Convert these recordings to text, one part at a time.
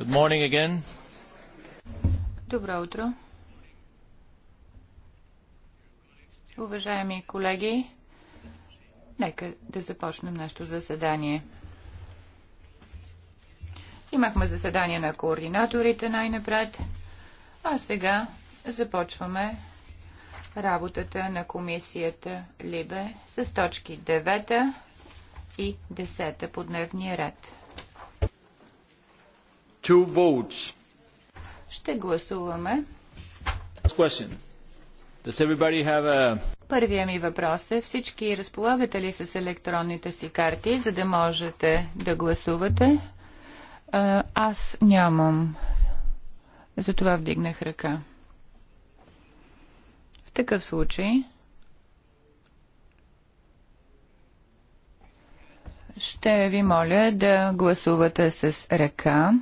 Good morning again. Добро утро. Уважаеми колеги, нека да започнем нашето заседание. Имахме заседание на координаторите най-напред, а сега започваме работата на комисията Либе с точки 9 и 10 по дневния ред. Two votes. Ще гласуваме. A... Първия ми въпрос е, всички разполагате ли с електронните си карти, за да можете да гласувате? Аз нямам. Затова вдигнах ръка. В такъв случай ще ви моля да гласувате с ръка.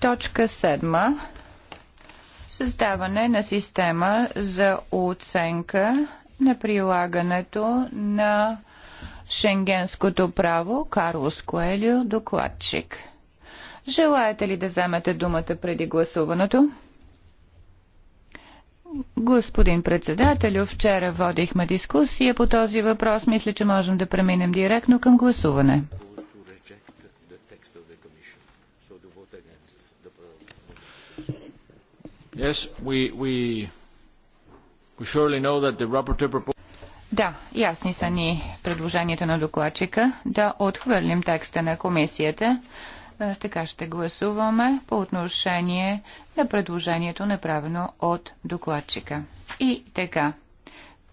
Точка седма. Създаване на система за оценка на прилагането на шенгенското право. Карлос Коелио, докладчик. Желаете ли да вземете думата преди гласуването? Господин председател, вчера водихме дискусия по този въпрос. Мисля, че можем да преминем директно към гласуване. Yes, we, we, we surely know that the rapporteur proposed... Да, ясни са ни предложенията на докладчика да отхвърлим текста на комисията. Е, така ще гласуваме по отношение на предложението, направено от докладчика. И така,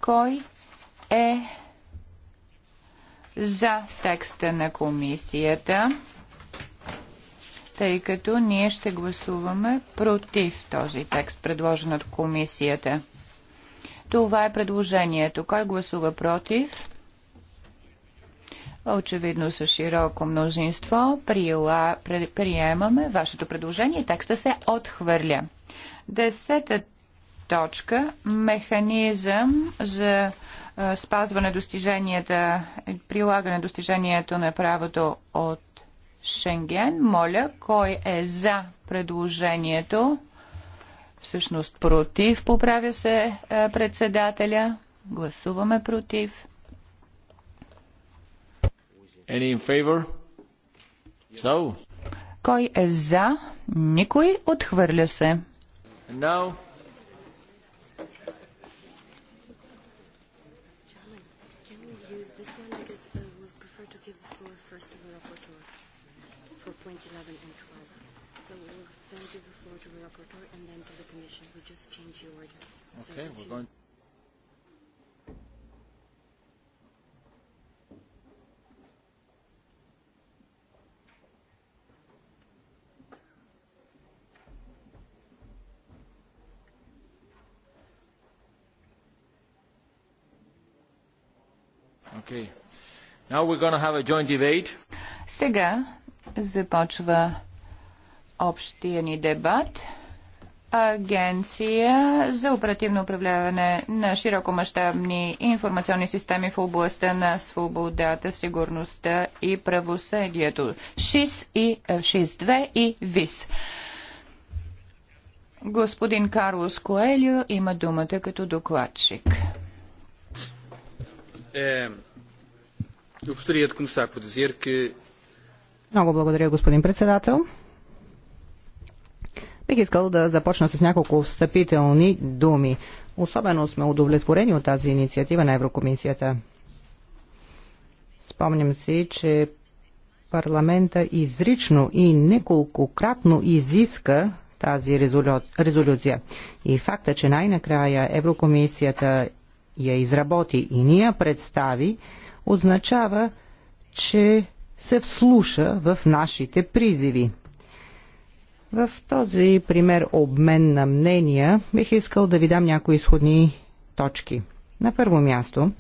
кой е за текста на комисията? тъй като ние ще гласуваме против този текст, предложен от комисията. Това е предложението. Кой гласува против? Очевидно са широко мнозинство приела, приемаме вашето предложение текста се отхвърля. Десета точка – механизъм за спазване достиженията, прилагане достижението на правото от Шенген. Моля, кой е за предложението? Всъщност против, поправя се е, председателя. Гласуваме против. Any in favor? So. Кой е за? Никой отхвърля се. And now... Okay. Now we're going to have a joint debate. Сега започва общия ни дебат. Агенция за оперативно управляване на широкомащабни информационни системи в областта на свободата, сигурността и правосъдието. ШИС и е, ШИС-2 и ВИС. Господин Карлос Коелио има думата като докладчик. Е... Много благодаря, господин председател. Бих искал да започна с няколко встъпителни думи. Особено сме удовлетворени от тази инициатива на Еврокомисията. Спомням си, че парламента изрично и неколкократно изиска тази резолю... резолюция. И факта, че най-накрая Еврокомисията я изработи и ние представи, означава, че се вслуша в нашите призиви. В този пример обмен на мнения бих искал да ви дам някои изходни точки. На първо място,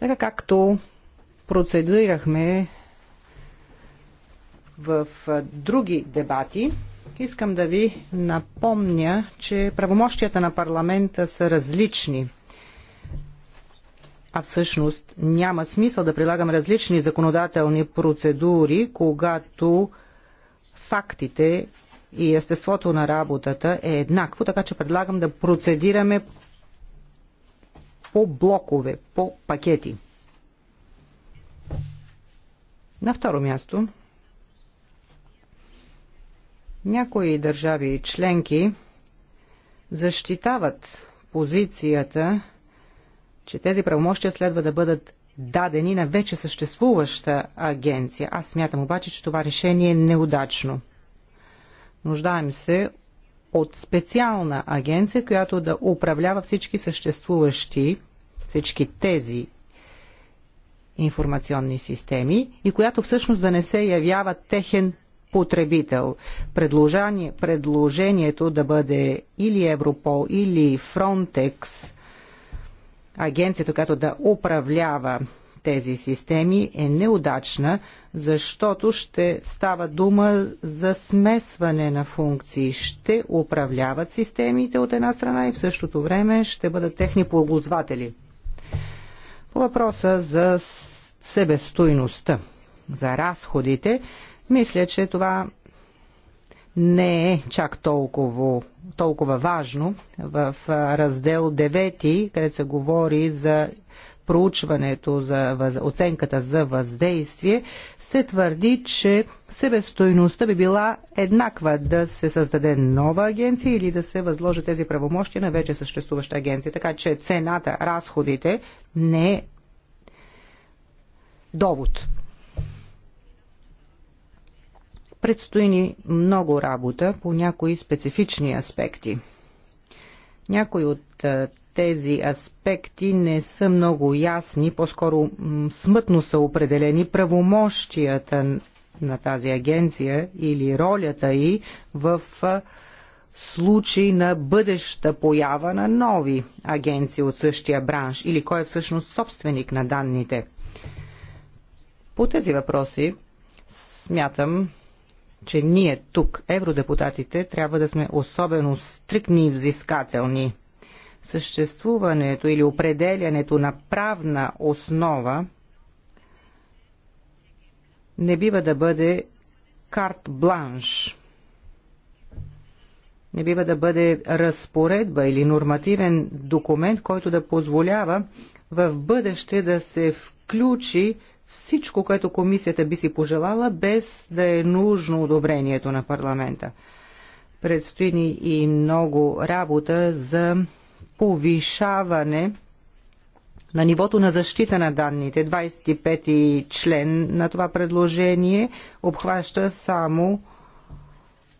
така както процедирахме в други дебати, искам да ви напомня, че правомощията на парламента са различни а всъщност няма смисъл да прилагам различни законодателни процедури, когато фактите и естеството на работата е еднакво, така че предлагам да процедираме по блокове, по пакети. На второ място, някои държави членки защитават позицията, че тези правомощия следва да бъдат дадени на вече съществуваща агенция. Аз смятам обаче, че това решение е неудачно. Нуждаем се от специална агенция, която да управлява всички съществуващи, всички тези информационни системи и която всъщност да не се явява техен потребител. Предложение, предложението да бъде или Европол, или Фронтекс агенцията, която да управлява тези системи е неудачна, защото ще става дума за смесване на функции. Ще управляват системите от една страна и в същото време ще бъдат техни ползватели. По въпроса за себестойността, за разходите, мисля, че това не е чак толкова, толкова важно в раздел 9, където се говори за проучването, за въз... оценката за въздействие, се твърди, че себестойността би била еднаква да се създаде нова агенция или да се възложи тези правомощия на вече съществуваща агенция. Така че цената, разходите не е довод Предстои ни много работа по някои специфични аспекти. Някои от тези аспекти не са много ясни, по-скоро смътно са определени правомощията на тази агенция или ролята й в случай на бъдеща поява на нови агенции от същия бранш или кой е всъщност собственик на данните. По тези въпроси смятам, че ние тук, евродепутатите, трябва да сме особено стрикни и взискателни. Съществуването или определянето на правна основа не бива да бъде карт бланш. Не бива да бъде разпоредба или нормативен документ, който да позволява в бъдеще да се включи всичко, което комисията би си пожелала, без да е нужно одобрението на парламента. Предстои ни и много работа за повишаване на нивото на защита на данните. 25 член на това предложение обхваща само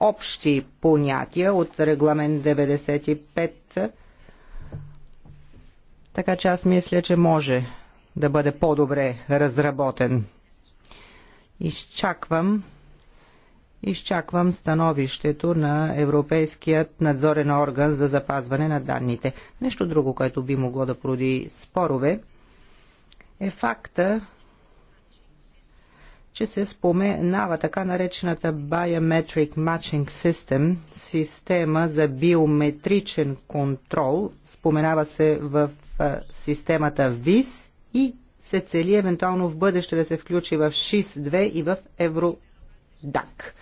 общи понятия от регламент 95. Така че аз мисля, че може да бъде по-добре разработен. Изчаквам Изчаквам становището на Европейският надзорен орган за запазване на данните. Нещо друго, което би могло да проди спорове, е факта, че се споменава така наречената Biometric Matching System, система за биометричен контрол. Споменава се в системата ВИС – и се цели евентуално в бъдеще да се включи в ШИС-2 и в Евродак.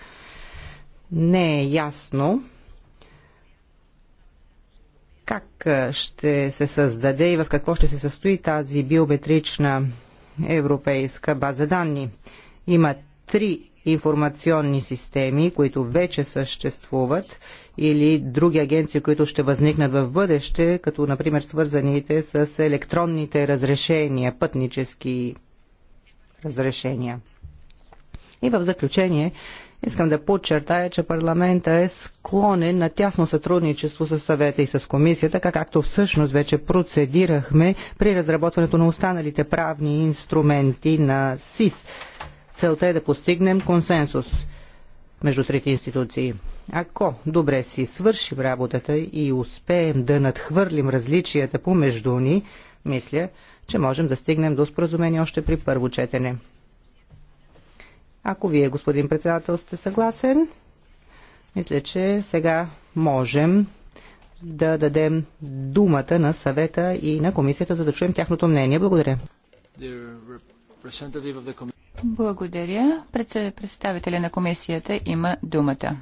Не е ясно как ще се създаде и в какво ще се състои тази биометрична европейска база данни. Има три информационни системи, които вече съществуват или други агенции, които ще възникнат в бъдеще, като например свързаните с електронните разрешения, пътнически разрешения. И в заключение Искам да подчертая, че парламента е склонен на тясно сътрудничество с съвета и с комисията, така както всъщност вече процедирахме при разработването на останалите правни инструменти на СИС. Целта е да постигнем консенсус между трите институции. Ако добре си свършим работата и успеем да надхвърлим различията помежду ни, мисля, че можем да стигнем до споразумение още при първо четене. Ако вие, господин председател, сте съгласен, мисля, че сега можем да дадем думата на съвета и на комисията, за да чуем тяхното мнение. Благодаря. Благодаря. Представителя на комисията има думата.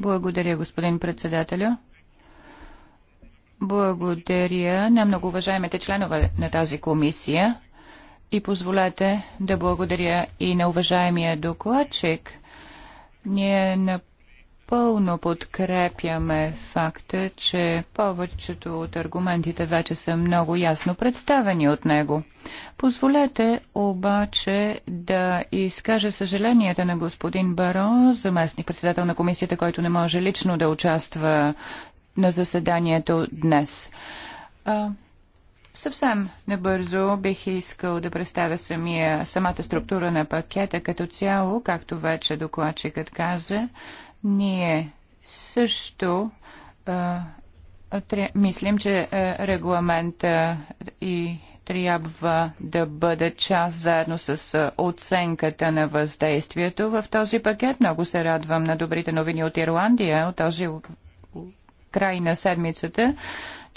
Благодаря, господин председателю. Благодаря на много уважаемите членове на тази комисия и позволете да благодаря и на уважаемия докладчик. Ние на напълно подкрепяме факта, че повечето от аргументите вече са много ясно представени от него. Позволете обаче да изкажа съжаленията на господин Баро, заместник председател на комисията, който не може лично да участва на заседанието днес. А, съвсем набързо бих искал да представя самия, самата структура на пакета като цяло, както вече докладчикът каза. Ние също а, мислим, че регламента и трябва да бъде част заедно с оценката на въздействието в този пакет. Много се радвам на добрите новини от Ирландия от този край на седмицата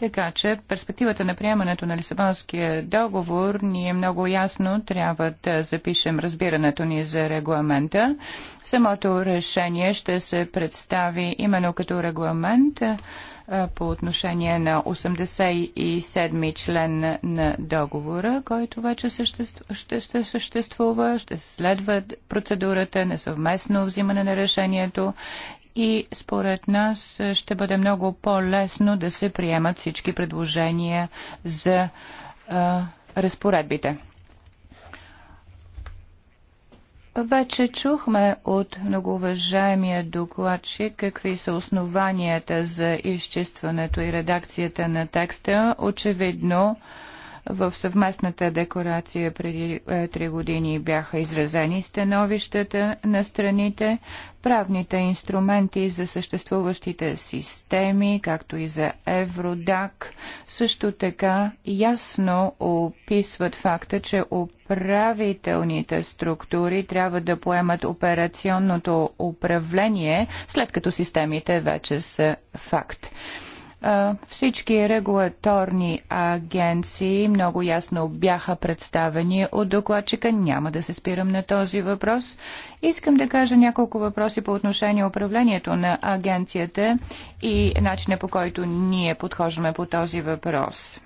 така че перспективата на приемането на Лисабонския договор ние много ясно трябва да запишем разбирането ни за регламента. Самото решение ще се представи именно като регламент по отношение на 87 член на договора, който вече съществува, ще, ще съществува, ще следва процедурата на съвместно взимане на решението и според нас е, ще бъде много по-лесно да се приемат всички предложения за а, е, разпоредбите. Вече чухме от многоуважаемия докладчик какви са основанията за изчистването и редакцията на текста. Очевидно, в съвместната декларация преди е, три години бяха изразени становищата на страните, правните инструменти за съществуващите системи, както и за Евродак, също така ясно описват факта, че управителните структури трябва да поемат операционното управление, след като системите вече са факт. Всички регулаторни агенции много ясно бяха представени от докладчика. Няма да се спирам на този въпрос. Искам да кажа няколко въпроси по отношение управлението на агенцията и начина по който ние подхождаме по този въпрос.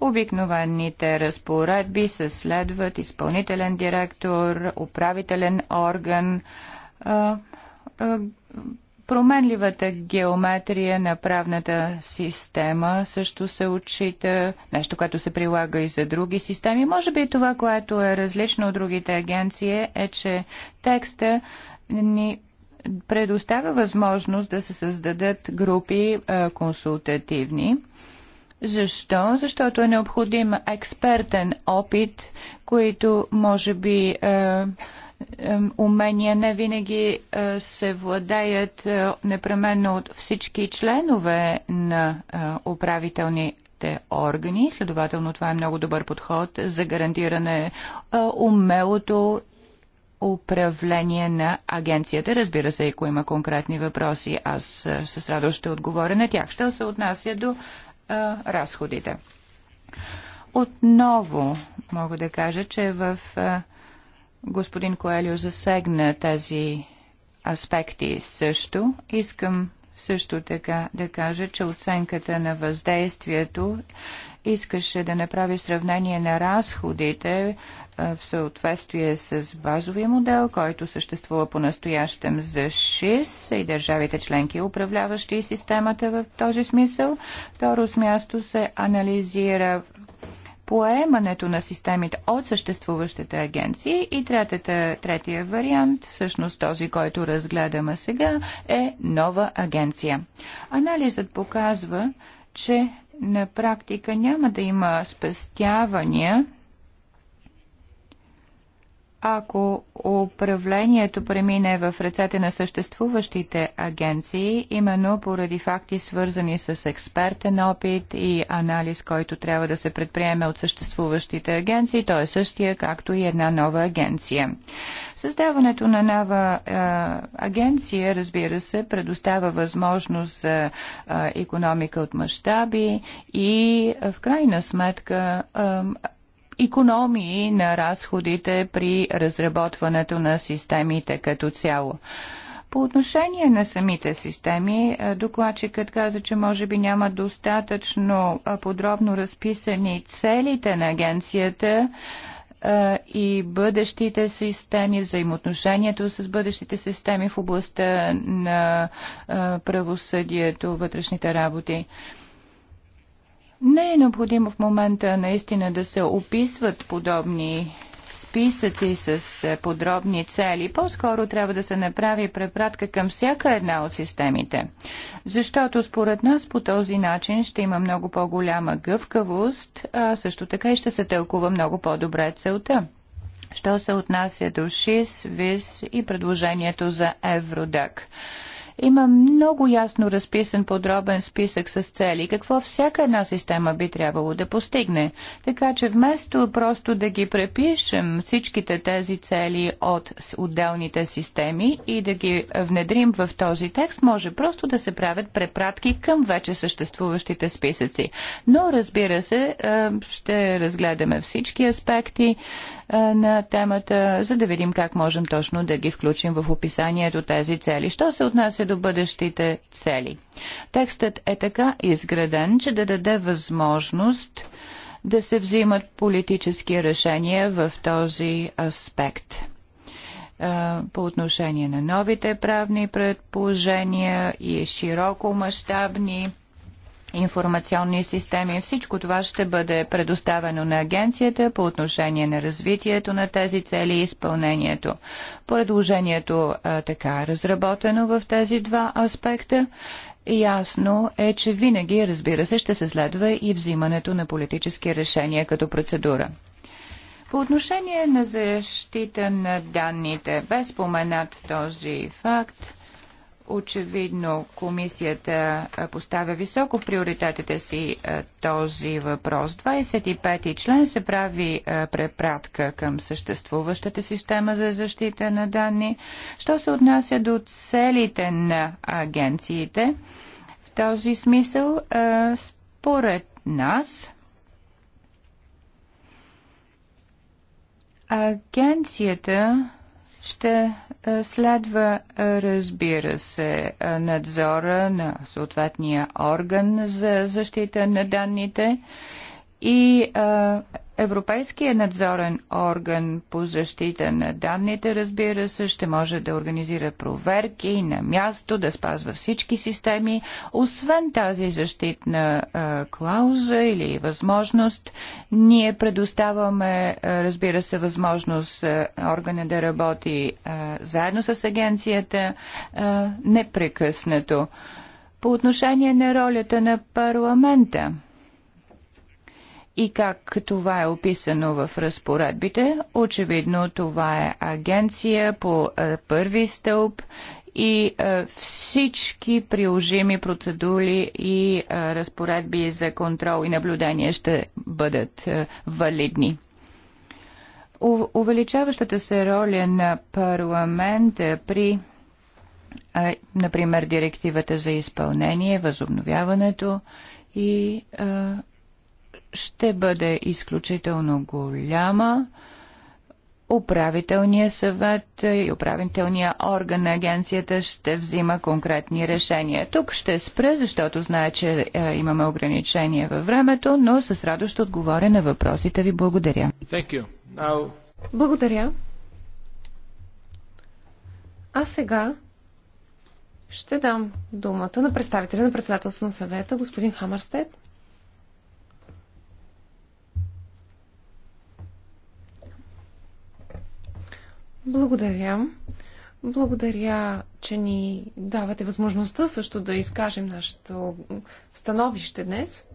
Обикновените разпоредби се следват изпълнителен директор, управителен орган, Променливата геометрия на правната система също се отчита, нещо, което се прилага и за други системи. Може би това, което е различно от другите агенции, е, че текста ни предоставя възможност да се създадат групи а, е, консултативни. Защо? Защото е необходим експертен опит, които може би. А, е, умения не винаги е, се владеят е, непременно от всички членове на е, управителни органи. Следователно, това е много добър подход за гарантиране умелото управление на агенцията. Разбира се, ако има конкретни въпроси, аз с радост ще отговоря на тях. Ще се отнася до а, разходите. Отново мога да кажа, че в а, Господин Коелио засегна тези аспекти също. Искам също така да кажа, че оценката на въздействието искаше да направи сравнение на разходите в съответствие с базовия модел, който съществува по-настоящем за ШИС и държавите членки, управляващи системата в този смисъл. Второ с място се анализира поемането на системите от съществуващите агенции и третата, третия вариант, всъщност този, който разгледаме сега, е нова агенция. Анализът показва, че на практика няма да има спестявания ако управлението премине в ръцете на съществуващите агенции, именно поради факти свързани с експертен опит и анализ, който трябва да се предприеме от съществуващите агенции, той е същия, както и една нова агенция. Създаването на нова е, агенция, разбира се, предоставя възможност за е, економика от мащаби и е, в крайна сметка е, економии на разходите при разработването на системите като цяло. По отношение на самите системи, е, докладчикът каза, че може би няма достатъчно подробно разписани целите на агенцията е, и бъдещите системи, взаимоотношението с бъдещите системи в областта на е, правосъдието, вътрешните работи. Не е необходимо в момента наистина да се описват подобни списъци с е, подробни цели. По-скоро трябва да се направи препратка към всяка една от системите. Защото според нас по този начин ще има много по-голяма гъвкавост, а също така и ще се тълкува много по-добре целта. Що се отнася до ШИС, ВИС и предложението за Евродък. Има много ясно разписан подробен списък с цели, какво всяка една система би трябвало да постигне. Така че вместо просто да ги препишем всичките тези цели от отделните системи и да ги внедрим в този текст, може просто да се правят препратки към вече съществуващите списъци. Но разбира се, е, ще разгледаме всички аспекти на темата, за да видим как можем точно да ги включим в описанието тези цели. Що се отнася до бъдещите цели? Текстът е така изграден, че да даде възможност да се взимат политически решения в този аспект по отношение на новите правни предположения и широко мащабни информационни системи. Всичко това ще бъде предоставено на агенцията по отношение на развитието на тези цели и изпълнението. Предложението а, така е разработено в тези два аспекта. Ясно е, че винаги, разбира се, ще се следва и взимането на политически решения като процедура. По отношение на защита на данните, без споменат този факт, Очевидно комисията поставя високо приоритетите си този въпрос. 25 ти член се прави препратка към съществуващата система за защита на данни. Що се отнася до целите на агенциите, в този смисъл според нас агенцията ще е, следва, е, разбира се, е, надзора на съответния орган за защита на данните и а, Европейския надзорен орган по защита на данните, разбира се, ще може да организира проверки на място, да спазва всички системи. Освен тази защитна а, клауза или възможност, ние предоставяме, а, разбира се, възможност а, органа да работи а, заедно с агенцията а, непрекъснато. По отношение на ролята на парламента – и как това е описано в разпоредбите. Очевидно това е агенция по е, първи стълб и е, всички приложими процедури и е, разпоредби за контрол и наблюдение ще бъдат валидни. У, увеличаващата се роля на парламента при например, директивата за изпълнение, възобновяването и ще бъде изключително голяма. Управителният съвет и управителният орган на агенцията ще взима конкретни решения. Тук ще спра, защото знае, че е, имаме ограничения във времето, но с радост ще отговоря на въпросите ви. Благодаря. Now... Благодаря. А сега ще дам думата на представителя на председателство на съвета, господин Хамърстед. Благодаря. Благодаря, че ни давате възможността също да изкажем нашето становище днес.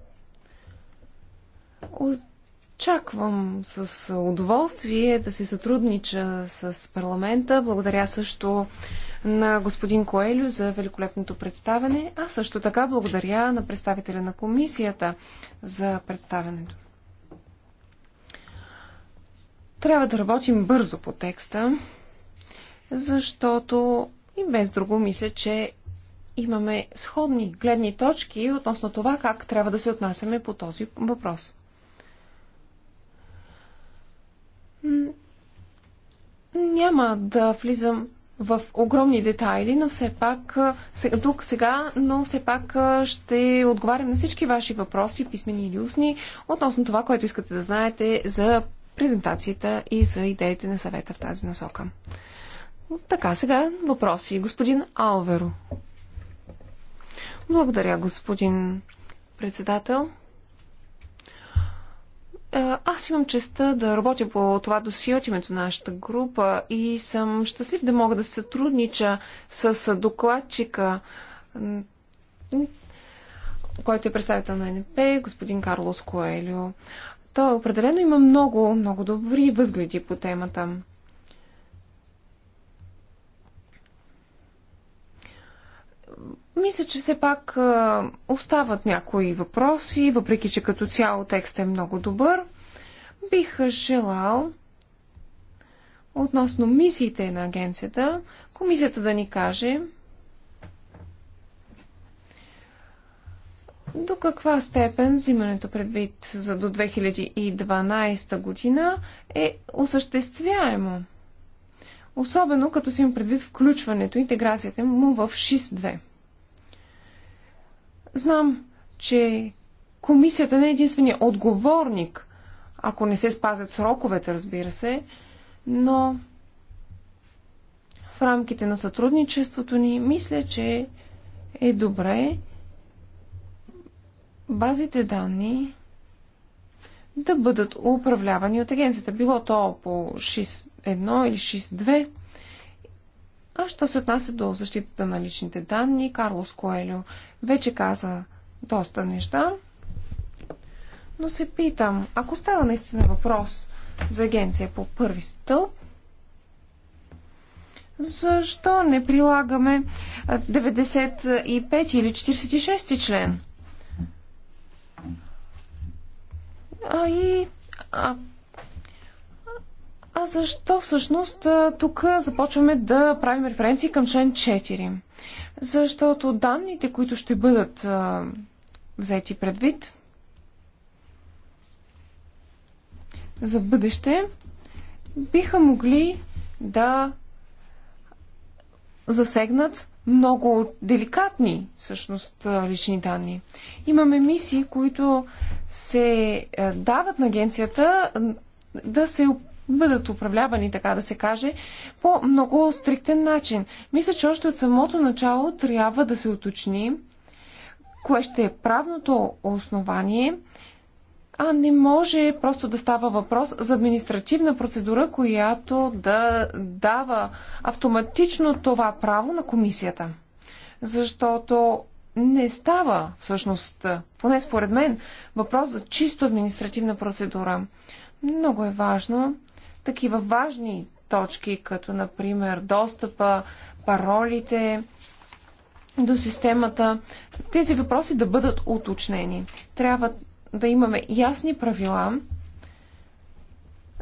Очаквам с удоволствие да се сътруднича с парламента. Благодаря също на господин Коелю за великолепното представяне, а също така благодаря на представителя на комисията за представянето. Трябва да работим бързо по текста, защото и без друго мисля, че имаме сходни гледни точки относно това как трябва да се отнасяме по този въпрос. Няма да влизам в огромни детайли, но все пак тук сега, но все пак ще отговарям на всички ваши въпроси, писмени или устни, относно това, което искате да знаете за презентацията и за идеите на съвета в тази насока. Така, сега въпроси. Господин Алверо. Благодаря, господин председател. Аз имам честа да работя по това досие от името на нашата група и съм щастлив да мога да се труднича с докладчика, който е представител на НП, господин Карлос Коелио. Той определено има много, много добри възгледи по темата. Мисля, че все пак остават някои въпроси, въпреки че като цяло текст е много добър. Бих желал относно мисиите на агенцията, комисията да ни каже До каква степен взимането предвид за до 2012 година е осъществяемо? Особено като си им предвид включването и интеграцията му в ШИС-2. Знам, че комисията не е единствения отговорник, ако не се спазят сроковете, разбира се, но в рамките на сътрудничеството ни мисля, че е добре базите данни да бъдат управлявани от агенцията. Било то по 6.1 или 6.2. А що се отнася до защитата на личните данни, Карлос Коелю вече каза доста неща. Но се питам, ако става наистина въпрос за агенция по първи стълб, защо не прилагаме 95 или 46 член? А и. А, а защо всъщност тук започваме да правим референции към член 4? Защото данните, които ще бъдат а, взети предвид за бъдеще, биха могли да засегнат много деликатни, всъщност, лични данни. Имаме мисии, които се е, дават на агенцията да се бъдат управлявани, така да се каже, по много стриктен начин. Мисля, че още от самото начало трябва да се уточни кое ще е правното основание, а не може просто да става въпрос за административна процедура, която да дава автоматично това право на комисията. Защото не става, всъщност, поне според мен, въпрос за чисто административна процедура. Много е важно такива важни точки, като, например, достъпа, паролите до системата, тези въпроси да бъдат уточнени. Трябва да имаме ясни правила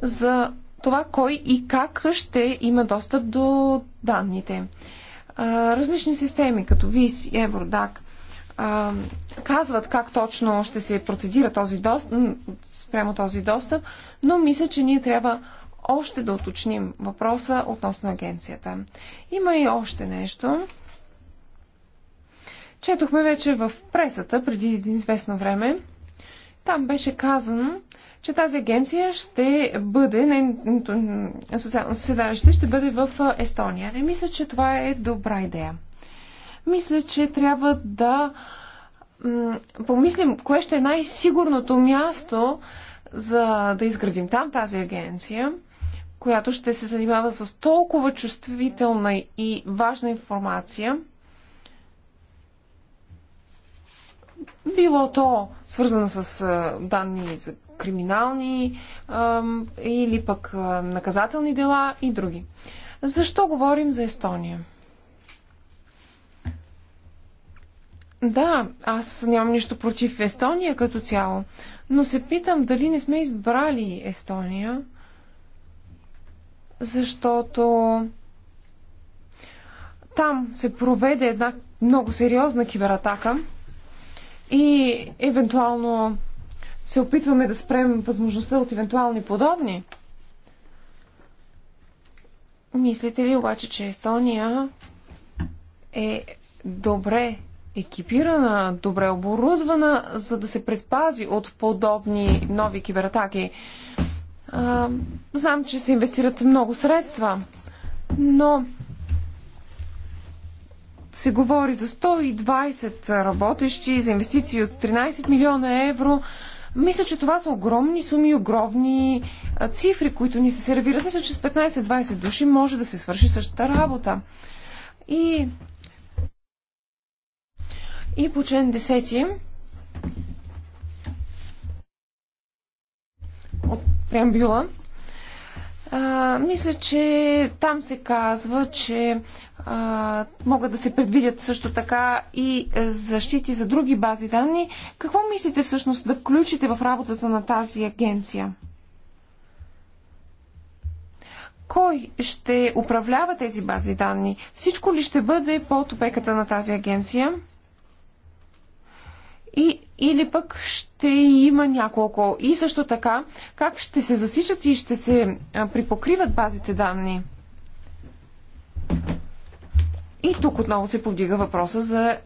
за това кой и как ще има достъп до данните различни системи, като ВИС и Евродак, казват как точно ще се процедира този достъп, спрямо този достъп, но мисля, че ние трябва още да уточним въпроса относно агенцията. Има и още нещо. Четохме вече в пресата преди един известно време. Там беше казано, че тази агенция ще бъде, нейното социално съседалище ще бъде в Естония. И мисля, че това е добра идея. Мисля, че трябва да помислим кое ще е най-сигурното място за да изградим там тази агенция, която ще се занимава с толкова чувствителна и важна информация, било то свързано с данни за криминални или пък наказателни дела и други. Защо говорим за Естония? Да, аз нямам нищо против Естония като цяло, но се питам дали не сме избрали Естония, защото там се проведе една много сериозна кибератака и евентуално се опитваме да спрем възможността от евентуални подобни. Мислите ли обаче, че Естония е добре екипирана, добре оборудвана, за да се предпази от подобни нови кибератаки? А, знам, че се инвестират много средства, но се говори за 120 работещи, за инвестиции от 13 милиона евро. Мисля, че това са огромни суми, огромни цифри, които ни се сервират. Мисля, че с 15-20 души може да се свърши същата работа. И, и по член 10 от преамбюла, а, мисля, че там се казва, че могат да се предвидят също така и е, защити за други бази данни. Какво мислите всъщност да включите в работата на тази агенция? Кой ще управлява тези бази данни? Всичко ли ще бъде под опеката на тази агенция? И, или пък ще има няколко. И също така, как ще се засичат и ще се припокриват базите данни? И тук отново се повдига въпроса за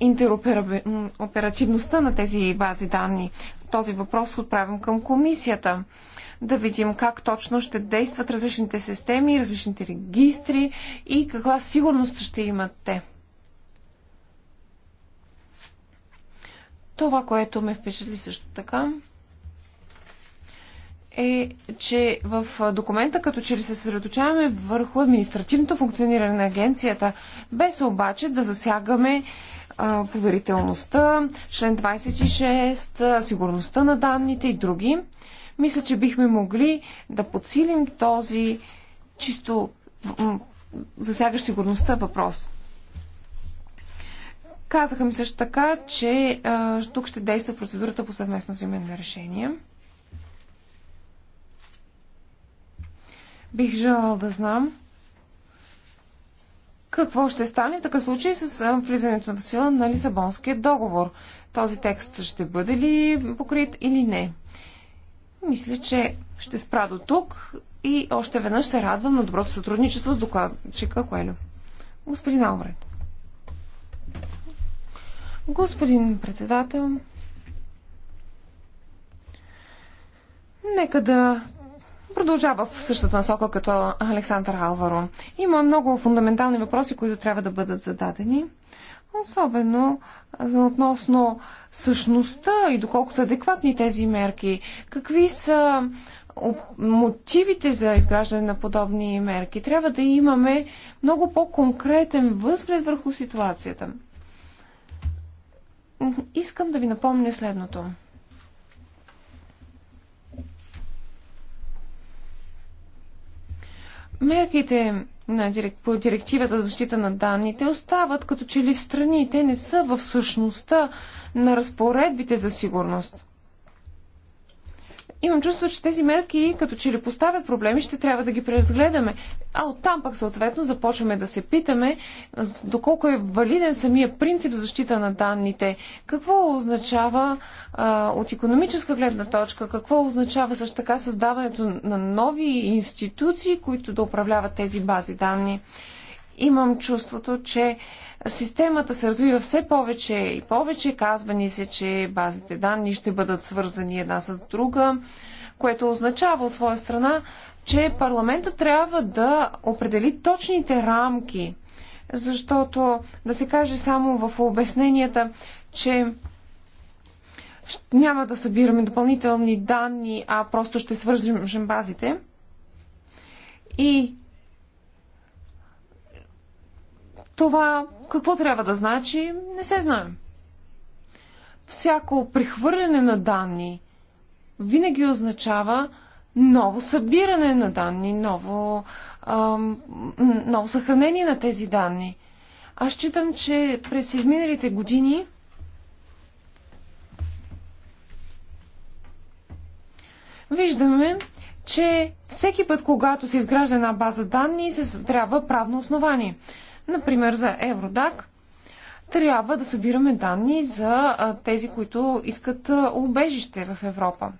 интероперативността на тези бази данни. Този въпрос отправям към комисията. Да видим как точно ще действат различните системи, различните регистри и каква сигурност ще имат те. Това, което ме впечатли също така, е, че в документа като че ли се съсредоточаваме върху административното функциониране на агенцията, без обаче да засягаме поверителността, член 26, сигурността на данните и други. Мисля, че бихме могли да подсилим този чисто засягащ сигурността въпрос. Казаха ми също така, че а, тук ще действа процедурата по съвместно взимане на решение. Бих желала да знам какво ще стане в такъв случай с влизането в сила на Лисабонския договор. Този текст ще бъде ли покрит или не? Мисля, че ще спра до тук и още веднъж се радвам на доброто сътрудничество с докладчика Коелю. Господин Алвред. Господин председател, нека да продължава в същата насока като Александър Алваро. Има много фундаментални въпроси, които трябва да бъдат зададени. Особено относно същността и доколко са адекватни тези мерки. Какви са мотивите за изграждане на подобни мерки? Трябва да имаме много по-конкретен възглед върху ситуацията. Искам да ви напомня следното. мерките на дирек... по директивата за защита на данните остават като че ли в страните не са в същността на разпоредбите за сигурност имам чувство, че тези мерки като че ли поставят проблеми, ще трябва да ги преразгледаме. А оттам пък съответно започваме да се питаме доколко е валиден самия принцип защита на данните. Какво означава а, от економическа гледна точка, какво означава също така създаването на нови институции, които да управляват тези бази данни. Имам чувството, че системата се развива все повече и повече. Казва ни се, че базите данни ще бъдат свързани една с друга, което означава от своя страна, че парламента трябва да определи точните рамки, защото да се каже само в обясненията, че няма да събираме допълнителни данни, а просто ще свържем базите. И Това какво трябва да значи, не се знаем. Всяко прехвърляне на данни винаги означава ново събиране на данни, ново, ам, ново съхранение на тези данни. Аз считам, че през изминалите години виждаме, че всеки път, когато се изгражда една база данни, се трябва правно основание. Например, за Евродак трябва да събираме данни за тези, които искат убежище в Европа.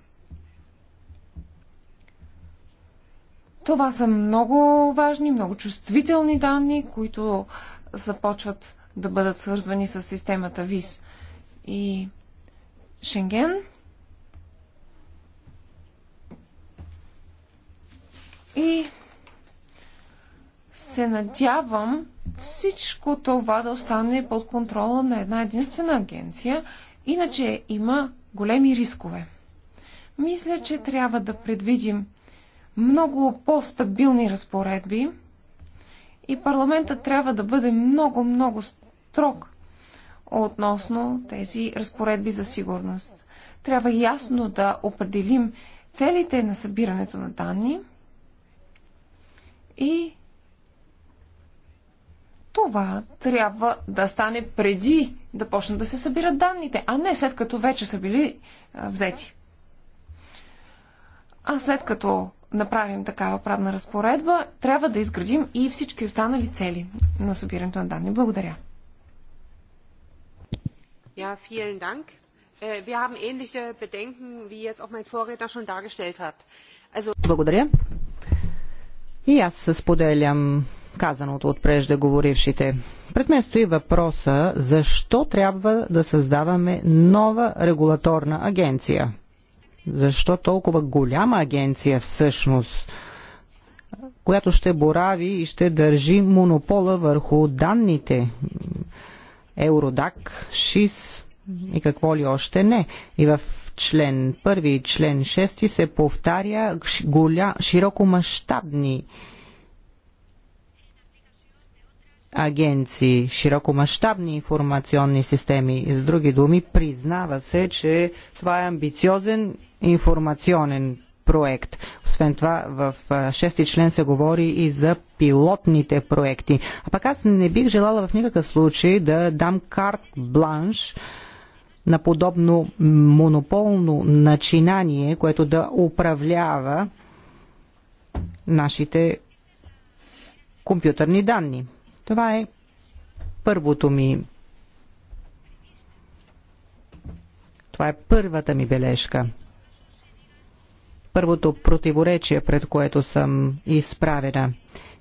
Това са много важни, много чувствителни данни, които започват да бъдат свързвани с системата ВИС и Шенген. И се надявам, всичко това да остане под контрола на една единствена агенция, иначе има големи рискове. Мисля, че трябва да предвидим много по-стабилни разпоредби и парламентът трябва да бъде много, много строг относно тези разпоредби за сигурност. Трябва ясно да определим целите на събирането на данни и това трябва да стане преди да почнат да се събират данните, а не след като вече са били а, взети. А след като направим такава правна разпоредба, трябва да изградим и всички останали цели на събирането на данни. Благодаря. Ja, vielen Dank. Äh, wir haben ähnliche Bedenken, wie jetzt auch mein Vorredner schon dargestellt hat. Also... Благодаря. И аз споделям казаното от преждеговорившите. Пред мен стои въпроса защо трябва да създаваме нова регулаторна агенция. Защо толкова голяма агенция всъщност, която ще борави и ще държи монопола върху данните? Евродак, ШИС и какво ли още не. И в член 1 и член 6 се повтаря голя, широко мащабни агенции, широкомащабни информационни системи. С други думи, признава се, че това е амбициозен информационен проект. Освен това, в шести член се говори и за пилотните проекти. А пък аз не бих желала в никакъв случай да дам карт бланш на подобно монополно начинание, което да управлява нашите компютърни данни. Това е първото ми. Това е първата ми бележка. Първото противоречие, пред което съм изправена.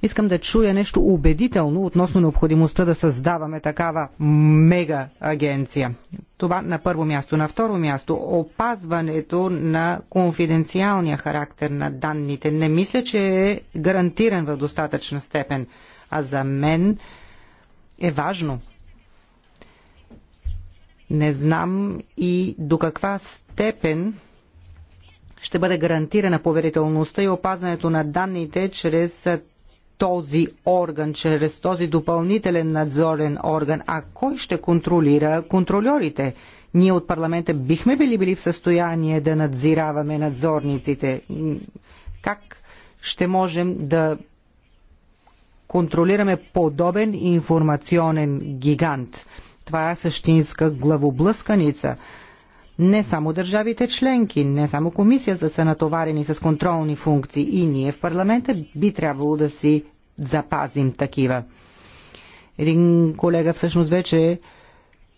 Искам да чуя нещо убедително относно необходимостта да създаваме такава мега агенция. Това на първо място. На второ място, опазването на конфиденциалния характер на данните не мисля, че е гарантиран в достатъчна степен а за мен е важно. Не знам и до каква степен ще бъде гарантирана поверителността и опазването на данните чрез този орган, чрез този допълнителен надзорен орган. А кой ще контролира контролерите? Ние от парламента бихме били били в състояние да надзираваме надзорниците. Как ще можем да контролираме подобен информационен гигант. Това е същинска главоблъсканица. Не само държавите членки, не само комисията са натоварени с контролни функции и ние в парламента би трябвало да си запазим такива. Един колега всъщност вече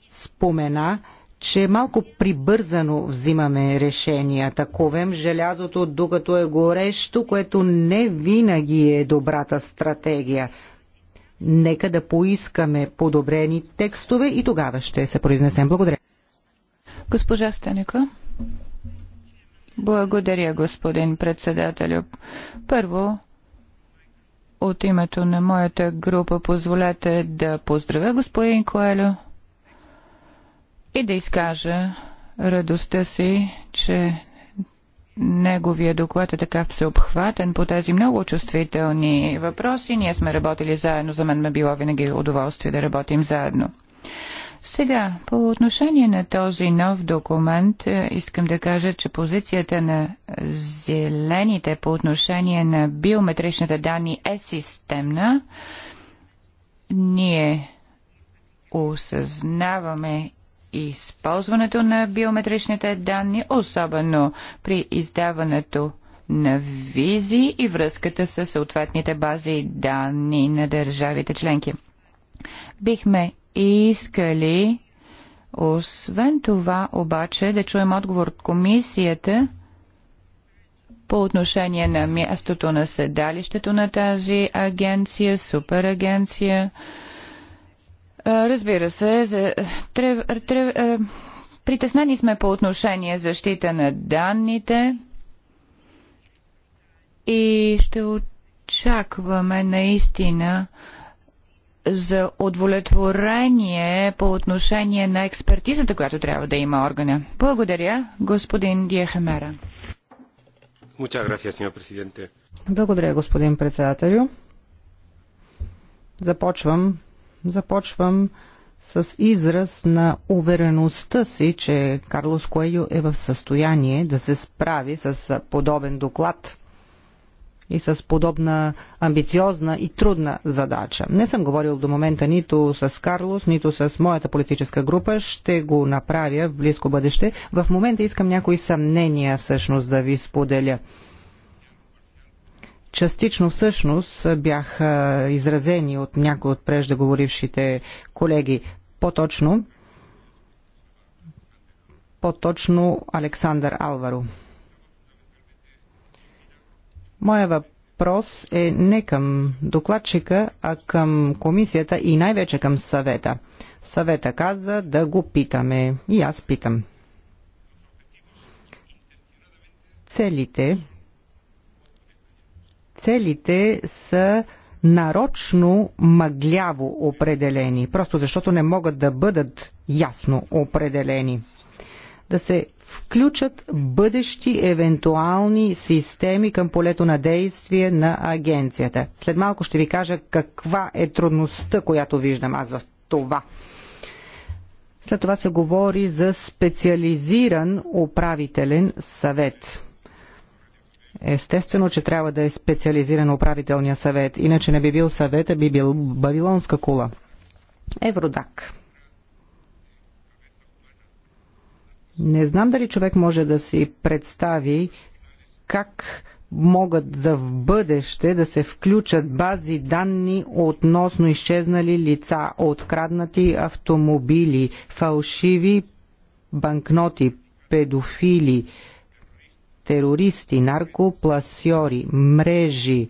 спомена, че малко прибързано взимаме решения. Таковем желязото, докато е горещо, което не винаги е добрата стратегия. Нека да поискаме подобрени текстове и тогава ще се произнесем. Благодаря. Госпожа Станека. Благодаря, господин председателю. Първо, от името на моята група позволете да поздравя господин Коелю и да изкажа радостта си, че неговия доклад е така всеобхватен по тези много чувствителни въпроси. Ние сме работили заедно, за мен ме било винаги удоволствие да работим заедно. Сега, по отношение на този нов документ, е, искам да кажа, че позицията на зелените по отношение на биометричните данни е системна. Ние осъзнаваме използването на биометричните данни, особено при издаването на визи и връзката с съответните бази данни на държавите членки. Бихме искали, освен това обаче, да чуем отговор от комисията по отношение на мястото на седалището на тази агенция, суперагенция, е, разбира се, за, трев, трев, е, притеснени сме по отношение защита на данните и ще очакваме наистина за удовлетворение по отношение на експертизата, която трябва да има органа. Благодаря, господин Диехемера. Благодаря, господин председателю. Започвам Започвам с израз на увереността си, че Карлос Куейо е в състояние да се справи с подобен доклад и с подобна амбициозна и трудна задача. Не съм говорил до момента нито с Карлос, нито с моята политическа група. Ще го направя в близко бъдеще. В момента искам някои съмнения всъщност да ви споделя частично всъщност бяха изразени от някои от преждеговорившите колеги. По-точно, по-точно Александър Алваро. Моя въпрос е не към докладчика, а към комисията и най-вече към съвета. Съвета каза да го питаме. И аз питам. Целите целите са нарочно мъгляво определени, просто защото не могат да бъдат ясно определени. Да се включат бъдещи евентуални системи към полето на действие на агенцията. След малко ще ви кажа каква е трудността, която виждам аз в това. След това се говори за специализиран управителен съвет. Естествено, че трябва да е специализиран управителния съвет, иначе не би бил съвет, а би бил Бавилонска кула. Евродак. Не знам дали човек може да си представи как могат за в бъдеще да се включат бази данни относно изчезнали лица, откраднати автомобили, фалшиви банкноти, педофили, терористи, наркопласьори, мрежи,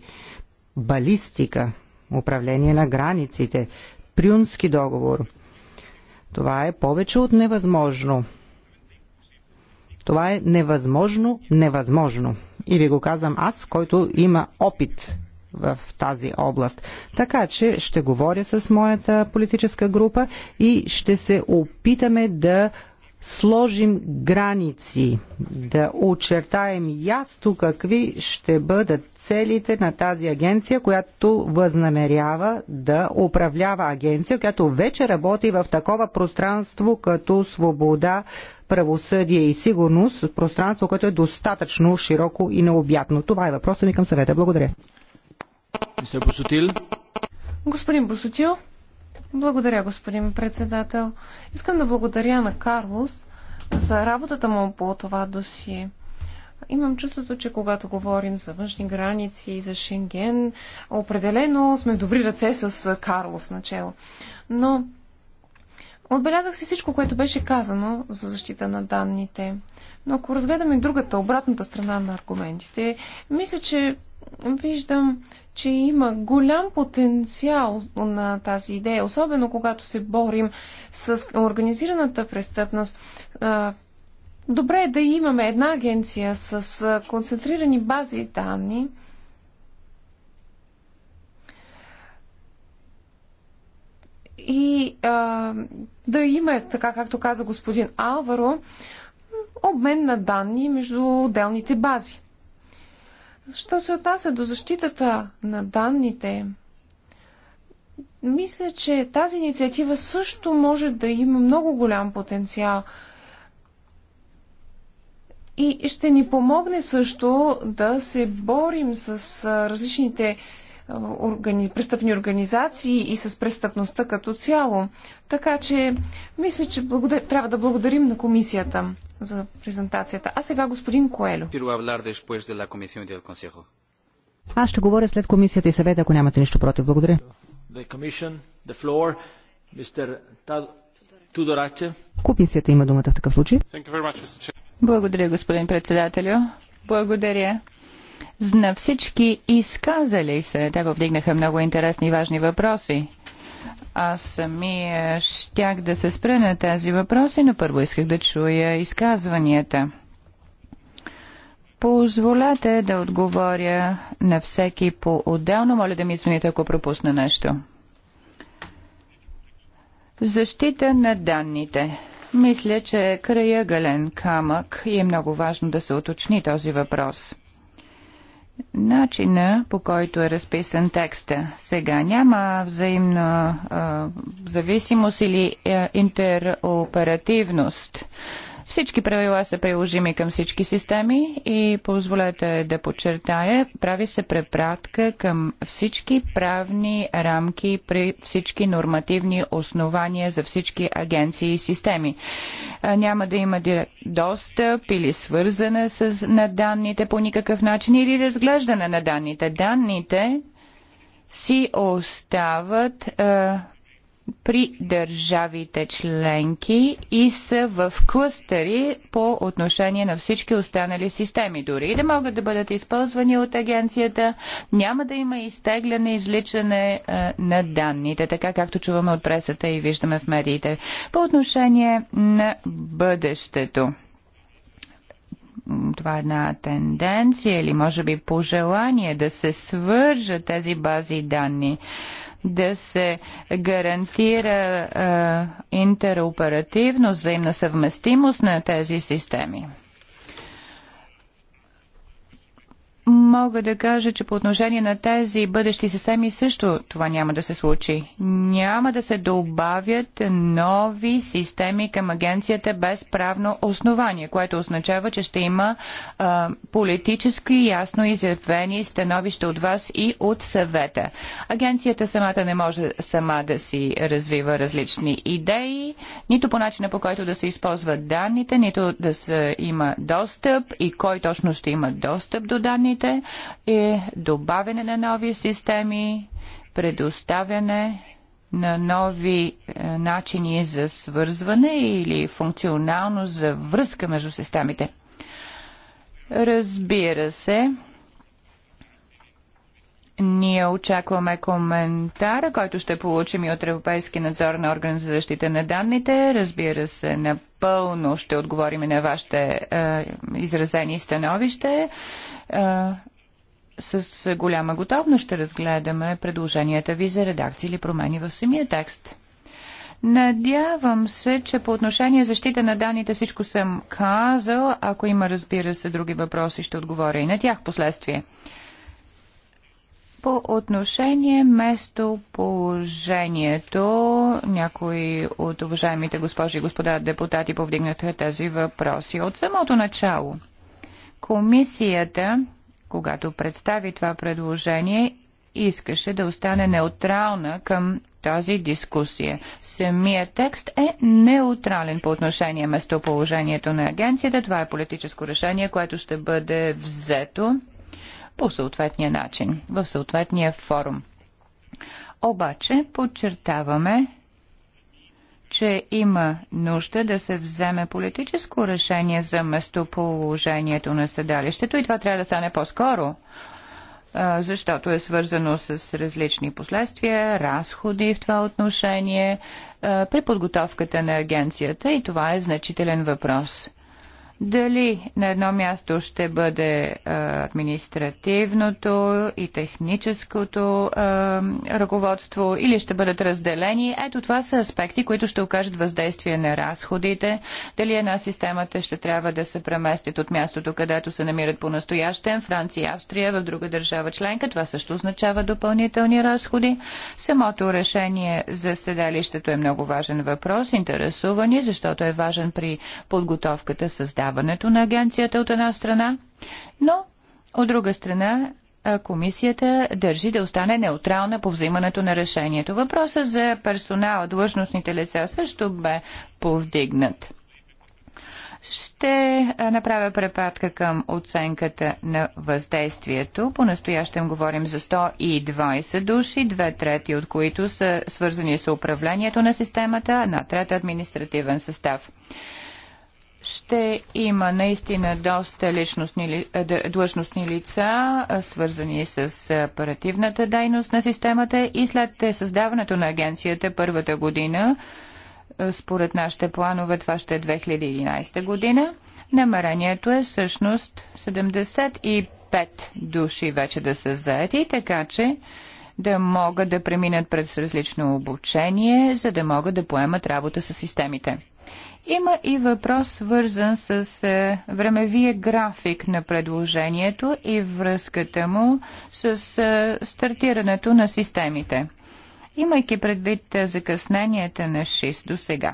балистика, управление на границите, Прюнски договор. Това е повече от невъзможно. Това е невъзможно, невъзможно. И ви го казвам аз, който има опит в тази област. Така че ще говоря с моята политическа група и ще се опитаме да сложим граници, да очертаем ясно какви ще бъдат целите на тази агенция, която възнамерява да управлява агенция, която вече работи в такова пространство като свобода, правосъдие и сигурност, пространство, което е достатъчно широко и необятно. Това е въпросът ми към съвета. Благодаря. Господин Босотил. Благодаря, господин председател. Искам да благодаря на Карлос за работата му по това досие. Имам чувството, че когато говорим за външни граници и за Шенген, определено сме в добри ръце с Карлос начало. Но Отбелязах си всичко, което беше казано за защита на данните. Но ако разгледаме другата, обратната страна на аргументите, мисля, че виждам, че има голям потенциал на тази идея, особено когато се борим с организираната престъпност. Добре е да имаме една агенция с концентрирани бази данни, и а, да има, така както каза господин Алваро, обмен на данни между отделните бази. Що се отнася до защитата на данните, мисля, че тази инициатива също може да има много голям потенциал и ще ни помогне също да се борим с различните органи, престъпни организации и с престъпността като цяло. Така че, мисля, че благодар... трябва да благодарим на комисията за презентацията. А сега господин Коелю. Аз ще говоря след комисията и съвета, ако нямате нищо против. Благодаря. Комисията има думата в такъв случай. Благодаря, господин председателю. Благодаря на всички изказали се. Те повдигнаха много интересни и важни въпроси. Аз самия щях да се спра на тези въпроси, но първо исках да чуя изказванията. Позволете да отговоря на всеки по-отделно. Моля да ми извините, ако пропусна нещо. Защита на данните. Мисля, че е края гален камък и е много важно да се уточни този въпрос начина по който е разписан текста. Сега няма взаимна а, зависимост или а, е, интероперативност. Всички правила са приложими към всички системи и позволете да подчертая, прави се препратка към всички правни рамки при всички нормативни основания за всички агенции и системи. Няма да има достъп или свързане с, на данните по никакъв начин или разглеждане на данните. Данните си остават при държавите членки и са в клъстери по отношение на всички останали системи. Дори и да могат да бъдат използвани от агенцията, няма да има изтегляне, изличане е, на данните, така както чуваме от пресата и виждаме в медиите. По отношение на бъдещето това е една тенденция или може би пожелание да се свържат тези бази данни да се гарантира е, интероперативност, взаимна съвместимост на тези системи. мога да кажа, че по отношение на тези бъдещи системи също това няма да се случи. Няма да се добавят нови системи към агенцията без правно основание, което означава, че ще има а, политически ясно изявени становища от вас и от съвета. Агенцията самата не може сама да си развива различни идеи, нито по начина по който да се използват данните, нито да се има достъп и кой точно ще има достъп до данните системите и добавяне на нови системи, предоставяне на нови е, начини за свързване или функционалност за връзка между системите. Разбира се, ние очакваме коментар, който ще получим и от Европейски надзор на орган за защита на данните. Разбира се, напълно ще отговорим на вашите е, изразени становище с голяма готовност ще разгледаме предложенията ви за редакции или промени в самия текст. Надявам се, че по отношение защита на данните всичко съм казал. Ако има, разбира се, други въпроси, ще отговоря и на тях последствие. По отношение местоположението, някои от уважаемите госпожи и господа депутати повдигнаха тези въпроси от самото начало – Комисията, когато представи това предложение, искаше да остане неутрална към тази дискусия. Самият текст е неутрален по отношение местоположението на агенцията. Това е политическо решение, което ще бъде взето по съответния начин, в съответния форум. Обаче подчертаваме, че има нужда да се вземе политическо решение за местоположението на седалището и това трябва да стане по-скоро, защото е свързано с различни последствия, разходи в това отношение при подготовката на агенцията и това е значителен въпрос. Дали на едно място ще бъде административното и техническото ръководство или ще бъдат разделени? Ето това са аспекти, които ще окажат въздействие на разходите. Дали една системата ще трябва да се преместят от мястото, където се намират по-настоящен, Франция, и Австрия, в друга държава членка. Това също означава допълнителни разходи. Самото решение за седалището е много важен въпрос. Интересува ни, защото е важен при подготовката създаването създаването на агенцията от една страна, но от друга страна комисията държи да остане неутрална по взимането на решението. Въпросът за персонала, длъжностните лица също бе повдигнат. Ще направя препадка към оценката на въздействието. По-настоящем говорим за 120 души, две трети от които са свързани с управлението на системата, на трета административен състав ще има наистина доста личностни, е, длъжностни лица, свързани с оперативната дейност на системата и след е, създаването на агенцията първата година, според нашите планове, това ще е 2011 година, намерението е всъщност 75 души вече да са заети, така че да могат да преминат през различно обучение, за да могат да поемат работа с системите. Има и въпрос свързан с е, времевия график на предложението и връзката му с е, стартирането на системите, имайки предвид е, закъсненията на 6 до сега.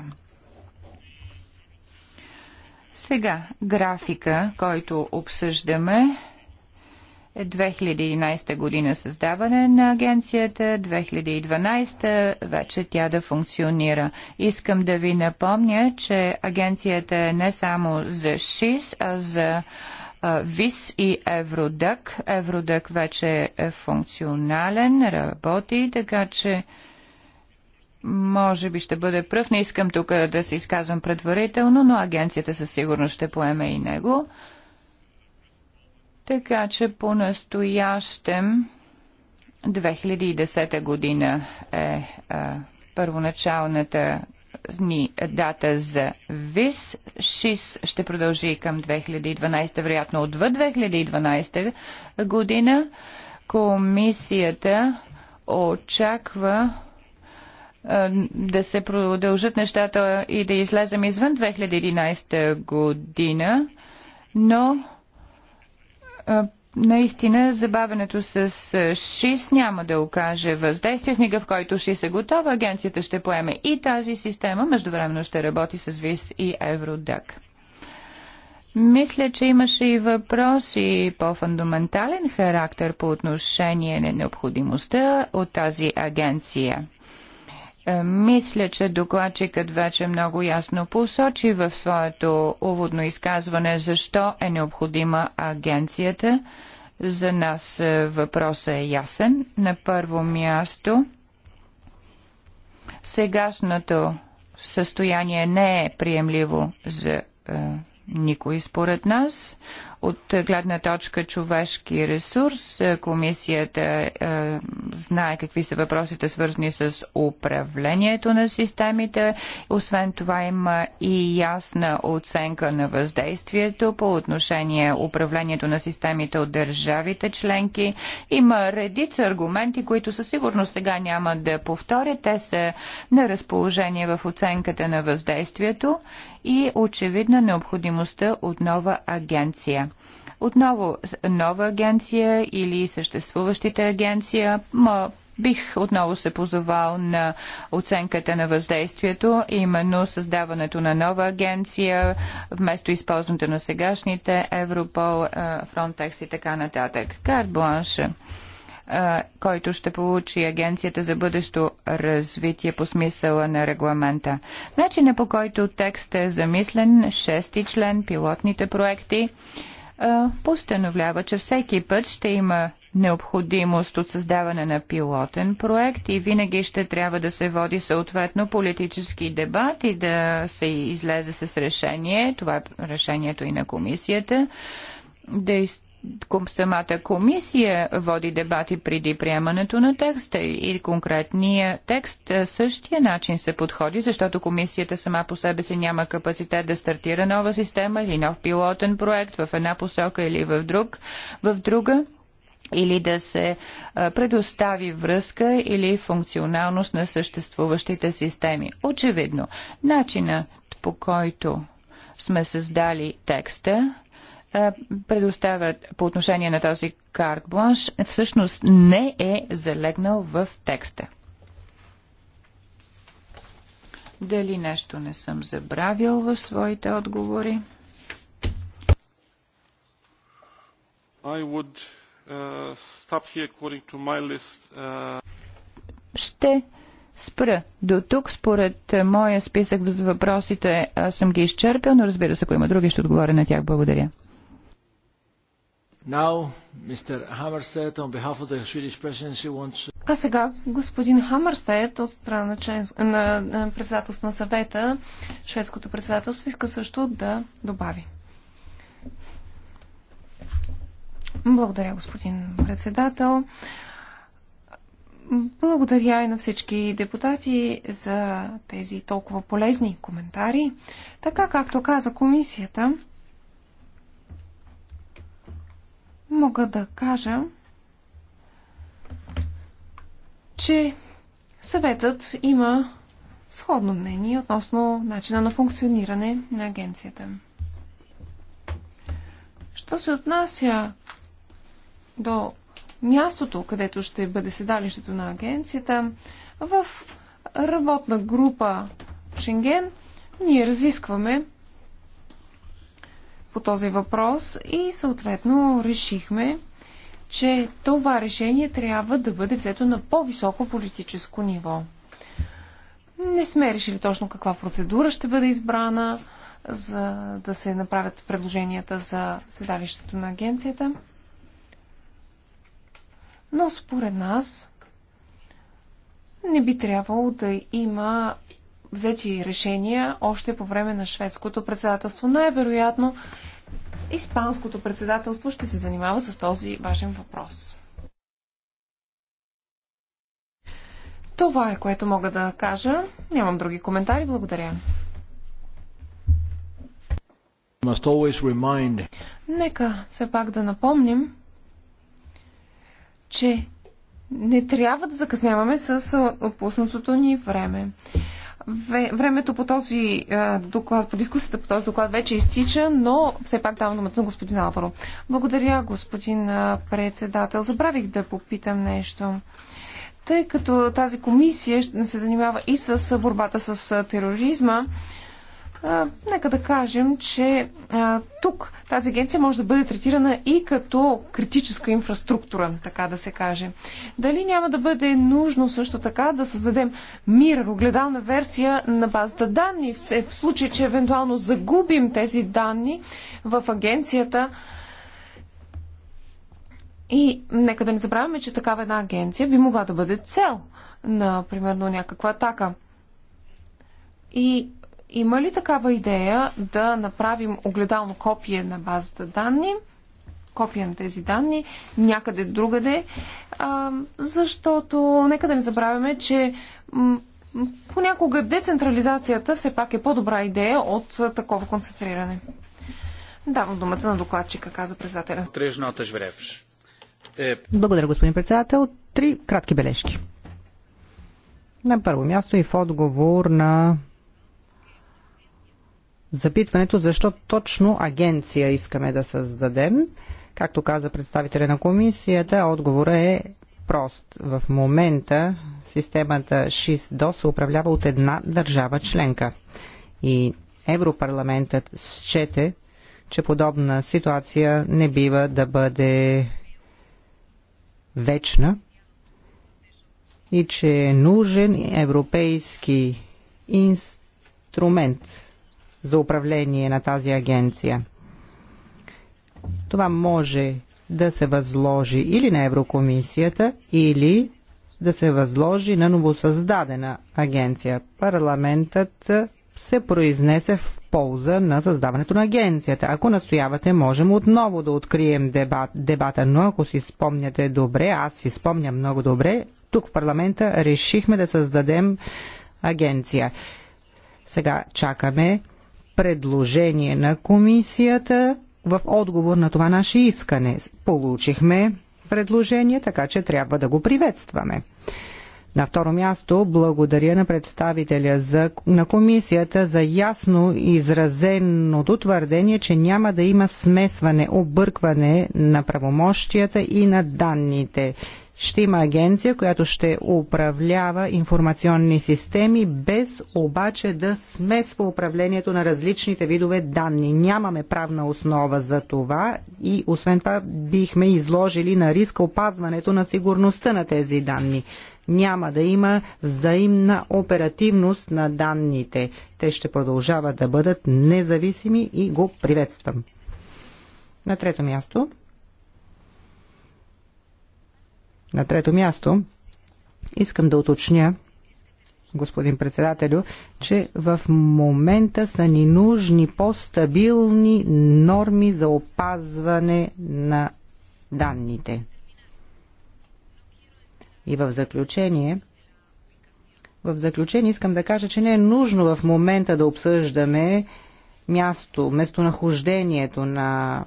Сега графика, който обсъждаме, 2011 година създаване на агенцията, 2012 вече тя да функционира. Искам да ви напомня, че агенцията е не само за ШИС, а за ВИС и Евродък. Евродък вече е функционален, работи, така че може би ще бъде пръв. Не искам тук да се изказвам предварително, но агенцията със сигурност ще поеме и него. Така че по-настоящем 2010 година е а, е, първоначалната ни дата за ВИС. ШИС ще продължи към 2012, вероятно отвъд 2012 година. Комисията очаква е, да се продължат нещата и да излезем извън 2011 година, но наистина забавенето с ШИС няма да окаже въздействие. В мига, в който ШИС е готова, агенцията ще поеме и тази система. Междувременно ще работи с ВИС и Евродък. Мисля, че имаше и въпроси по-фундаментален характер по отношение на необходимостта от тази агенция. Е, мисля, че докладчикът вече много ясно посочи в своето уводно изказване защо е необходима агенцията. За нас е, въпросът е ясен. На първо място, сегашното състояние не е приемливо за е, никой според нас. От гледна точка човешки ресурс, е, комисията е, знае какви са въпросите свързани с управлението на системите. Освен това има и ясна оценка на въздействието по отношение управлението на системите от държавите членки. Има редица аргументи, които със сигурност сега няма да повторя. Те са на разположение в оценката на въздействието и очевидна необходимостта от нова агенция. Отново нова агенция или съществуващите агенция бих отново се позовал на оценката на въздействието, именно създаването на нова агенция, вместо използването на сегашните Европол, Фронтекс и така нататък. Карт който ще получи Агенцията за бъдещо развитие по смисъла на регламента. Начинът по който текстът е замислен, шести член, пилотните проекти, постановлява, че всеки път ще има необходимост от създаване на пилотен проект и винаги ще трябва да се води съответно политически дебат и да се излезе с решение. Това е решението и на комисията. Действ самата комисия води дебати преди приемането на текста и конкретния текст е, същия начин се подходи, защото комисията сама по себе си няма капацитет да стартира нова система или нов пилотен проект в една посока или в, друг, в друга или да се е, предостави връзка или функционалност на съществуващите системи. Очевидно, начинът по който сме създали текста е, предоставят по отношение на този карт бланш, всъщност не е залегнал в текста. Дали нещо не съм забравил в своите отговори? I would, uh, stop here to my list. Uh... Ще спра до тук. Според е, моя списък с въпросите съм ги изчерпил, но разбира се, ако има други, ще отговоря на тях. Благодаря. А сега господин Хамърстед от страна на, член... на председателство на съвета, шведското председателство, иска също да добави. Благодаря, господин председател. Благодаря и на всички депутати за тези толкова полезни коментари. Така както каза комисията, мога да кажа, че съветът има сходно мнение относно начина на функциониране на агенцията. Що се отнася до мястото, където ще бъде седалището на агенцията, в работна група Шенген ние разискваме по този въпрос и съответно решихме, че това решение трябва да бъде взето на по-високо политическо ниво. Не сме решили точно каква процедура ще бъде избрана, за да се направят предложенията за седалището на агенцията. Но според нас не би трябвало да има взети решения още по време на шведското председателство. Най-вероятно Испанското председателство ще се занимава с този важен въпрос. Това е което мога да кажа. Нямам други коментари. Благодаря. Нека все пак да напомним, че не трябва да закъсняваме с опуснатото ни време. Времето по този доклад, по дискусията по този доклад вече изтича, но все пак давам думата на господин Алваро. Благодаря, господин председател. Забравих да попитам нещо. Тъй като тази комисия се занимава и с борбата с тероризма, нека да кажем, че а, тук тази агенция може да бъде третирана и като критическа инфраструктура, така да се каже. Дали няма да бъде нужно също така да създадем мир, огледална версия на базата данни, в, е, в случай, че евентуално загубим тези данни в агенцията. И нека да не забравяме, че такава една агенция би могла да бъде цел на, примерно, някаква атака. И има ли такава идея да направим огледално копие на базата данни, копия на тези данни някъде другаде, а, защото нека да не забравяме, че понякога децентрализацията все пак е по-добра идея от такова концентриране. Давам думата на докладчика, каза председателя. Трежната жвревш. Е, Благодаря, господин председател. Три кратки бележки. На първо място и в отговор на запитването защо точно агенция искаме да създадем. Както каза представителя на комисията, отговора е прост. В момента системата ШИС-ДО се управлява от една държава членка. И Европарламентът счете, че подобна ситуация не бива да бъде вечна и че е нужен европейски инструмент за управление на тази агенция. Това може да се възложи или на Еврокомисията, или да се възложи на новосъздадена агенция. Парламентът се произнесе в полза на създаването на агенцията. Ако настоявате, можем отново да открием дебат, дебата, но ако си спомняте добре, аз си спомням много добре, тук в парламента решихме да създадем агенция. Сега чакаме предложение на комисията в отговор на това наше искане. Получихме предложение, така че трябва да го приветстваме. На второ място благодаря на представителя за, на комисията за ясно изразеното твърдение, че няма да има смесване, объркване на правомощията и на данните ще има агенция, която ще управлява информационни системи, без обаче да смесва управлението на различните видове данни. Нямаме правна основа за това и освен това бихме изложили на риск опазването на сигурността на тези данни. Няма да има взаимна оперативност на данните. Те ще продължават да бъдат независими и го приветствам. На трето място на трето място, искам да уточня, господин председателю, че в момента са ни нужни по-стабилни норми за опазване на данните. И в заключение, в заключение искам да кажа, че не е нужно в момента да обсъждаме място, местонахождението на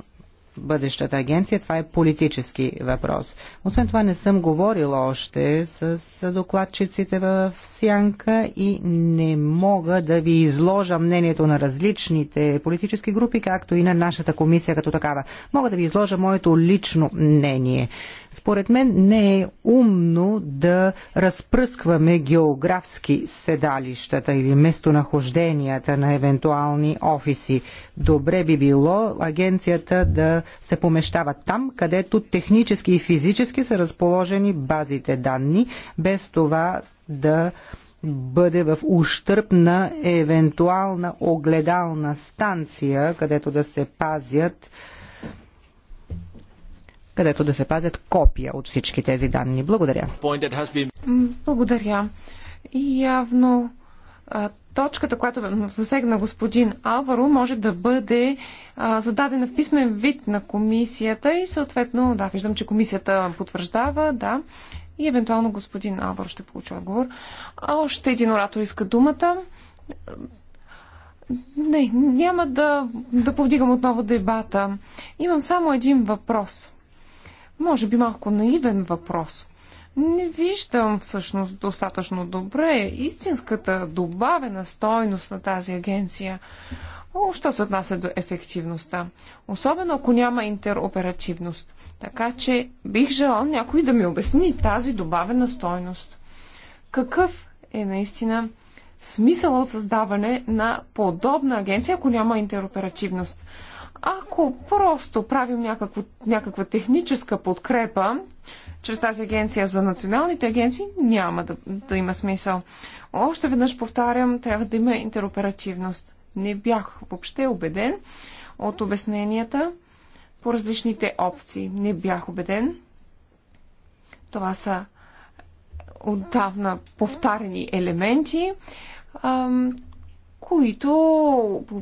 бъдещата агенция. Това е политически въпрос. Освен това не съм говорила още с докладчиците в Сянка и не мога да ви изложа мнението на различните политически групи, както и на нашата комисия като такава. Мога да ви изложа моето лично мнение. Според мен не е умно да разпръскваме географски седалищата или местонахожденията на евентуални офиси. Добре би било агенцията да се помещава там, където технически и физически са разположени базите данни, без това да бъде в ущърп на евентуална огледална станция, където да се пазят където да се пазят копия от всички тези данни. Благодаря. Благодаря. И явно точката, която засегна господин Алваро, може да бъде а, зададена в писмен вид на комисията и съответно, да, виждам, че комисията потвърждава, да, и евентуално господин Алваро ще получи отговор. А още един оратор иска думата. Не, няма да, да повдигам отново дебата. Имам само един въпрос може би малко наивен въпрос. Не виждам всъщност достатъчно добре истинската добавена стойност на тази агенция. Що се отнася до ефективността? Особено ако няма интероперативност. Така че бих желал някой да ми обясни тази добавена стойност. Какъв е наистина смисъл от създаване на подобна агенция, ако няма интероперативност? Ако просто правим някакво, някаква техническа подкрепа чрез тази агенция за националните агенции, няма да, да има смисъл. Още веднъж повтарям, трябва да има интероперативност. Не бях въобще убеден от обясненията по различните опции. Не бях убеден. Това са отдавна повтарени елементи които,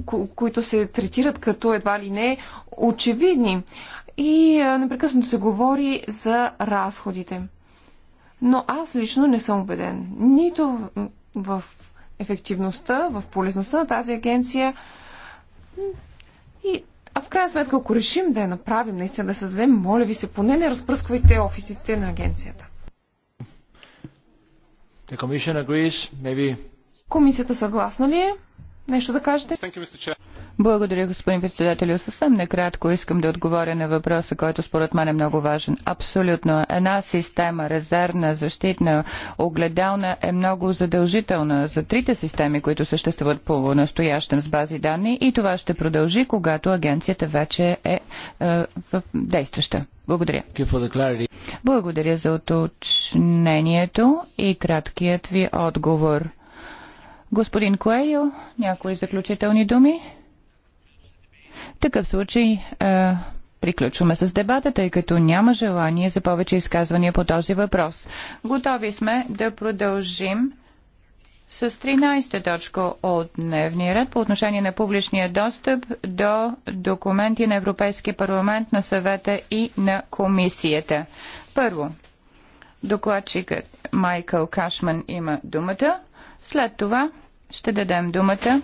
ко, които се третират като едва ли не очевидни. И непрекъснато се говори за разходите. Но аз лично не съм убеден. Нито в ефективността, в полезността на тази агенция. И, а в крайна сметка, ако решим да я направим, наистина да създадем, моля ви се, поне не разпръсквайте офисите на агенцията. The commission agrees, maybe... Комисията съгласна ли е? нещо да кажете? Благодаря, господин председател, Съвсем накратко искам да отговоря на въпроса, който според мен е много важен. Абсолютно. Една система, резервна, защитна, огледална е много задължителна за трите системи, които съществуват по настоящем с бази данни и това ще продължи, когато агенцията вече е, е действаща. Благодаря. Благодаря за уточнението и краткият ви отговор. Господин Коейо, някои заключителни думи? В такъв случай е, приключваме с дебата, тъй като няма желание за повече изказвания по този въпрос. Готови сме да продължим с 13 точка от дневния ред по отношение на публичния достъп до документи на Европейския парламент, на съвета и на комисията. Първо, докладчикът Майкъл Кашман има думата. След това ще дадем думата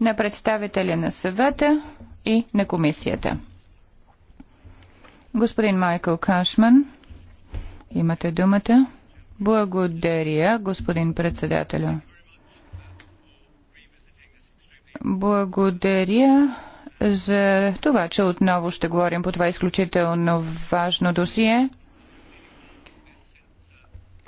на представителя на съвета и на комисията. Господин Майкъл Кашман, имате думата. Благодаря, господин председателю. Благодаря за това, че отново ще говорим по това изключително важно досие.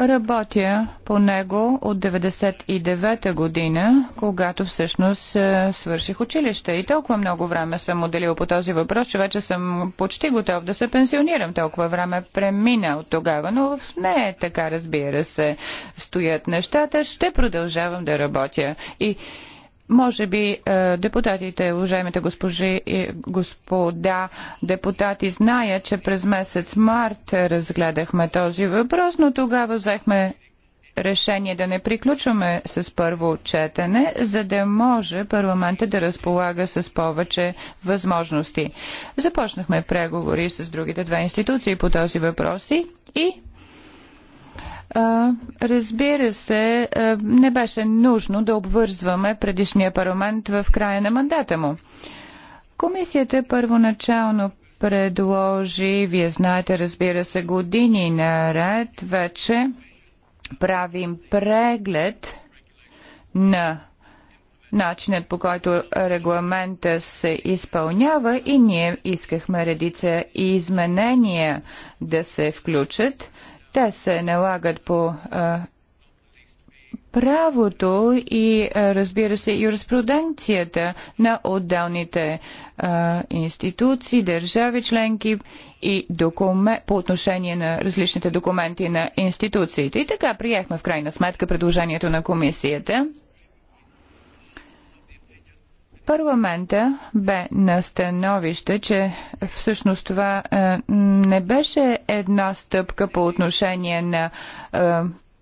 Работя по него от 99-та година, когато всъщност е, свърших училище. И толкова много време съм отделил по този въпрос, че вече съм почти готов да се пенсионирам. Толкова време премина от тогава, но не е така, разбира се. Стоят нещата, ще продължавам да работя. И може би е, депутатите, уважаемите госпожи и господа депутати, знаят, че през месец март разгледахме този въпрос, но тогава взехме решение да не приключваме с първо четене, за да може парламента да разполага с повече възможности. Започнахме преговори с другите две институции по този въпрос и Разбира се, не беше нужно да обвързваме предишния парламент в края на мандата му. Комисията първоначално предложи, вие знаете, разбира се, години наред вече правим преглед на начинът по който регламента се изпълнява и ние искахме редица изменения да се включат. Те се налагат по правото и разбира се юриспруденцията на отделните а, институции, държави членки и докумен... по отношение на различните документи на институциите. И така приехме в крайна сметка предложението на комисията Парламента бе на становище, че всъщност това е, не беше една стъпка по отношение на е,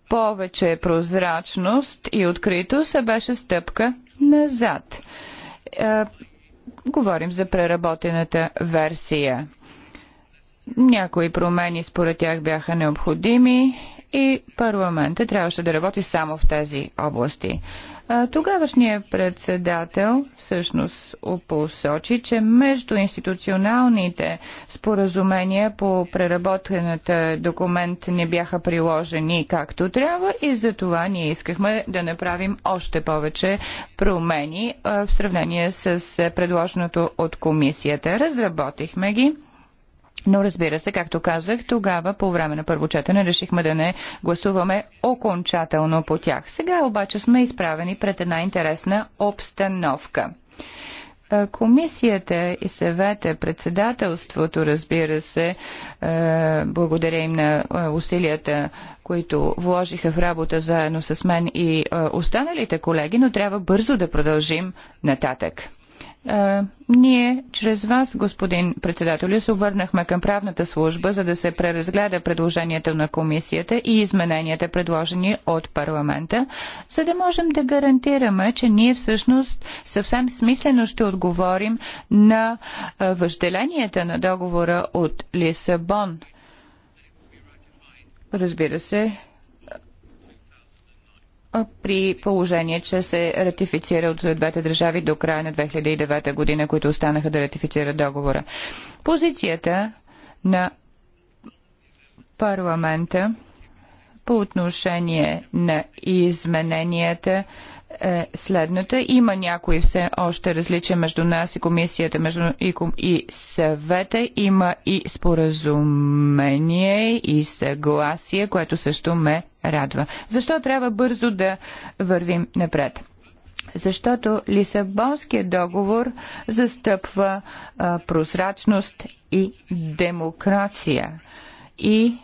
повече прозрачност и откритост, а беше стъпка назад. Е, говорим за преработената версия. Някои промени според тях бяха необходими и парламента трябваше да работи само в тези области. Тогавашният председател всъщност посочи, че между институционалните споразумения по преработената документ не бяха приложени както трябва и за това ние искахме да направим още повече промени в сравнение с предложеното от комисията. Разработихме ги но разбира се, както казах, тогава по време на първо четене решихме да не гласуваме окончателно по тях. Сега обаче сме изправени пред една интересна обстановка. Е, комисията и съвета, председателството, разбира се, е, благодаря им на е, усилията, които вложиха в работа заедно с мен и останалите колеги, но трябва бързо да продължим нататък. Е, ние, чрез вас, господин председател, се обърнахме към правната служба, за да се преразгледа предложението на комисията и измененията, предложени от парламента, за да можем да гарантираме, че ние всъщност съвсем смислено ще отговорим на е, въжделенията на договора от Лисабон. Разбира се, при положение, че се ратифицира от двете държави до края на 2009 година, които останаха да ратифицират договора. Позицията на парламента по отношение на измененията е следната. Има някои все още различия между нас и комисията между и, ком... и съвета. Има и споразумение и съгласие, което също ме радва. Защо трябва бързо да вървим напред? Защото Лисабонският договор застъпва а, прозрачност и демокрация. И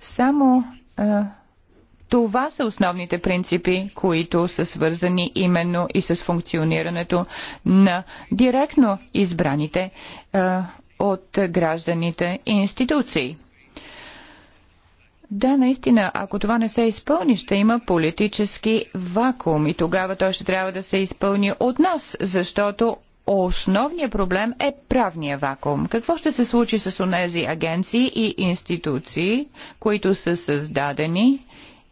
само а, това са основните принципи, които са свързани именно и с функционирането на директно избраните а, от гражданите институции. Да, наистина, ако това не се изпълни, ще има политически вакуум и тогава той ще трябва да се изпълни от нас, защото основният проблем е правния вакуум. Какво ще се случи с онези агенции и институции, които са създадени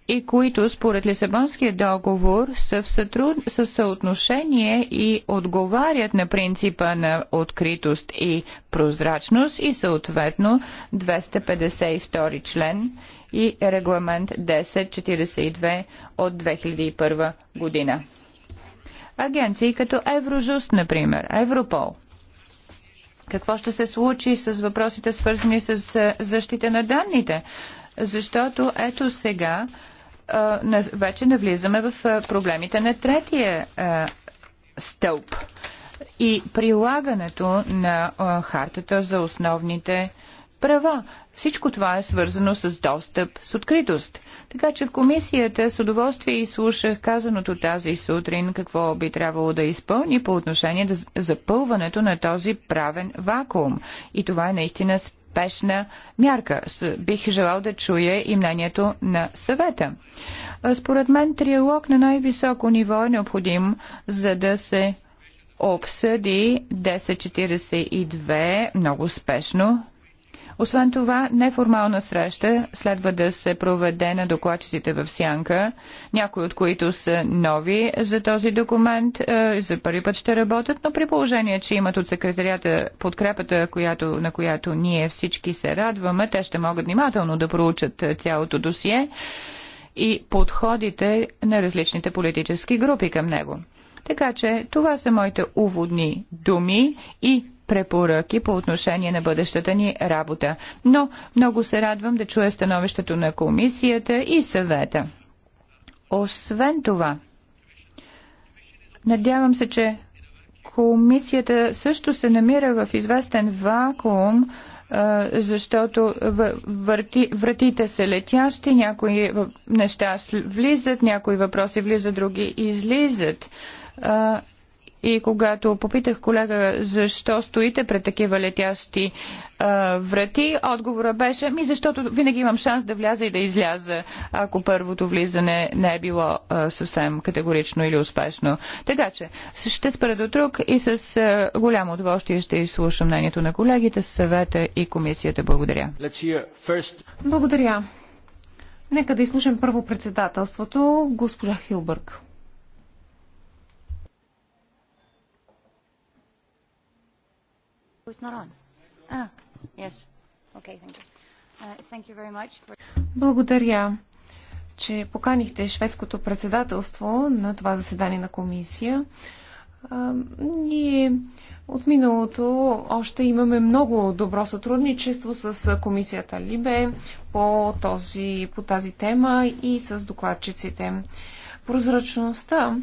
и които според Лисабонския договор са в сътруд... са съотношение и отговарят на принципа на откритост и прозрачност и съответно 252 член и регламент 1042 от 2001 година. Агенции като Еврожуст, например, Европол – какво ще се случи с въпросите свързани с е, защита на данните. Защото ето сега вече навлизаме в проблемите на третия стълб и прилагането на хартата за основните права. Всичко това е свързано с достъп, с откритост. Така че в комисията с удоволствие изслушах казаното тази сутрин какво би трябвало да изпълни по отношение на запълването на този правен вакуум. И това е наистина успешна мярка. Бих желал да чуя и мнението на съвета. Според мен триалог на най-високо ниво е необходим, за да се обсъди 1042 много спешно освен това, неформална среща следва да се проведе на докладчиците в Сянка, някои от които са нови за този документ, е, за първи път ще работят, но при положение, че имат от секретарията подкрепата, която, на която ние всички се радваме, те ще могат внимателно да проучат е, цялото досие и подходите на различните политически групи към него. Така че това са моите уводни думи и препоръки по отношение на бъдещата ни работа. Но много се радвам да чуя становището на комисията и съвета. Освен това, надявам се, че комисията също се намира в известен вакуум, защото върти, вратите са летящи, някои неща влизат, някои въпроси влизат, други излизат. И когато попитах колега защо стоите пред такива летящи а, врати, отговора беше ми защото винаги имам шанс да вляза и да изляза, ако първото влизане не е било а, съвсем категорично или успешно. Така че ще спра до друг и с а, голямо удоволствие ще изслушам мнението на колегите, съвета и комисията. Благодаря. Благодаря. Нека да изслушам първо председателството, госпожа Хилбърг. Ah, uh, Благодаря, че поканихте шведското председателство на това заседание на комисия. Ние от миналото още имаме много добро сътрудничество с комисията Либе по, този, по тази тема и с докладчиците. Прозрачността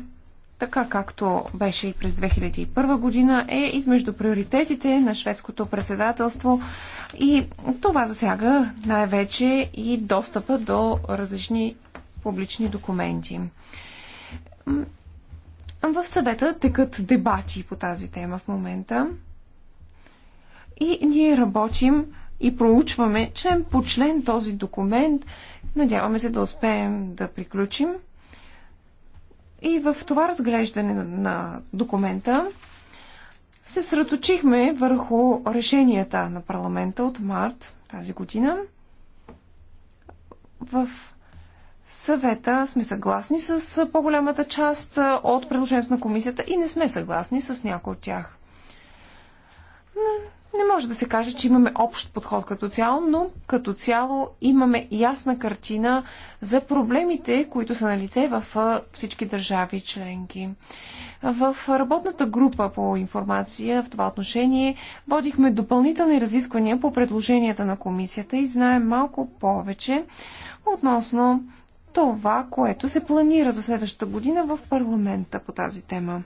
така както беше и през 2001 година, е измежду приоритетите на шведското председателство и това засяга най-вече и достъпа до различни публични документи. В съвета текат дебати по тази тема в момента и ние работим и проучваме член по член този документ. Надяваме се да успеем да приключим и в това разглеждане на документа се сръточихме върху решенията на парламента от март тази година. В съвета сме съгласни с по-голямата част от предложението на комисията и не сме съгласни с някои от тях. Не може да се каже, че имаме общ подход като цяло, но като цяло имаме ясна картина за проблемите, които са на лице в всички държави членки. В работната група по информация в това отношение водихме допълнителни разисквания по предложенията на комисията и знаем малко повече относно това, което се планира за следващата година в парламента по тази тема.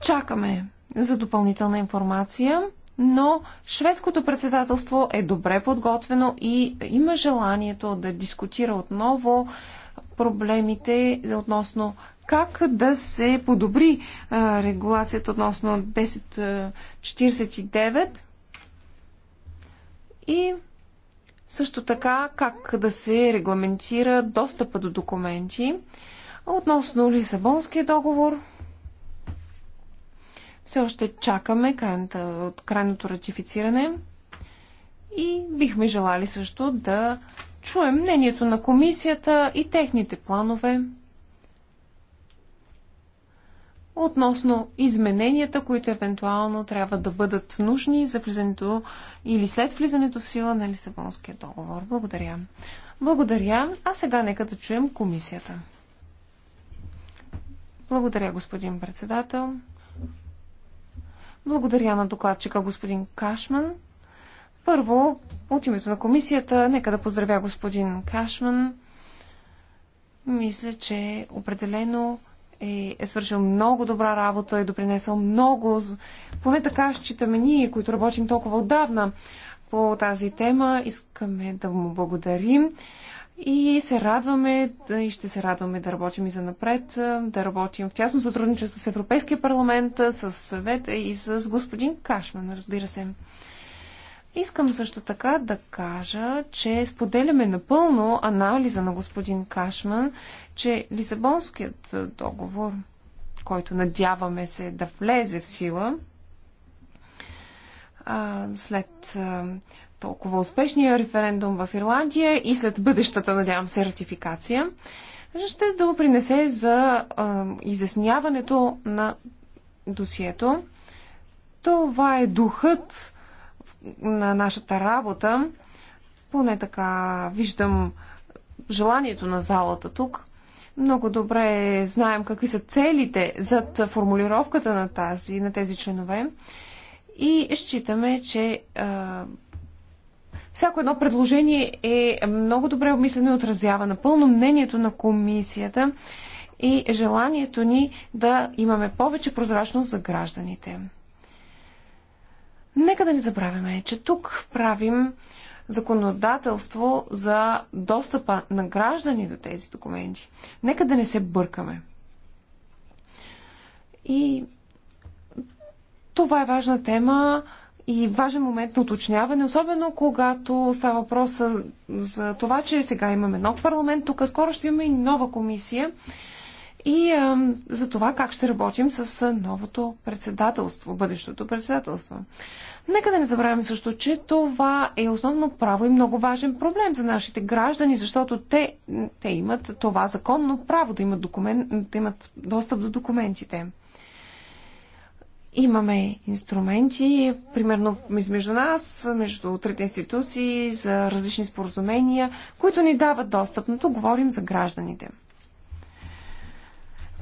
Чакаме за допълнителна информация, но шведското председателство е добре подготвено и има желанието да дискутира отново проблемите относно как да се подобри регулацията относно 1049 и също така как да се регламентира достъпа до документи. Относно Лисабонския договор, все още чакаме крайната, от крайното ратифициране и бихме желали също да чуем мнението на комисията и техните планове относно измененията, които евентуално трябва да бъдат нужни за влизането или след влизането в сила на Лисабонския договор. Благодаря. Благодаря. А сега нека да чуем комисията. Благодаря, господин председател. Благодаря на докладчика господин Кашман. Първо, от името на комисията, нека да поздравя господин Кашман. Мисля, че определено е, е свършил много добра работа, и е допринесъл много. Поне така считаме ние, които работим толкова отдавна по тази тема. Искаме да му благодарим и се радваме и ще се радваме да работим и за напред, да работим в тясно сътрудничество с Европейския парламент, с съвет и с господин Кашман, разбира се. Искам също така да кажа, че споделяме напълно анализа на господин Кашман, че Лисабонският договор, който надяваме се да влезе в сила, след толкова успешния референдум в Ирландия и след бъдещата, надявам се, ратификация, ще допринесе за а, изясняването на досието. Това е духът на нашата работа. Поне така виждам желанието на залата тук. Много добре знаем какви са целите зад формулировката на, тази, на тези членове и считаме, че а, Всяко едно предложение е много добре обмислено и отразява напълно мнението на комисията и желанието ни да имаме повече прозрачност за гражданите. Нека да не забравяме, че тук правим законодателство за достъпа на граждани до тези документи. Нека да не се бъркаме. И това е важна тема, и важен момент на уточняване, особено когато става въпрос за това, че сега имаме нов парламент, тук скоро ще имаме и нова комисия и а, за това как ще работим с новото председателство, бъдещото председателство. Нека да не забравяме също, че това е основно право и много важен проблем за нашите граждани, защото те, те имат това законно право да имат, документ, да имат достъп до документите. Имаме инструменти, примерно между нас, между трите институции, за различни споразумения, които ни дават достъп, но тук говорим за гражданите.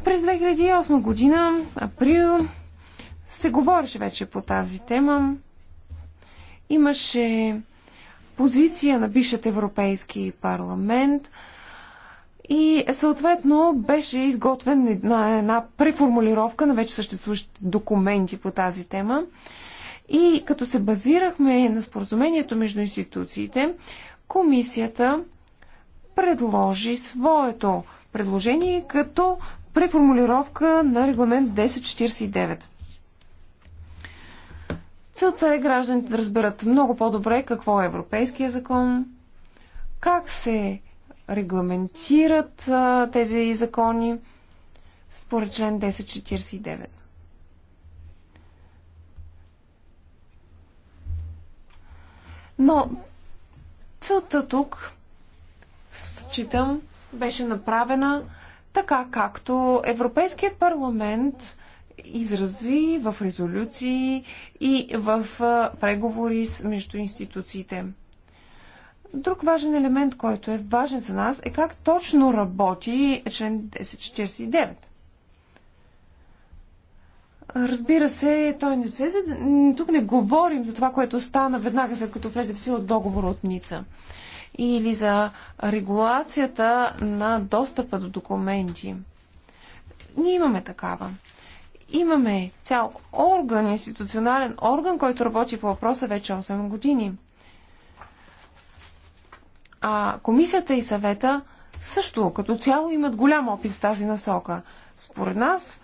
През 2008 година, април, се говореше вече по тази тема. Имаше позиция на бившият Европейски парламент – и съответно беше изготвен една, една преформулировка на вече съществуващите документи по тази тема. И като се базирахме на споразумението между институциите, комисията предложи своето предложение като преформулировка на регламент 1049. Целта е гражданите да разберат много по-добре какво е европейския закон, как се регламентират а, тези закони според член 1049. Но целта тук, считам, беше направена така, както Европейският парламент изрази в резолюции и в преговори между институциите. Друг важен елемент, който е важен за нас, е как точно работи член 1049. Разбира се, той не се. Тук не говорим за това, което стана веднага след като влезе в сила договор от Ница. Или за регулацията на достъпа до документи. Ние имаме такава. Имаме цял орган, институционален орган, който работи по въпроса вече 8 години. А комисията и съвета също като цяло имат голям опит в тази насока. Според нас,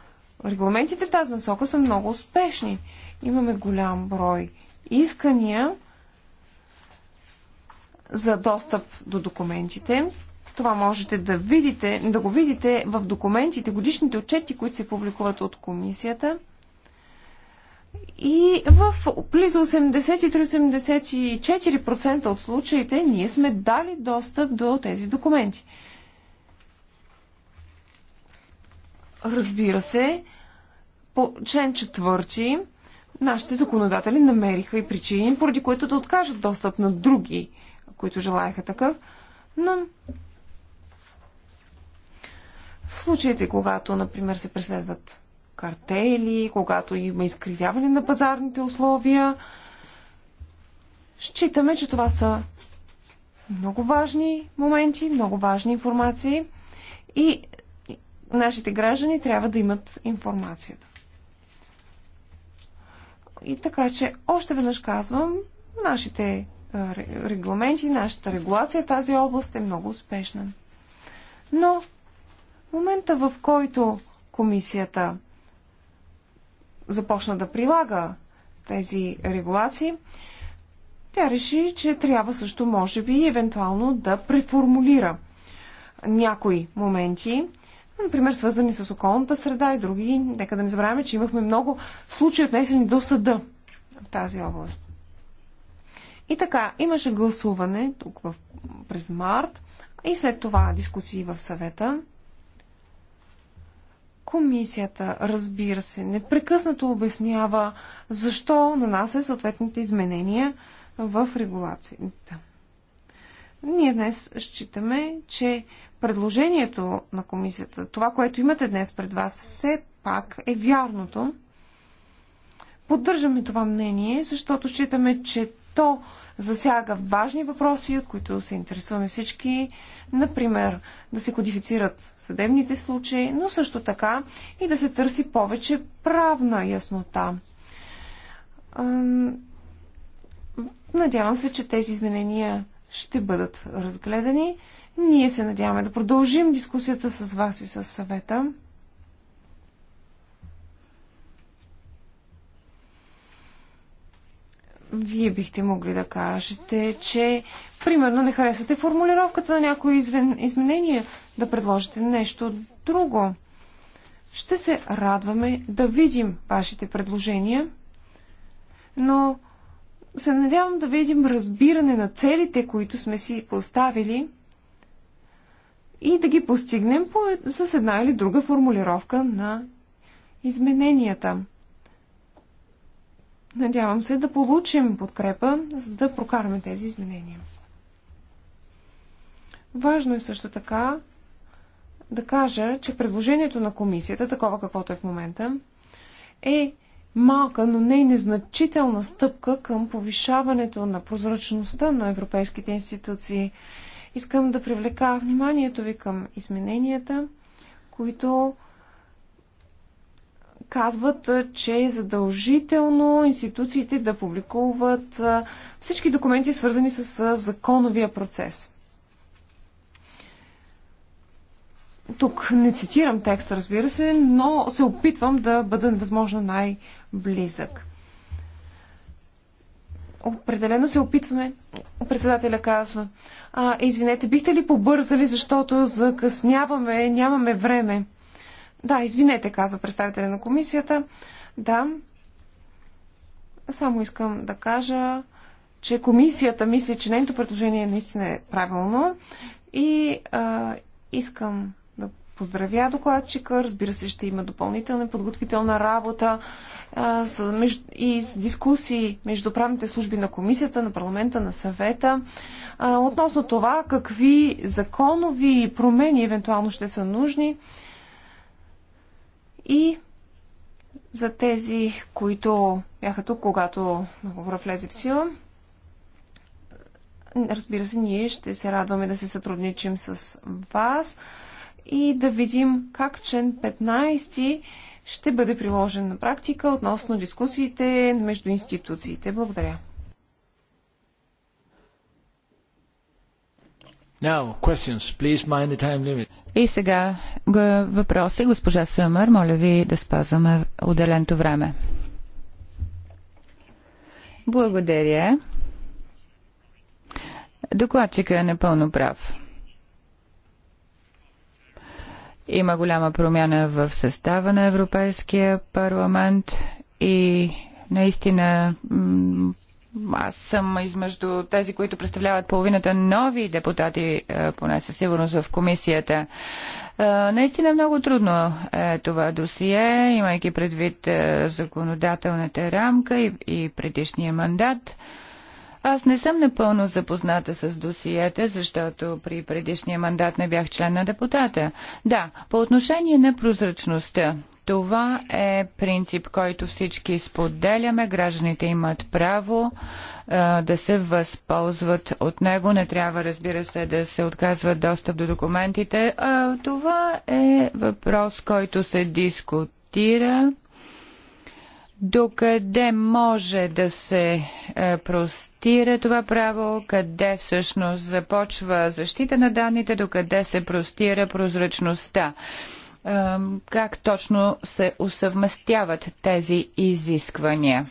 регламентите в тази насока са много успешни. Имаме голям брой искания за достъп до документите. Това можете да, видите, да го видите в документите, годишните отчети, които се публикуват от комисията – и в близо 83-84% от случаите ние сме дали достъп до тези документи. Разбира се, по член 4 нашите законодатели намериха и причини, поради които да откажат достъп на други, които желаяха такъв. Но в случаите, когато, например, се преследват картели, когато има изкривяване на пазарните условия. Считаме, че това са много важни моменти, много важни информации и нашите граждани трябва да имат информацията. И така, че още веднъж казвам, нашите е, регламенти, нашата регулация в тази област е много успешна. Но момента, в който комисията започна да прилага тези регулации, тя реши, че трябва също, може би, евентуално да преформулира някои моменти, например, свързани с околната среда и други. Нека да не забравяме, че имахме много случаи отнесени до съда в тази област. И така, имаше гласуване тук в, през март и след това дискусии в съвета. Комисията, разбира се, непрекъснато обяснява защо нанася е съответните изменения в регулацията. Ние днес считаме, че предложението на комисията, това, което имате днес пред вас, все пак е вярното. Поддържаме това мнение, защото считаме, че то засяга важни въпроси, от които се интересуваме всички Например, да се кодифицират съдебните случаи, но също така и да се търси повече правна яснота. Надявам се, че тези изменения ще бъдат разгледани. Ние се надяваме да продължим дискусията с вас и с съвета. вие бихте могли да кажете, че примерно не харесвате формулировката на някои извен... изменения, да предложите нещо друго. Ще се радваме да видим вашите предложения, но се надявам да видим разбиране на целите, които сме си поставили и да ги постигнем по... с една или друга формулировка на измененията. Надявам се да получим подкрепа, за да прокараме тези изменения. Важно е също така да кажа, че предложението на комисията, такова каквото е в момента, е малка, но не и незначителна стъпка към повишаването на прозрачността на европейските институции. Искам да привлека вниманието ви към измененията, които казват, че е задължително институциите да публикуват всички документи, свързани с законовия процес. Тук не цитирам текста, разбира се, но се опитвам да бъда възможно най-близък. Определено се опитваме. Председателя казва, а, извинете, бихте ли побързали, защото закъсняваме, нямаме време. Да, извинете, казва представителя на комисията. Да, само искам да кажа, че комисията мисли, че нейното предложение наистина е правилно и а, искам да поздравя докладчика. Разбира се, ще има допълнителна подготвителна работа а, с, меж, и с дискусии между правните служби на комисията, на парламента, на съвета а, относно това какви законови промени евентуално ще са нужни. И за тези, които бяха тук, когато договора влезе в сила, разбира се, ние ще се радваме да се сътрудничим с вас и да видим как член 15 ще бъде приложен на практика относно дискусиите между институциите. Благодаря. Now, questions. Please mind the time limit. И сега въпроси. Госпожа Съмър, моля ви да спазваме отделеното време. Благодаря. Докладчика е напълно прав. Има голяма промяна в състава на Европейския парламент и наистина аз съм измежду тези, които представляват половината нови депутати, е, поне със сигурност в комисията. Е, наистина много трудно е това досие, имайки предвид е, законодателната рамка и, и предишния мандат. Аз не съм напълно запозната с досиета, защото при предишния мандат не бях член на депутата. Да, по отношение на прозрачността. Това е принцип, който всички споделяме. Гражданите имат право да се възползват от него. Не трябва, разбира се, да се отказват достъп до документите. А, това е въпрос, който се дискутира. Докъде може да се е, простира това право, къде всъщност започва защита на данните, докъде се простира прозрачността как точно се усъвместяват тези изисквания.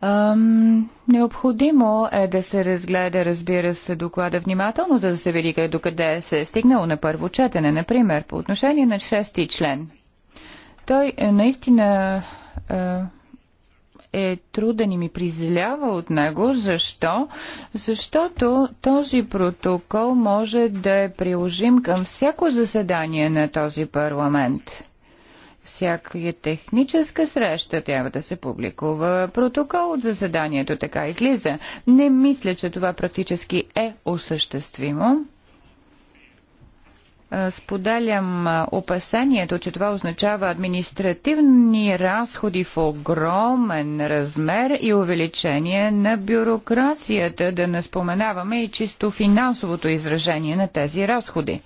Ам, необходимо е да се разгледа, разбира се, доклада внимателно, за да се види до къде се е стигнало на първо четене, например, по отношение на шести член. Той е наистина е, е труден и ми призлява от него. Защо? Защото този протокол може да е приложим към всяко заседание на този парламент. Всяка техническа среща трябва да се публикува. Протокол от заседанието така излиза. Не мисля, че това практически е осъществимо. Е, споделям е, опасението, че това означава административни разходи в огромен размер и увеличение на бюрокрацията, да не споменаваме и чисто финансовото изражение на тези разходи.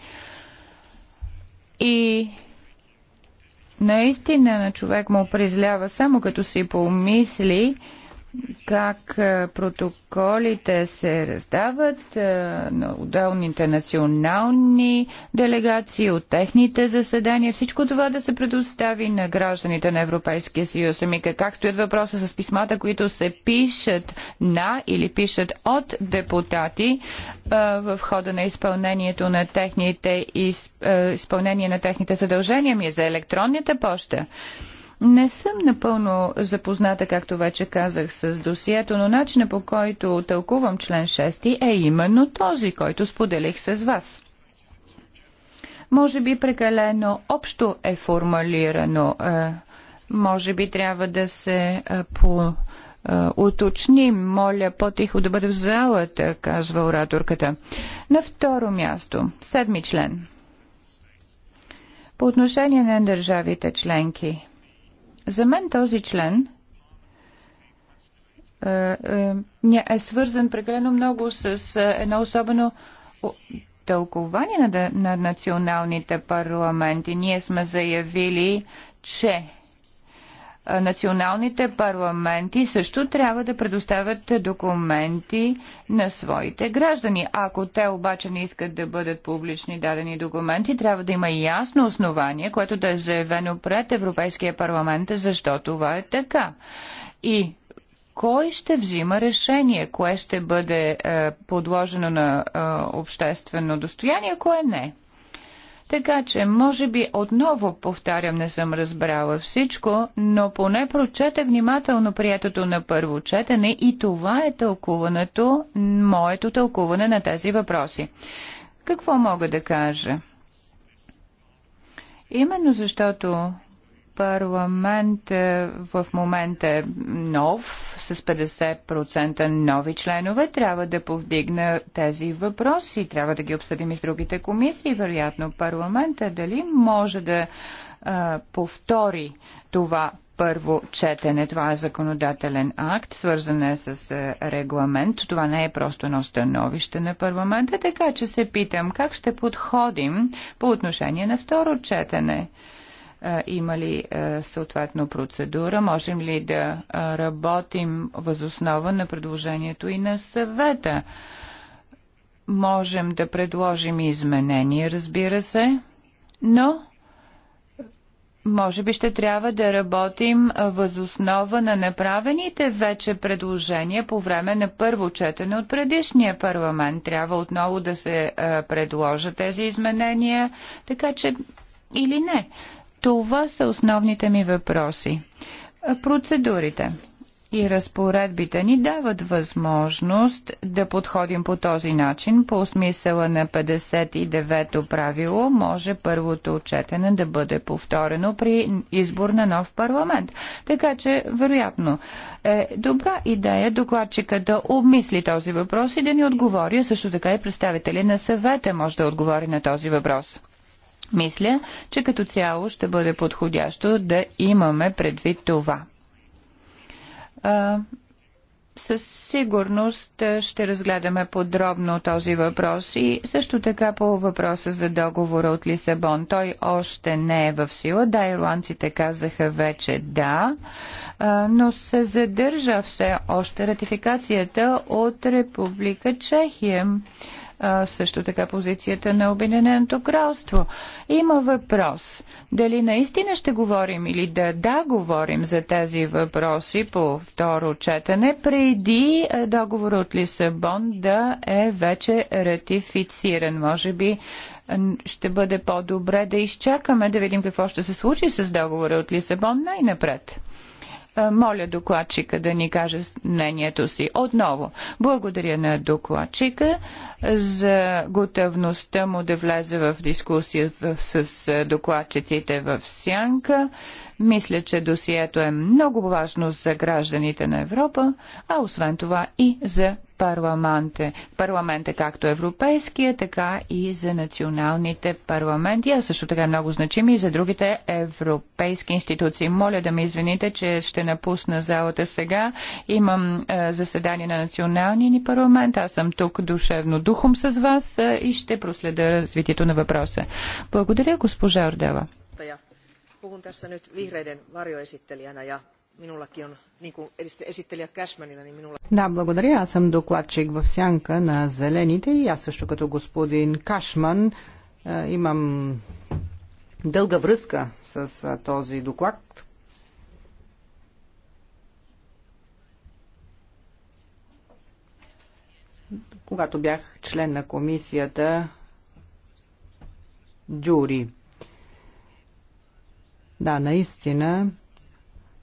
И наистина на човек му призлява само като си помисли, как е, протоколите се раздават е, на отделните национални делегации от техните заседания. Всичко това да се предостави на гражданите на Европейския съюз. Ами как стоят въпроса с писмата, които се пишат на или пишат от депутати е, в хода на изпълнението на техните изпълнение на техните задължения ми за електронната поща. Не съм напълно запозната, както вече казах, с досието, но начина по който тълкувам член 6 е именно този, който споделих с вас. Може би прекалено общо е формулирано. Е, може би трябва да се е, по е, уточним, моля по-тихо да бъде в залата, казва ораторката. На второ място, седми член. По отношение на държавите членки. За мен този член е, е, е свързан прекалено много с е, едно особено тълкование на, на националните парламенти. Ние сме заявили, че националните парламенти също трябва да предоставят документи на своите граждани. Ако те обаче не искат да бъдат публични дадени документи, трябва да има ясно основание, което да е заявено пред Европейския парламент, защо това е така. И кой ще взима решение, кое ще бъде е, подложено на е, обществено достояние, кое не? Така че, може би отново повтарям, не съм разбрала всичко, но поне прочета внимателно приятото на първо четене и това е тълкуването, моето тълкуване на тези въпроси. Какво мога да кажа? Именно защото парламент е, в момента е нов, с 50% нови членове. Трябва да повдигна тези въпроси. Трябва да ги обсъдим и с другите комисии. Вероятно парламента дали може да а, е, повтори това първо четене. Това е законодателен акт, свързан е с е, регламент. Това не е просто едно становище на парламента, така че се питам как ще подходим по отношение на второ четене има ли съответно процедура, можем ли да работим възоснова на предложението и на съвета. Можем да предложим изменения, разбира се, но може би ще трябва да работим възоснова на направените вече предложения по време на първо четене от предишния парламент. Трябва отново да се предложат тези изменения, така че или не. Това са основните ми въпроси. Процедурите и разпоредбите ни дават възможност да подходим по този начин. По смисъла на 59-то правило може първото отчетене да бъде повторено при избор на нов парламент. Така че, вероятно, е добра идея докладчика да обмисли този въпрос и да ни отговори, също така и представители на съвета може да отговори на този въпрос. Мисля, че като цяло ще бъде подходящо да имаме предвид това. А, със сигурност ще разгледаме подробно този въпрос и също така по въпроса за договора от Лисабон. Той още не е в сила. Да, ирландците казаха вече да, но се задържа все още ратификацията от Република Чехия а, също така позицията на Обединеното кралство. Има въпрос. Дали наистина ще говорим или да да говорим за тези въпроси по второ четене, преди договор от Лисабон да е вече ратифициран. Може би ще бъде по-добре да изчакаме да видим какво ще се случи с договора от Лисабон най-напред. Е, моля докладчика да ни каже мнението си. Отново, благодаря на докладчика за готовността му да влезе в дискусия с е, докладчиците в Сянка. Мисля, че досието е много важно за гражданите на Европа, а освен това и за Парламент е както европейския, така и за националните парламенти, а също така е много значими и за другите европейски институции. Моля да ме извините, че ще напусна залата сега. Имам е, заседание на националния ни парламент. Аз съм тук душевно духом с вас е, и ще проследя развитието на въпроса. Благодаря, госпожа Ордела puhun tässä nyt vihreiden varjoesittelijänä ja minullakin on niin kuin esittelijä Cashmanilla, niin minulla... Да, благодаря. Аз съм докладчик в сянка на зелените и аз също като господин Кашман е, имам дълга връзка с е, този доклад, когато бях член на комисията Джури. Да, наистина,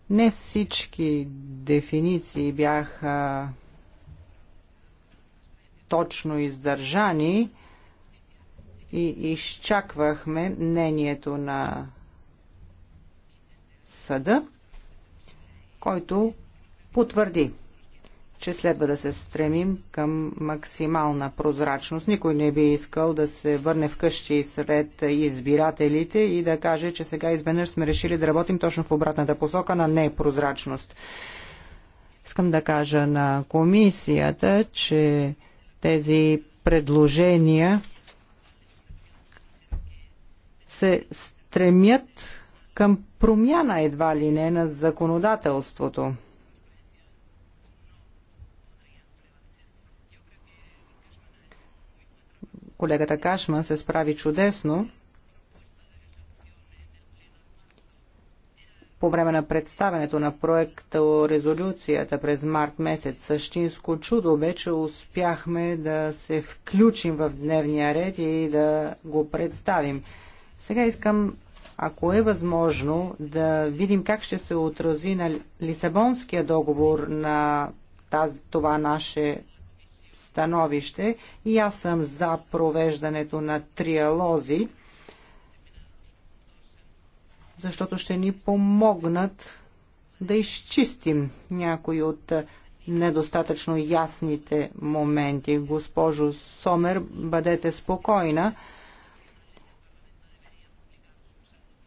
не всички дефиниции бяха точно издържани и изчаквахме мнението на съда, който потвърди че следва да се стремим към максимална прозрачност. Никой не би искал да се върне вкъщи сред избирателите и да каже, че сега изведнъж сме решили да работим точно в обратната посока на непрозрачност. Искам да кажа на комисията, че тези предложения се стремят към промяна едва ли не на законодателството. Колегата Кашман се справи чудесно по време на представенето на проекта резолюцията през март месец. Същинско чудо бе, че успяхме да се включим в дневния ред и да го представим. Сега искам, ако е възможно, да видим как ще се отрази на Лисабонския договор на тази, това наше становище и аз съм за провеждането на триалози, защото ще ни помогнат да изчистим някои от недостатъчно ясните моменти. Госпожо Сомер, бъдете спокойна.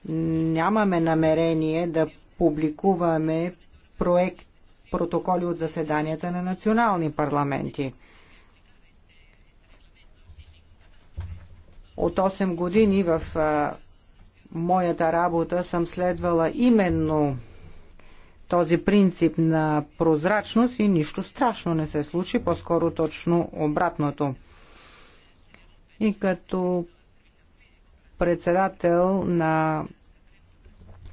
Нямаме намерение да публикуваме проект протоколи от заседанията на национални парламенти. От 8 години в моята работа съм следвала именно този принцип на прозрачност и нищо страшно не се случи, по-скоро точно обратното. И като председател на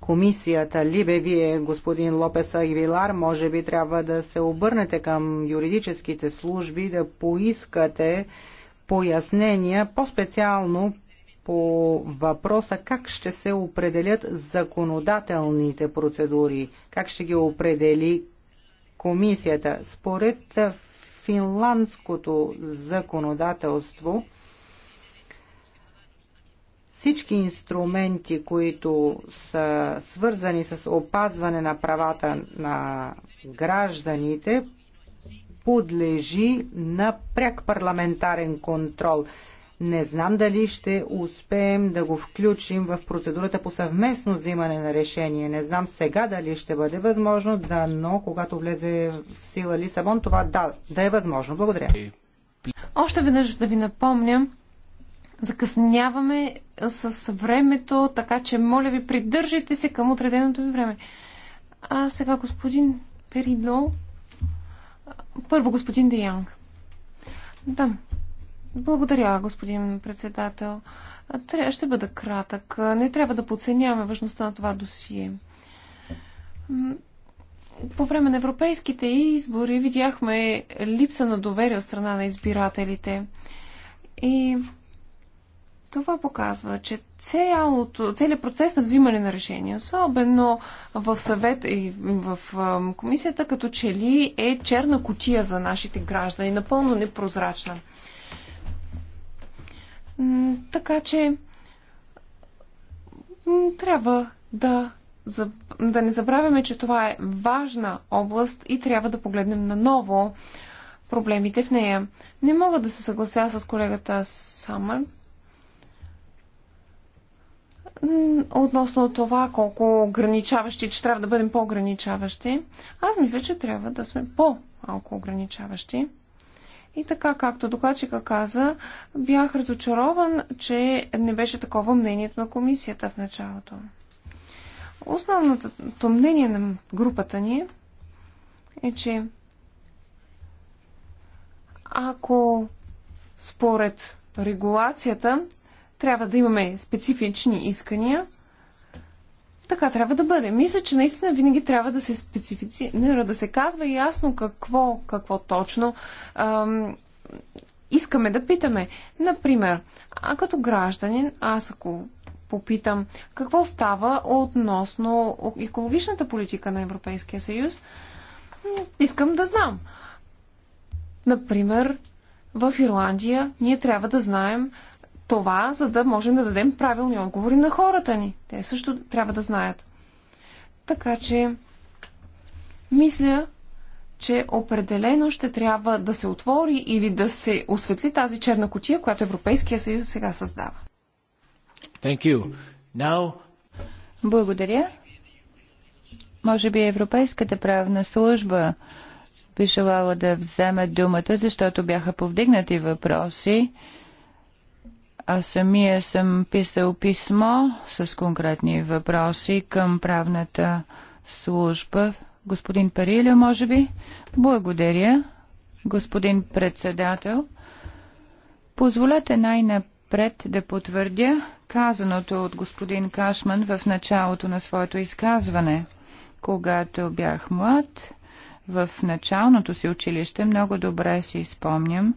комисията Либе, вие, господин Лопес Агвилар, може би трябва да се обърнете към юридическите служби, да поискате пояснения, по-специално по въпроса как ще се определят законодателните процедури, как ще ги определи комисията. Според финландското законодателство, всички инструменти, които са свързани с опазване на правата на гражданите, подлежи на пряк парламентарен контрол. Не знам дали ще успеем да го включим в процедурата по съвместно взимане на решение. Не знам сега дали ще бъде възможно, да, но когато влезе в сила Лисабон, това да, да е възможно. Благодаря. Още веднъж да ви напомням, закъсняваме с времето, така че моля ви, придържайте се към отреденото ви време. А сега господин Перидо първо, господин Деянг. Да. Благодаря, господин председател. Тря, ще бъда кратък. Не трябва да подценяваме важността на това досие. По време на европейските избори видяхме липса на доверие от страна на избирателите. И това показва, че цялото, целият процес на взимане на решения, особено в съвет и в комисията, като че ли е черна котия за нашите граждани, напълно непрозрачна. Така че трябва да, да не забравяме, че това е важна област и трябва да погледнем наново проблемите в нея. Не мога да се съглася с колегата Самър, относно това колко ограничаващи, че трябва да бъдем по-ограничаващи, аз мисля, че трябва да сме по-малко ограничаващи. И така, както докладчика каза, бях разочарован, че не беше такова мнението на комисията в началото. Основното мнение на групата ни е, че ако според регулацията трябва да имаме специфични искания. Така трябва да бъде. Мисля, че наистина винаги трябва да се специфицира, да се казва ясно какво, какво точно ам, искаме да питаме. Например, а като гражданин, аз ако попитам какво става относно екологичната политика на Европейския съюз, искам да знам. Например, в Ирландия ние трябва да знаем това, за да можем да дадем правилни отговори на хората ни. Те също трябва да знаят. Така че, мисля, че определено ще трябва да се отвори или да се осветли тази черна котия, която Европейския съюз сега създава. Thank you. Now... Благодаря. Може би Европейската правна служба би желала да вземе думата, защото бяха повдигнати въпроси аз самия съм писал писмо с конкретни въпроси към правната служба. Господин Париля, може би? Благодаря, господин председател. Позволете най-напред да потвърдя казаното от господин Кашман в началото на своето изказване. Когато бях млад, в началното си училище много добре си спомням,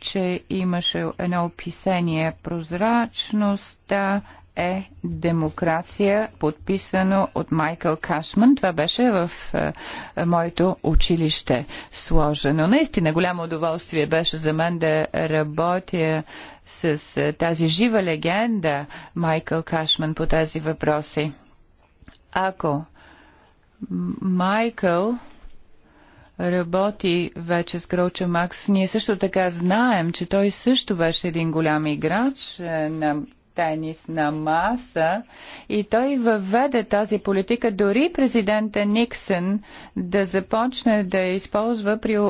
че имаше едно описание прозрачността е демокрация, подписано от Майкъл Кашман. Това беше в е, е, моето училище сложено. Наистина голямо удоволствие беше за мен да работя с е, тази жива легенда Майкъл Кашман по тези въпроси. Ако Майкъл Michael работи вече с Гроуча Макс, ние също така знаем, че той също беше един голям играч е, на тенис на маса и той въведе тази политика дори президента Никсън да започне да използва при е,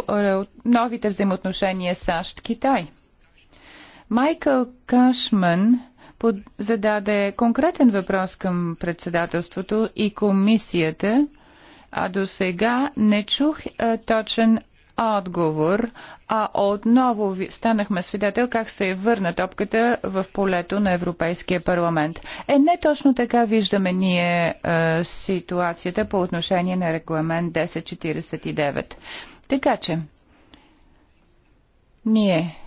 новите взаимоотношения САЩ-Китай. Майкъл Кашман зададе конкретен въпрос към председателството и комисията – а до сега не чух а, е, точен отговор, а отново станахме свидетел как се върна топката в полето на Европейския парламент. Е, не точно така виждаме ние а, е, ситуацията по отношение на регламент 1049. Така че, ние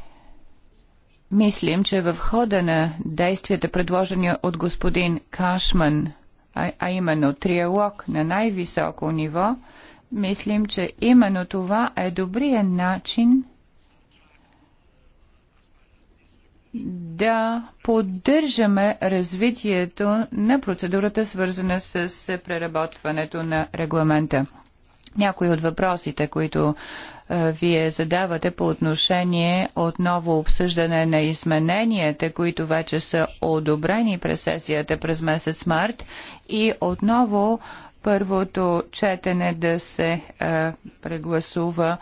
мислим, че в хода на действията, предложени от господин Кашман, а, а именно триалог на най-високо ниво, мислим, че именно това е добрият начин да поддържаме развитието на процедурата, свързана с преработването на регламента. Някои от въпросите, които вие задавате по отношение отново обсъждане на измененията, които вече са одобрени през сесията през месец март и отново първото четене да се прегласува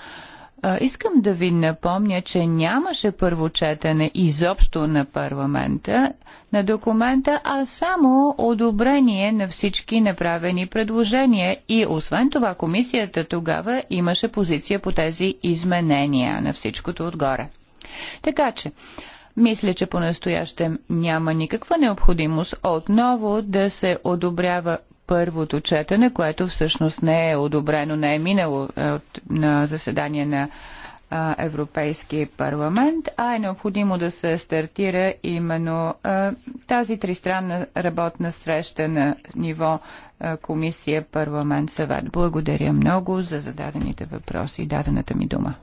Искам да ви напомня, че нямаше първо четене изобщо на парламента на документа, а само одобрение на всички направени предложения. И освен това, комисията тогава имаше позиция по тези изменения на всичкото отгоре. Така че, мисля, че по-настоящем няма никаква необходимост отново да се одобрява първото четене, което всъщност не е одобрено, не е минало е от, на заседание на а, Европейския парламент, а е необходимо да се стартира именно а, тази тристранна работна среща на ниво а, Комисия парламент съвет. Благодаря много за зададените въпроси и дадената ми дума.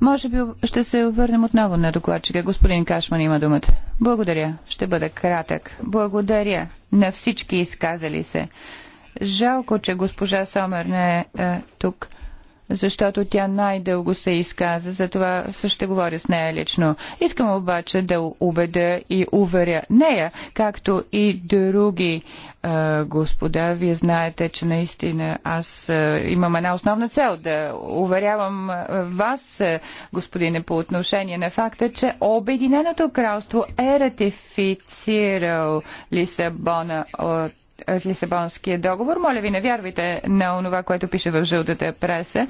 Може би ще се върнем отново на докладчика. Господин Кашман има думата. Благодаря. Ще бъда кратък. Благодаря на всички изказали се. Жалко, че госпожа Сомер не е, е тук защото тя най-дълго се изказа, затова ще говоря с нея лично. Искам обаче да убедя и уверя нея, както и други господа, вие знаете, че наистина аз имам една основна цел да уверявам вас, господине, по отношение на факта, че Обединеното кралство е ратифицирал Лисабона от Лисабонския договор. Моля ви, не вярвайте на онова, което пише в жълтата преса.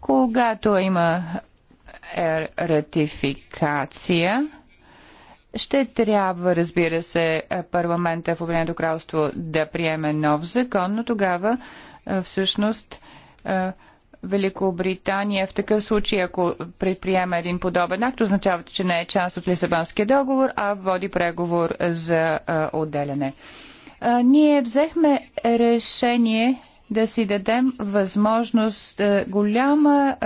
Когато има е, ратификация, ще трябва, разбира се, е, парламента в Обединеното кралство да приеме нов закон, но тогава е, всъщност е, Великобритания в такъв случай, ако предприеме един подобен акт, означава, че не е част от Лисабонския договор, а води преговор за отделяне. Ние взехме решение да си дадем възможност голяма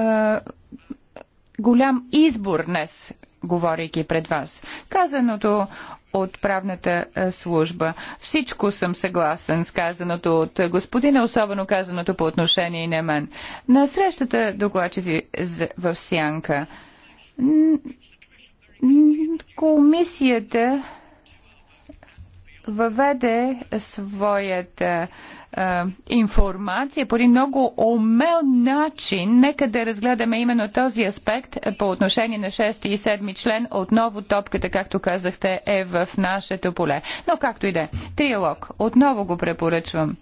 голям избор днес говорейки пред вас. Казаното от правната е, служба. Всичко съм съгласен с казаното от господина, особено казаното по отношение и на мен. На срещата докладчици в Сянка. Комисията въведе своята е, информация по един много умел начин. Нека да разгледаме именно този аспект по отношение на 6 и 7 член. Отново топката, както казахте, е в нашето поле. Но както и да е. Триалог. Отново го препоръчвам.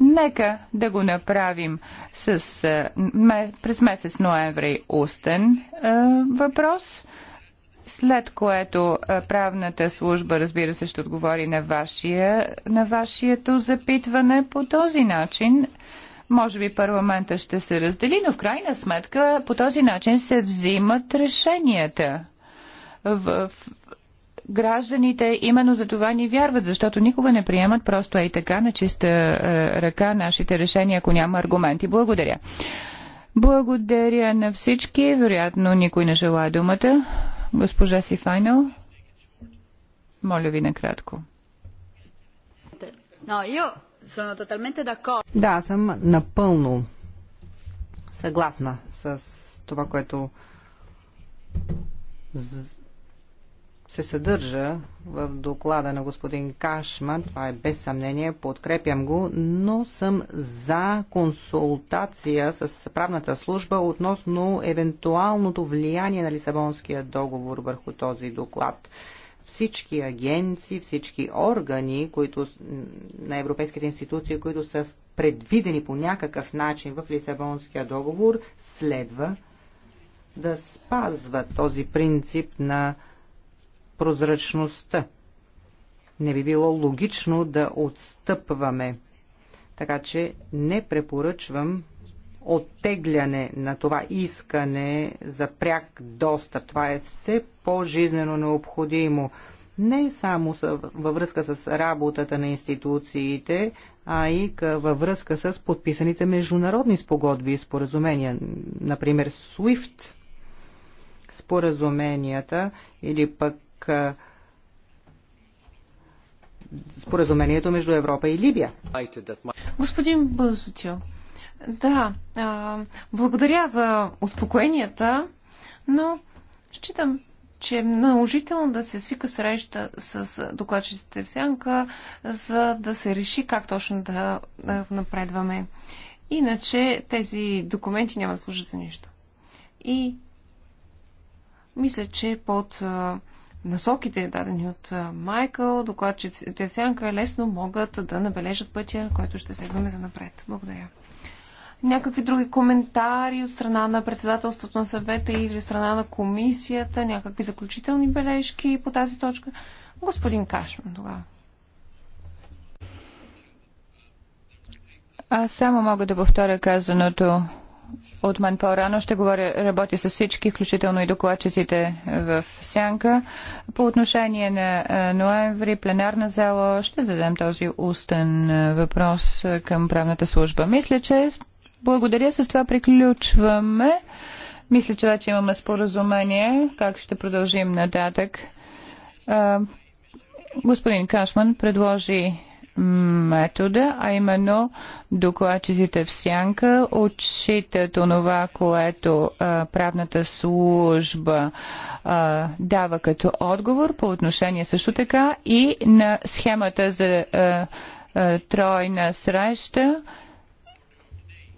Нека да го направим с, е, през месец ноември устен е, въпрос след което правната служба, разбира се, ще отговори на, вашия, на вашето запитване по този начин. Може би парламента ще се раздели, но в крайна сметка по този начин се взимат решенията. В, гражданите именно за това ни вярват, защото никога не приемат просто ей така на чиста е, ръка нашите решения, ако няма аргументи. Благодаря. Благодаря на всички. Вероятно никой не желая думата. Госпожа Сифайнал, моля ви накратко. Да, съм напълно съгласна с това, което се съдържа в доклада на господин Кашман, това е без съмнение, подкрепям го, но съм за консултация с правната служба относно евентуалното влияние на Лисабонския договор върху този доклад. Всички агенции, всички органи които, на европейските институции, които са предвидени по някакъв начин в Лисабонския договор, следва да спазват този принцип на прозрачността. Не би било логично да отстъпваме. Така че не препоръчвам оттегляне на това искане за пряк достъп. Това е все по-жизнено необходимо. Не само във връзка с работата на институциите, а и във връзка с подписаните международни спогодби и споразумения. Например, SWIFT споразуменията или пък споразумението между Европа и Либия. Господин Бълзотио, да, а, благодаря за успокоенията, но считам, че е наложително да се свика среща с докладчиците в сянка, за да се реши как точно да напредваме. Иначе тези документи няма да служат за нищо. И мисля, че под а, насоките, дадени от Майкъл, докладчиците сянка лесно могат да набележат пътя, който ще следваме за напред. Благодаря. Някакви други коментари от страна на председателството на съвета или страна на комисията, някакви заключителни бележки по тази точка? Господин Кашман тогава. Аз само мога да повторя казаното от мен по-рано ще говоря, работя с всички, включително и докладчиците в Сянка. По отношение на ноември, пленарна зала, ще зададем този устен въпрос към правната служба. Мисля, че благодаря, с това приключваме. Мисля, че вече имаме споразумение как ще продължим нататък. Господин Кашман предложи метода, а именно докладчиците в сянка отчитат онова, което а, правната служба а, дава като отговор по отношение също така и на схемата за а, а, тройна среща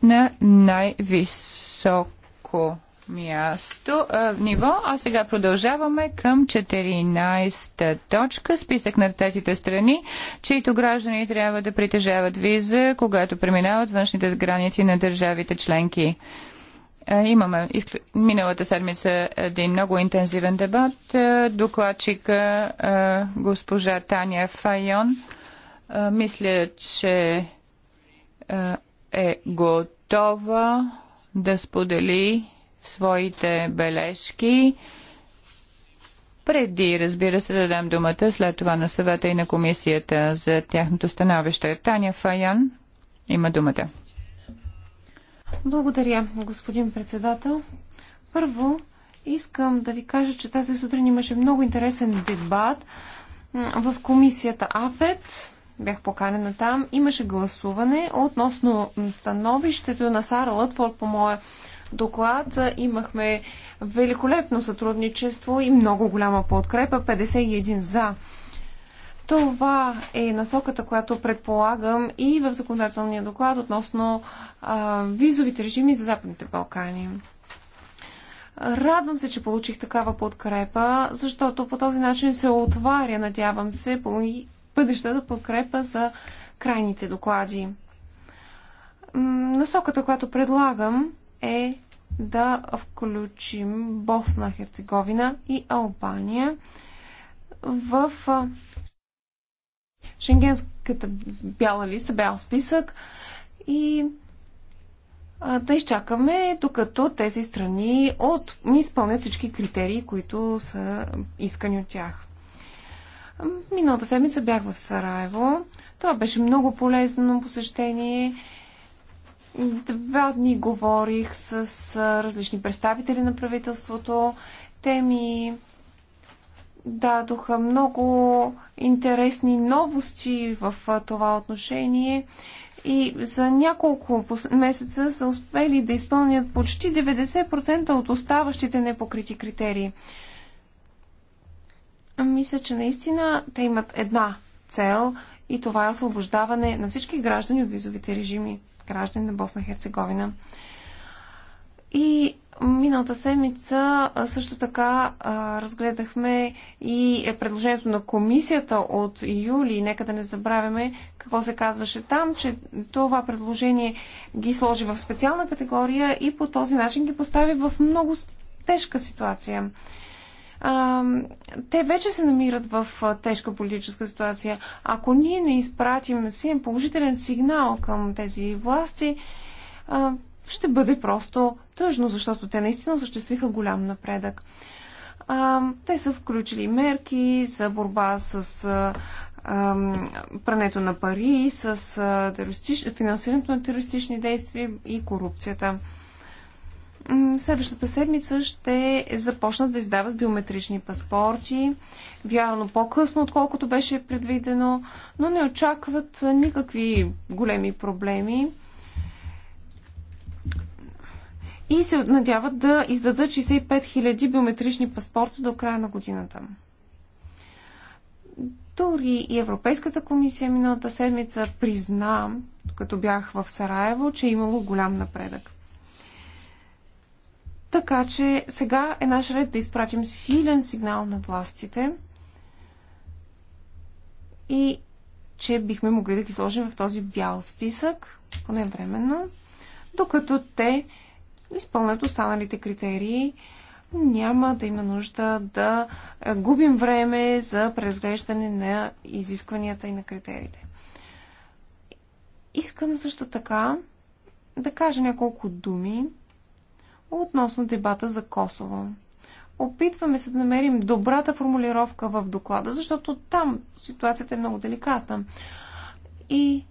на най-високо място, а, ниво, а сега продължаваме към 14-та точка, списък на третите страни, чието граждани трябва да притежават виза, когато преминават външните граници на държавите членки. Имаме миналата седмица един много интензивен дебат. Докладчика госпожа Таня Файон мисля, че е готова да сподели своите бележки. Преди, разбира се, да дадем думата след това на съвета и на комисията за тяхното становище. Таня Фаян има думата. Благодаря, господин председател. Първо, искам да ви кажа, че тази сутрин имаше много интересен дебат в комисията АФЕТ. Бях поканена там. Имаше гласуване относно становището на Сара Лътфорд по моя доклад. Имахме великолепно сътрудничество и много голяма подкрепа 51 за. Това е насоката, която предполагам и в законодателния доклад относно а, визовите режими за Западните Балкани. Радвам се, че получих такава подкрепа, защото по този начин се отваря, надявам се, по бъдещата подкрепа за крайните доклади. Насоката, която предлагам, е да включим Босна, Херцеговина и Албания в Шенгенската бяла листа, бял списък и да изчакаме, докато тези страни от, ми изпълнят всички критерии, които са искани от тях. Миналата седмица бях в Сараево. Това беше много полезно посещение Два дни говорих с различни представители на правителството. Те ми дадоха много интересни новости в това отношение и за няколко месеца са успели да изпълнят почти 90% от оставащите непокрити критерии. Мисля, че наистина те имат една цел и това е освобождаване на всички граждани от визовите режими, граждани на Босна Херцеговина. И миналата седмица също така а, разгледахме и е предложението на комисията от юли. Нека да не забравяме какво се казваше там, че това предложение ги сложи в специална категория и по този начин ги постави в много тежка ситуация а, те вече се намират в тежка политическа ситуация. Ако ние не изпратим си положителен сигнал към тези власти, а, ще бъде просто тъжно, защото те наистина осъществиха голям напредък. А, те са включили мерки за борба с а, а, прането на пари, с а, терористич... финансирането на терористични действия и корупцията. Следващата седмица ще започнат да издават биометрични паспорти. Вярно, по-късно, отколкото беше предвидено, но не очакват никакви големи проблеми. И се надяват да издадат 65 000 биометрични паспорта до края на годината. Дори и Европейската комисия миналата седмица призна, като бях в Сараево, че е имало голям напредък. Така че сега е наш ред да изпратим силен сигнал на властите и че бихме могли да ги сложим в този бял списък, поне временно, докато те изпълнят останалите критерии. Няма да има нужда да губим време за преразглеждане на изискванията и на критериите. Искам също така да кажа няколко думи относно дебата за Косово. Опитваме се да намерим добрата формулировка в доклада, защото там ситуацията е много деликатна. И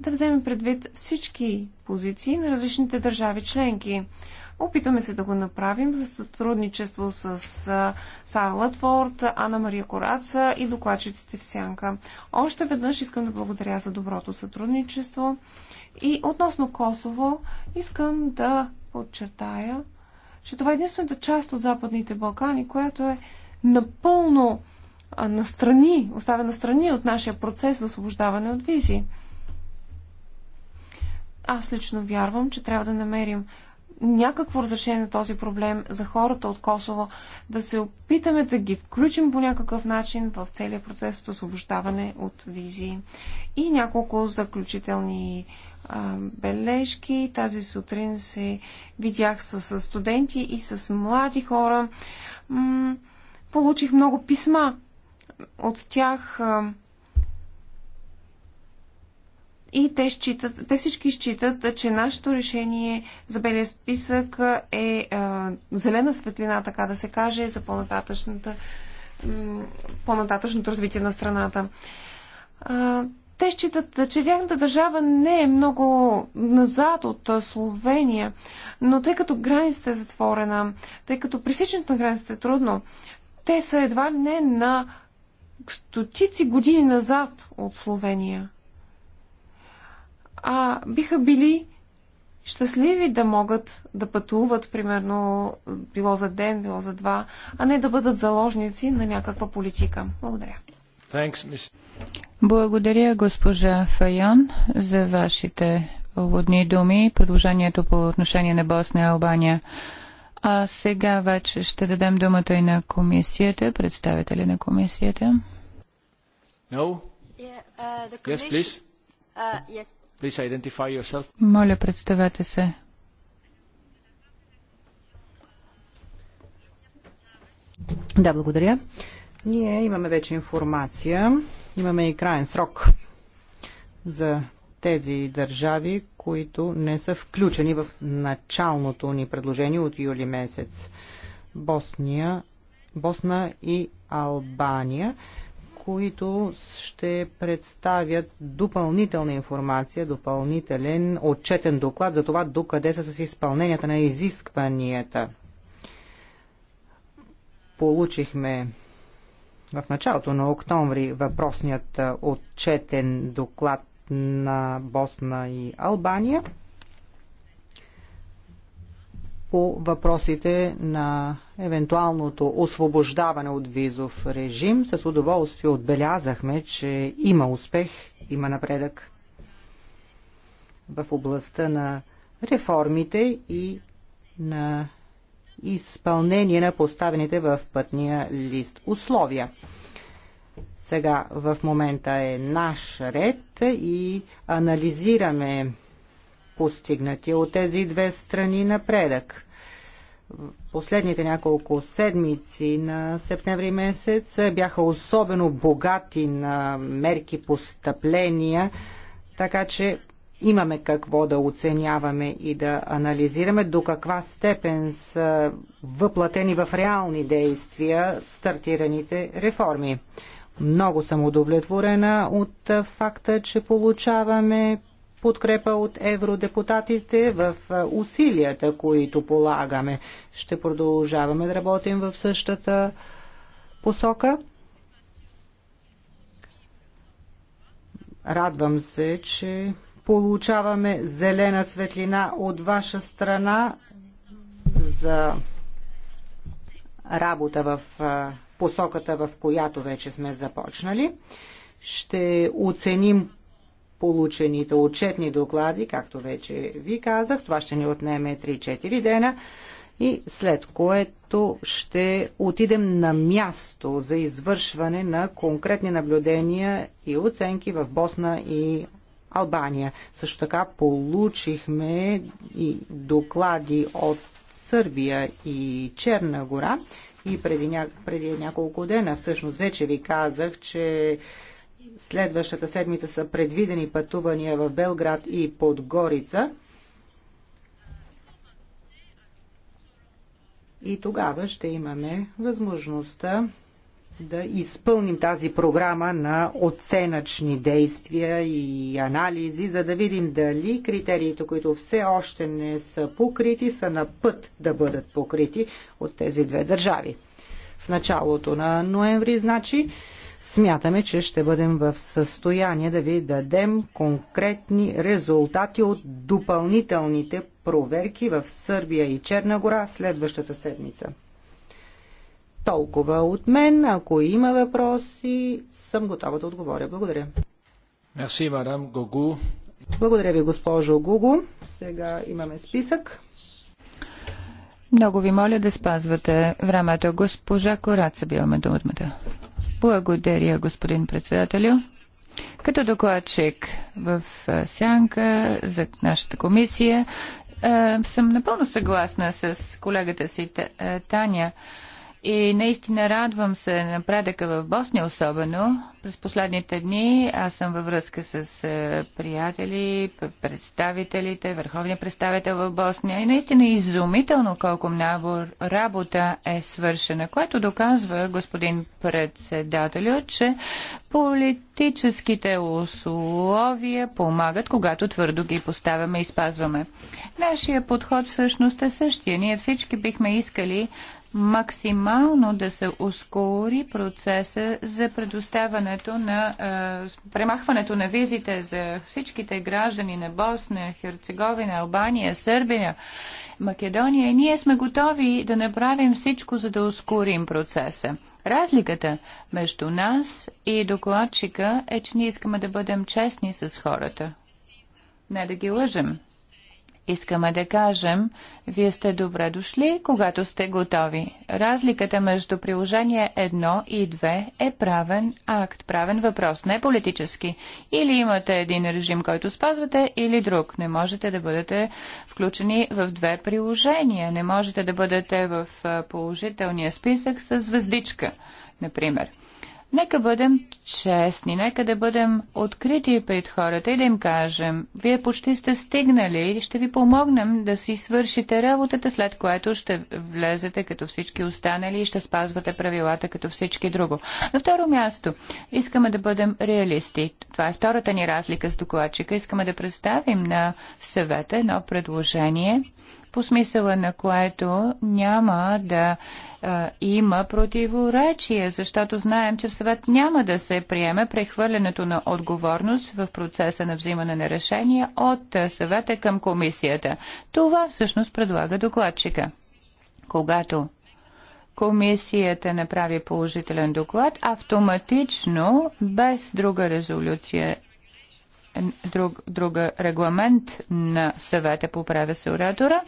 да вземем предвид всички позиции на различните държави членки. Опитваме се да го направим за сътрудничество с Сара Лътворд, Анна Мария Кораца и докладчиците в Сянка. Още веднъж искам да благодаря за доброто сътрудничество. И относно Косово искам да подчертая, че това е единствената част от Западните Балкани, която е напълно настрани, оставя настрани от нашия процес за освобождаване от визи. Аз лично вярвам, че трябва да намерим някакво разрешение на този проблем за хората от Косово, да се опитаме да ги включим по някакъв начин в целия процес от освобождаване от визи. И няколко заключителни а, бележки. Тази сутрин се видях с, с студенти и с млади хора. М- получих много писма от тях. А, и те, считат, те всички считат, че нашето решение за белия списък е а, зелена светлина, така да се каже, за по по-нататъчното развитие на страната. А, те считат, че тяхната държава не е много назад от Словения, но тъй като границата е затворена, тъй като пресичането на границата е трудно, те са едва ли не на стотици години назад от Словения. А биха били щастливи да могат да пътуват, примерно, било за ден, било за два, а не да бъдат заложници на някаква политика. Благодаря. Thanks, благодаря, госпожа Файон, за вашите водни думи и продължението по отношение на Босна и Албания. А сега вече ще дадем думата и на комисията, представители на комисията. No? Yeah, uh, the yes, please. Uh, yes. Please identify yourself. Моля, представете се. Да, благодаря. Ние имаме вече информация Имаме и крайен срок за тези държави, които не са включени в началното ни предложение от юли месец. Босния, Босна и Албания, които ще представят допълнителна информация, допълнителен отчетен доклад за това докъде са с изпълненията на изискванията. Получихме в началото на октомври въпросният отчетен доклад на Босна и Албания по въпросите на евентуалното освобождаване от визов режим. С удоволствие отбелязахме, че има успех, има напредък в областта на реформите и на изпълнение на поставените в пътния лист условия. Сега в момента е наш ред и анализираме постигнати от тези две страни напредък. Последните няколко седмици на септември месец бяха особено богати на мерки постъпления, така че имаме какво да оценяваме и да анализираме до каква степен са въплатени в реални действия стартираните реформи. Много съм удовлетворена от факта, че получаваме подкрепа от евродепутатите в усилията, които полагаме. Ще продължаваме да работим в същата посока. Радвам се, че получаваме зелена светлина от ваша страна за работа в посоката, в която вече сме започнали. Ще оценим получените отчетни доклади, както вече ви казах. Това ще ни отнеме 3-4 дена и след което ще отидем на място за извършване на конкретни наблюдения и оценки в Босна и Албания. Също така получихме и доклади от Сърбия и Черна гора и преди, ня... преди няколко дена всъщност вече ви казах, че следващата седмица са предвидени пътувания в Белград и Подгорица. И тогава ще имаме възможността да изпълним тази програма на оценъчни действия и анализи, за да видим дали критериите, които все още не са покрити, са на път да бъдат покрити от тези две държави. В началото на ноември, значи, смятаме, че ще бъдем в състояние да ви дадем конкретни резултати от допълнителните проверки в Сърбия и Черна гора следващата седмица. Толкова от мен. Ако има въпроси, съм готова да отговоря. Благодаря. Мерси, мадам Гогу. Благодаря ви, госпожо Гугу. Сега имаме списък. Много ви моля да спазвате времето. Госпожа Кораца биваме думата. Благодаря, господин председателю. Като докладчик в сянка за нашата комисия, съм напълно съгласна с колегата си Таня. И наистина радвам се напредъка в Босния особено. През последните дни аз съм във връзка с е, приятели, представителите, върховния представител в Босния. И наистина изумително колко много работа е свършена, което доказва господин председателю, че политическите условия помагат, когато твърдо ги поставяме и спазваме. Нашия подход всъщност е същия. Ние всички бихме искали максимално да се ускори процеса за предоставянето на е, премахването на визите за всичките граждани на Босна, Херцеговина, Албания, Сърбия, Македония. И ние сме готови да направим всичко, за да ускорим процеса. Разликата между нас и докладчика е, че ние искаме да бъдем честни с хората, не да ги лъжем искаме да кажем, вие сте добре дошли, когато сте готови. Разликата между приложение 1 и 2 е правен акт, правен въпрос, не политически. Или имате един режим, който спазвате, или друг. Не можете да бъдете включени в две приложения. Не можете да бъдете в положителния списък с звездичка, например. Нека бъдем честни, нека да бъдем открити пред хората и да им кажем, вие почти сте стигнали и ще ви помогнем да си свършите работата, след което ще влезете като всички останали и ще спазвате правилата като всички друго. На второ място, искаме да бъдем реалисти. Това е втората ни разлика с докладчика. Искаме да представим на съвета едно предложение – по смисъла на което няма да а, има противоречие, защото знаем, че в съвет няма да се приеме прехвърлянето на отговорност в процеса на взимане на решения от съвета към комисията. Това всъщност предлага докладчика. Когато комисията направи положителен доклад, автоматично, без друга резолюция друг, друг регламент на съвета по праве се оратора,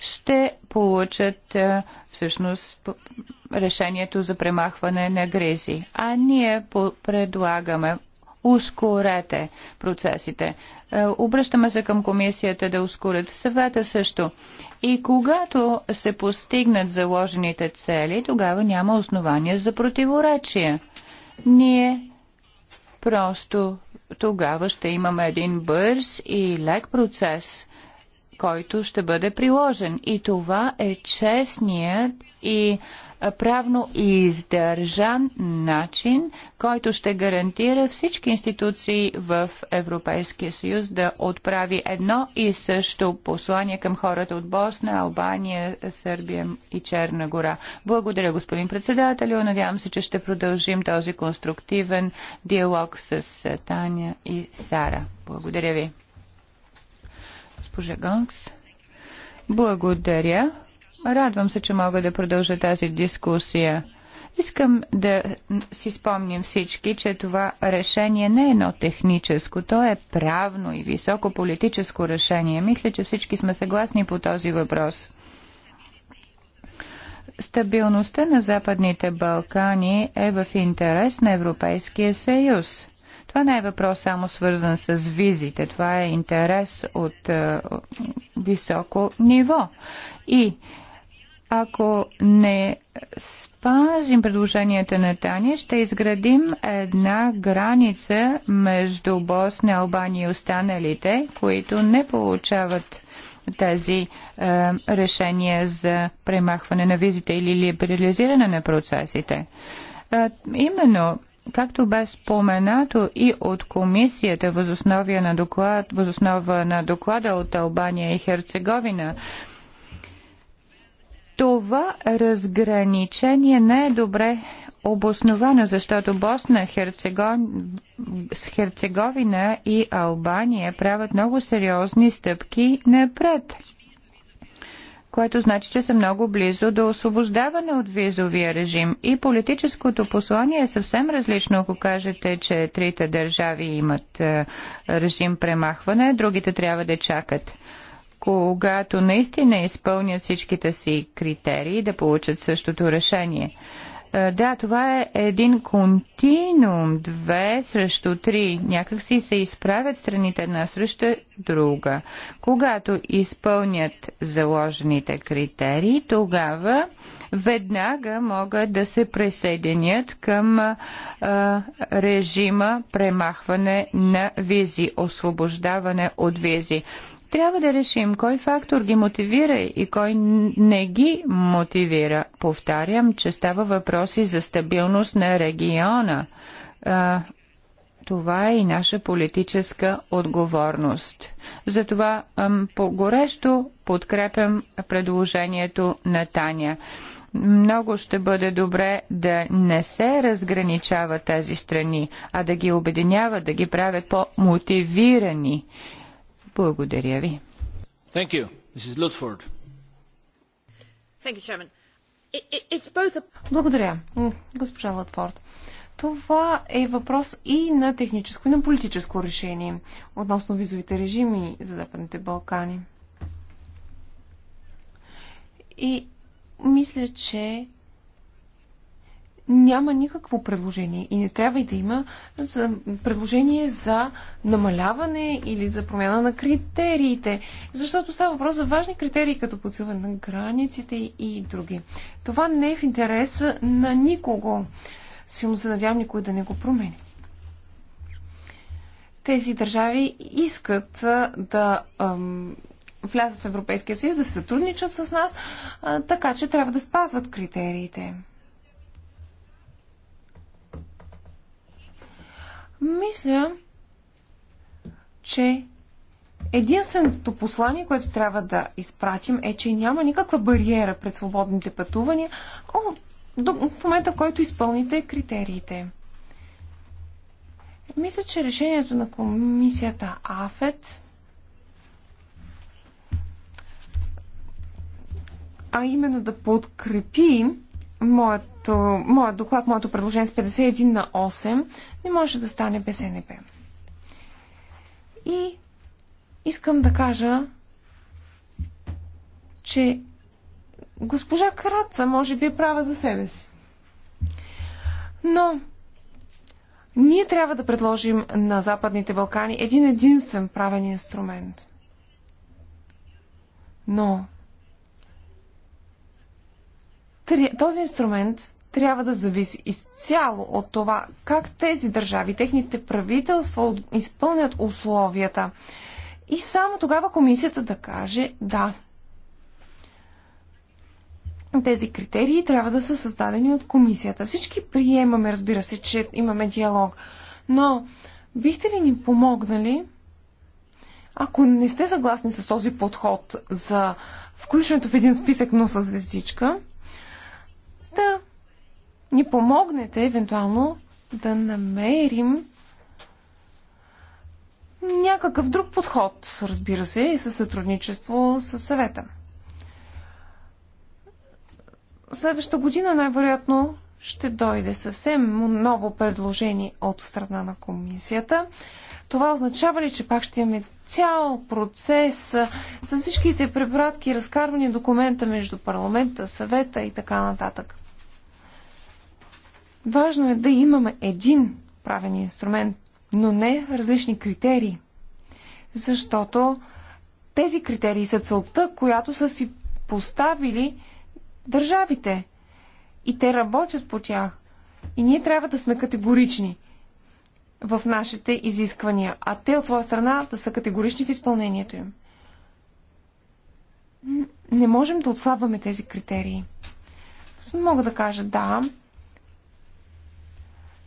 ще получат е, всъщност решението за премахване на гризи. А ние предлагаме ускорете процесите. Е, обръщаме се към комисията да ускорят съвета също. И когато се постигнат заложените цели, тогава няма основания за противоречие. Ние просто тогава ще имаме един бърз и лек процес който ще бъде приложен. И това е честният и правно издържан начин, който ще гарантира всички институции в Европейския съюз да отправи едно и също послание към хората от Босна, Албания, Сърбия и Черна гора. Благодаря, господин председател. Надявам се, че ще продължим този конструктивен диалог с Таня и Сара. Благодаря ви госпожа Гонгс. Благодаря. Радвам се, че мога да продължа тази дискусия. Искам да си спомним всички, че това решение не е едно техническо, то е правно и високо политическо решение. Мисля, че всички сме съгласни по този въпрос. Стабилността на Западните Балкани е в интерес на Европейския съюз. Това не е въпрос само свързан с визите. Това е интерес от е, високо ниво. И ако не спазим предложенията на Тани, ще изградим една граница между Босна, Албания и останалите, които не получават тези е, решения за премахване на визите или либерализиране на процесите. Е, именно Както бе споменато и от комисията възоснова на, доклад, възоснова на доклада от Албания и Херцеговина, това разграничение не е добре обосновано, защото Босна, Херцегон... Херцеговина и Албания правят много сериозни стъпки напред което значи, че са много близо до освобождаване от визовия режим. И политическото послание е съвсем различно, ако кажете, че трите държави имат е, режим премахване, другите трябва да чакат когато наистина изпълнят всичките си критерии да получат същото решение. Е, да, това е един континуум. Две срещу три. Някак си се изправят страните една срещу друга. Когато изпълнят заложените критерии, тогава веднага могат да се присъединят към а, е, режима премахване на визи, освобождаване от визи. Трябва да решим кой фактор ги мотивира и кой не ги мотивира. Повтарям, че става въпроси за стабилност на региона. Това е и наша политическа отговорност. Затова по горещо подкрепям предложението на Таня много ще бъде добре да не се разграничава тези страни, а да ги обединяват, да ги правят по-мотивирани благодаря ви. Thank you, Mrs. Lutford. Thank you, Chairman. It's both a... Благодаря, госпожа Латфорд. Това е въпрос и на техническо, и на политическо решение относно визовите режими за Западните Балкани. И мисля, че няма никакво предложение и не трябва и да има за предложение за намаляване или за промяна на критериите, защото става въпрос за важни критерии, като подсилване на границите и други. Това не е в интерес на никого. Силно се надявам никой да не го промени. Тези държави искат да ам, влязат в Европейския съюз, да се сътрудничат с нас, а, така че трябва да спазват критериите. Мисля, че единственото послание, което трябва да изпратим е, че няма никаква бариера пред свободните пътувания о, до, в момента, който изпълните критериите. Мисля, че решението на комисията АФЕТ а именно да подкрепи моят моето, моят доклад, моето предложение с 51 на 8 не може да стане без НП. И искам да кажа, че госпожа Караца може би е права за себе си. Но ние трябва да предложим на Западните Балкани един единствен правен инструмент. Но този инструмент трябва да зависи изцяло от това как тези държави, техните правителства изпълнят условията. И само тогава комисията да каже да. Тези критерии трябва да са създадени от комисията. Всички приемаме, разбира се, че имаме диалог. Но бихте ли ни помогнали, ако не сте съгласни с този подход за включването в един списък, но с звездичка, ни помогнете евентуално да намерим някакъв друг подход, разбира се, и със сътрудничество с съвета. Следващата година най-вероятно ще дойде съвсем ново предложение от страна на комисията. Това означава ли, че пак ще имаме цял процес с всичките препратки, разкарвани документа между парламента, съвета и така нататък? Важно е да имаме един правен инструмент, но не различни критерии, защото тези критерии са целта, която са си поставили държавите. И те работят по тях. И ние трябва да сме категорични в нашите изисквания, а те от своя страна да са категорични в изпълнението им. Не можем да отслабваме тези критерии. Мога да кажа, да,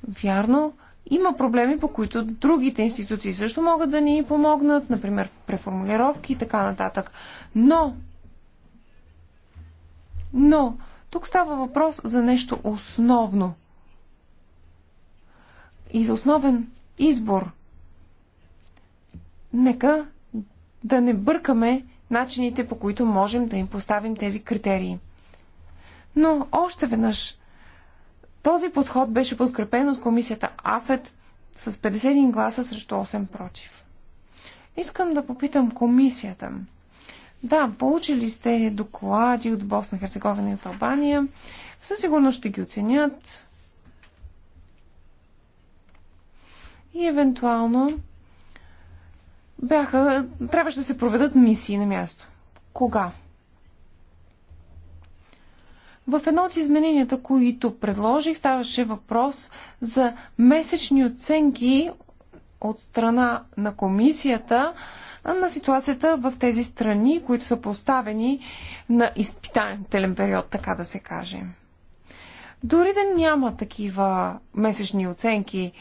Вярно, има проблеми, по които другите институции също могат да ни помогнат, например преформулировки и така нататък. Но, но, тук става въпрос за нещо основно и за основен избор. Нека да не бъркаме начините, по които можем да им поставим тези критерии. Но още веднъж този подход беше подкрепен от комисията АФЕД с 51 гласа срещу 8 против. Искам да попитам комисията. Да, получили сте доклади от Босна, Херцеговина и от Албания. Със сигурност ще ги оценят. И евентуално бяха, трябваше да се проведат мисии на място. Кога? В едно от измененията, които предложих, ставаше въпрос за месечни оценки от страна на комисията на ситуацията в тези страни, които са поставени на изпитателен период, така да се каже. Дори да няма такива месечни оценки,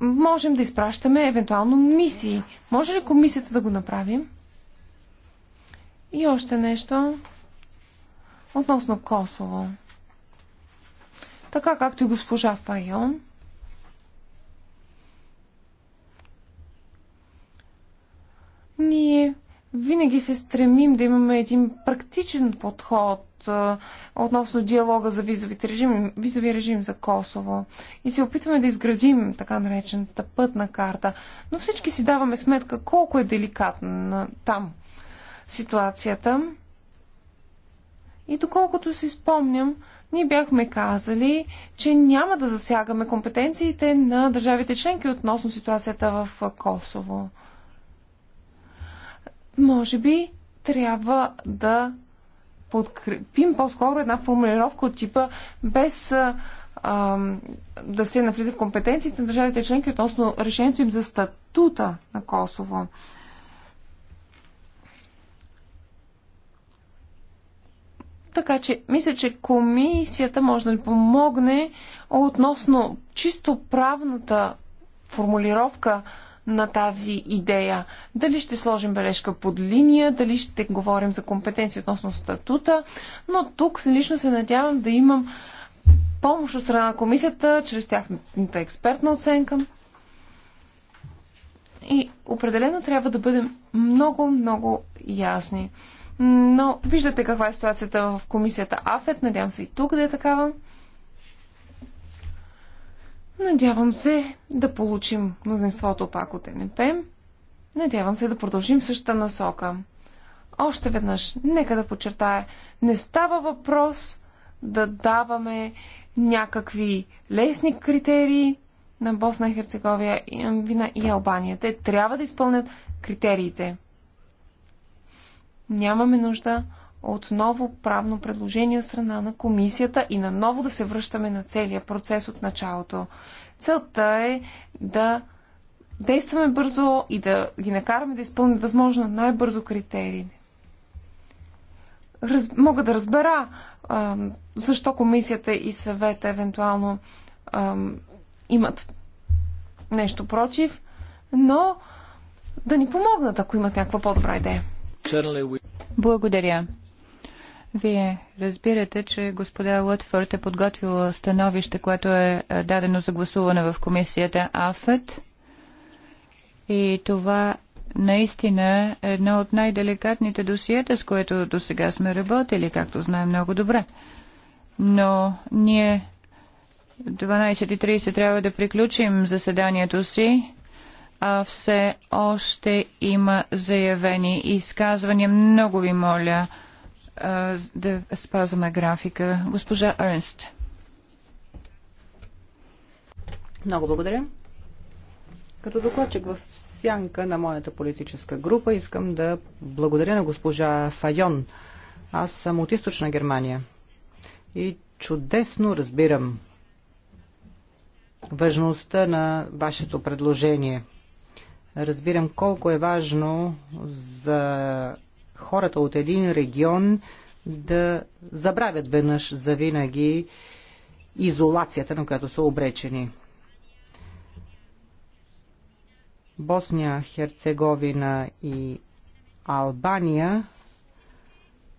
можем да изпращаме евентуално мисии. Може ли комисията да го направим? И още нещо. Относно Косово. Така както и госпожа Файон. Ние винаги се стремим да имаме един практичен подход относно диалога за визовите режими, визови режим за Косово. И се опитваме да изградим така наречената пътна карта. Но всички си даваме сметка колко е деликатна там ситуацията. И доколкото си спомням, ние бяхме казали, че няма да засягаме компетенциите на държавите членки относно ситуацията в Косово. Може би трябва да подкрепим по-скоро една формулировка от типа без а, а, да се навлиза в компетенциите на държавите членки относно решението им за статута на Косово. Така че, мисля, че комисията може да ни помогне относно чисто правната формулировка на тази идея. Дали ще сложим бележка под линия, дали ще говорим за компетенции относно статута, но тук лично се надявам да имам помощ от страна на комисията, чрез тяхната експертна оценка. И определено трябва да бъдем много, много ясни. Но виждате каква е ситуацията в комисията АФЕТ. Надявам се и тук да е такава. Надявам се да получим мнозинството пак от НП. Надявам се да продължим същата насока. Още веднъж, нека да подчертая, не става въпрос да даваме някакви лесни критерии на Босна и Херцеговия, Вина и Албания. Те трябва да изпълнят критериите нямаме нужда от ново правно предложение от страна на комисията и наново да се връщаме на целия процес от началото. Целта е да действаме бързо и да ги накараме да изпълним възможно най-бързо критериите. Раз, мога да разбера а, защо комисията и съвета евентуално а, имат нещо против, но да ни помогнат, ако имат някаква по-добра идея. Благодаря. Вие разбирате, че господа Лътфорд е подготвил становище, което е, е дадено за гласуване в комисията АФЕТ. И това наистина е едно от най-деликатните досиета, с което до сега сме работили, както знаем много добре. Но ние 12.30 трябва да приключим заседанието си а все още има заявени изказвания. Много ви моля а, да спазваме графика. Госпожа Ернст. Много благодаря. Като докладчик в сянка на моята политическа група искам да благодаря на госпожа Файон. Аз съм от източна Германия и чудесно разбирам важността на вашето предложение – Разбирам колко е важно за хората от един регион да забравят веднъж за винаги изолацията, на която са обречени. Босния, Херцеговина и Албания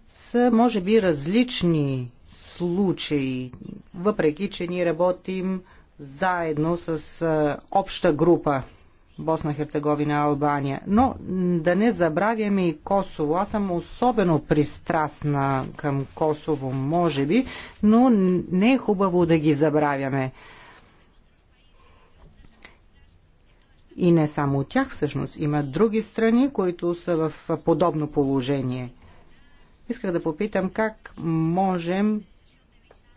са, може би, различни случаи, въпреки че ние работим заедно с обща група Босна, Херцеговина, Албания. Но да не забравяме и Косово. Аз съм особено пристрастна към Косово, може би, но не е хубаво да ги забравяме. И не само от тях, всъщност. Има други страни, които са в подобно положение. Исках да попитам как можем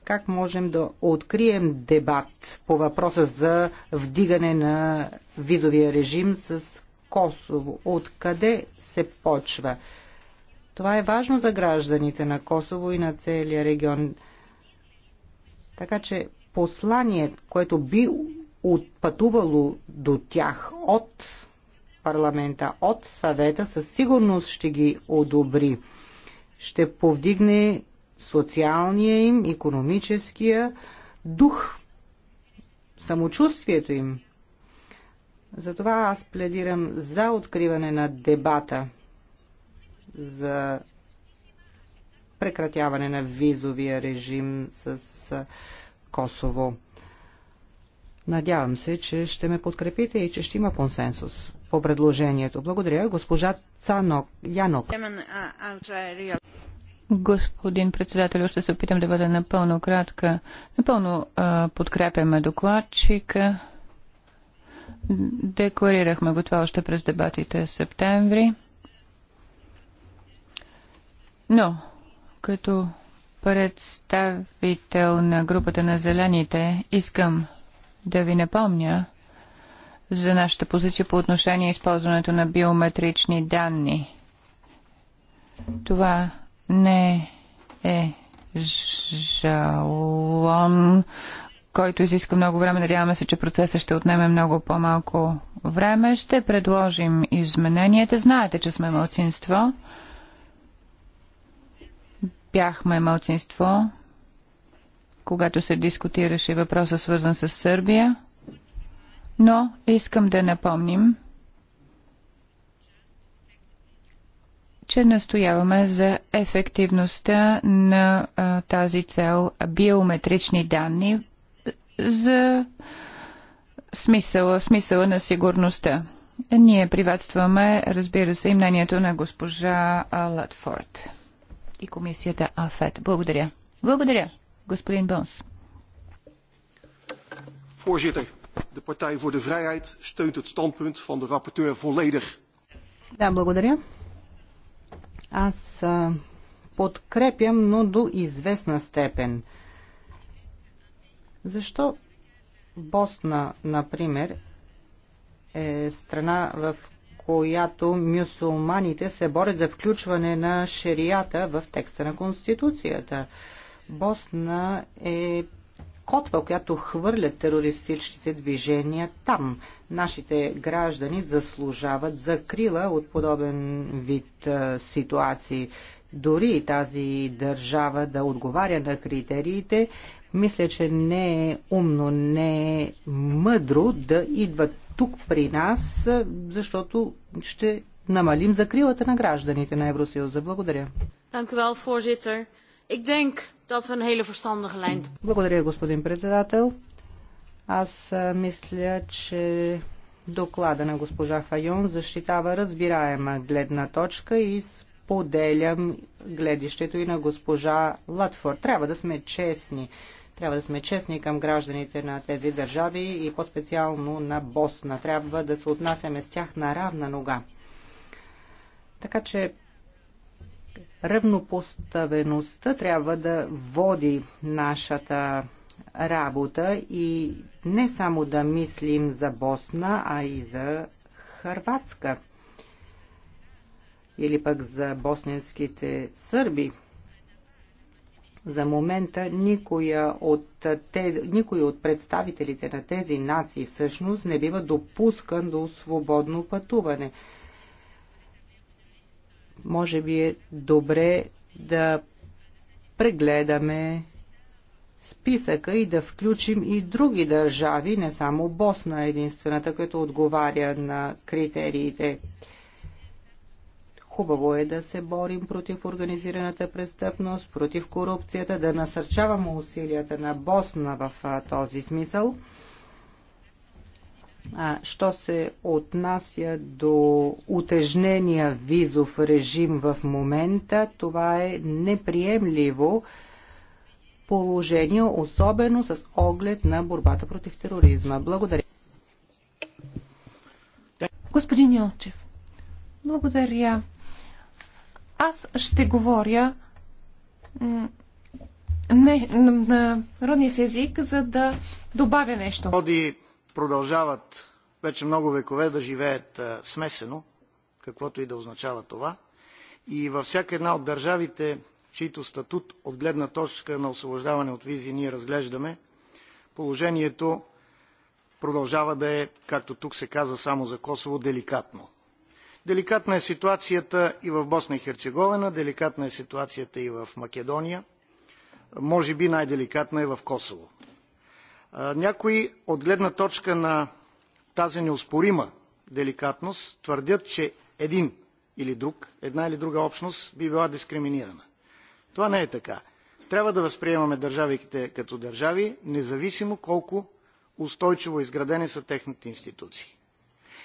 как можем да открием дебат по въпроса за вдигане на визовия режим с Косово? Откъде се почва? Това е важно за гражданите на Косово и на целия регион. Така че послание, което би отпътувало до тях от парламента, от съвета, със сигурност ще ги одобри. Ще повдигне социалния им, економическия дух, самочувствието им. Затова аз пледирам за откриване на дебата за прекратяване на визовия режим с Косово. Надявам се, че ще ме подкрепите и че ще има консенсус по предложението. Благодаря, госпожа Цанок Янок. Господин председател, ще се опитам да бъда напълно кратка. Напълно а, подкрепяме докладчика. Декларирахме го това още през дебатите в септември. Но, като представител на групата на зелените, искам да ви напомня за нашата позиция по отношение използването на биометрични данни. Това не е жалон, който изиска много време. Надяваме се, че процесът ще отнеме много по-малко време. Ще предложим измененията. Знаете, че сме мълцинство. Бяхме мълцинство, когато се дискутираше въпроса свързан с Сърбия. Но искам да напомним, че настояваме за ефективността на а, тази цел биометрични данни за смисъла, смисъла на сигурността. Ние приветстваме, разбира се, и мнението на госпожа Латфорд и комисията АФЕТ. Благодаря. Благодаря, господин Бонс. Voorzitter, de Partij voor de Vrijheid steunt het standpunt van de rapporteur volledig. Да, благодаря. Аз подкрепям, но до известна степен. Защо Босна, например, е страна, в която мюсулманите се борят за включване на шерията в текста на Конституцията? Босна е котва, която хвърлят терористичните движения там. Нашите граждани заслужават закрила от подобен вид ситуации. Дори тази държава да отговаря на критериите, мисля, че не е умно, не е мъдро да идват тук при нас, защото ще намалим закрилата на гражданите на Евросъюза. Благодаря. Dank u wel, voorzitter. Ik denk благодаря, господин председател. Аз мисля, че доклада на госпожа Файон защитава разбираема гледна точка и споделям гледището и на госпожа Латфорд. Трябва да сме честни. Трябва да сме честни към гражданите на тези държави и по-специално на Босна. Трябва да се отнасяме с тях на равна нога. Така че Равнопоставеността трябва да води нашата работа и не само да мислим за Босна, а и за Харватска или пък за босненските сърби. За момента никоя от тези, никой от представителите на тези нации всъщност не бива допускан до свободно пътуване може би е добре да прегледаме списъка и да включим и други държави, не само Босна единствената, която отговаря на критериите. Хубаво е да се борим против организираната престъпност, против корупцията, да насърчаваме усилията на Босна в този смисъл. А, що се отнася до утежнения визов режим в момента, това е неприемливо положение, особено с оглед на борбата против тероризма. Благодаря. Господин Йончев, благодаря. Аз ще говоря не, на, на родния си език, за да добавя нещо продължават вече много векове да живеят смесено, каквото и да означава това. И във всяка една от държавите, чийто статут от гледна точка на освобождаване от визи ние разглеждаме, положението продължава да е, както тук се каза само за Косово, деликатно. Деликатна е ситуацията и в Босна и Херцеговина, деликатна е ситуацията и в Македония, може би най-деликатна е в Косово. Някои от гледна точка на тази неоспорима деликатност твърдят, че един или друг, една или друга общност би била дискриминирана. Това не е така. Трябва да възприемаме държавите като държави, независимо колко устойчиво изградени са техните институции.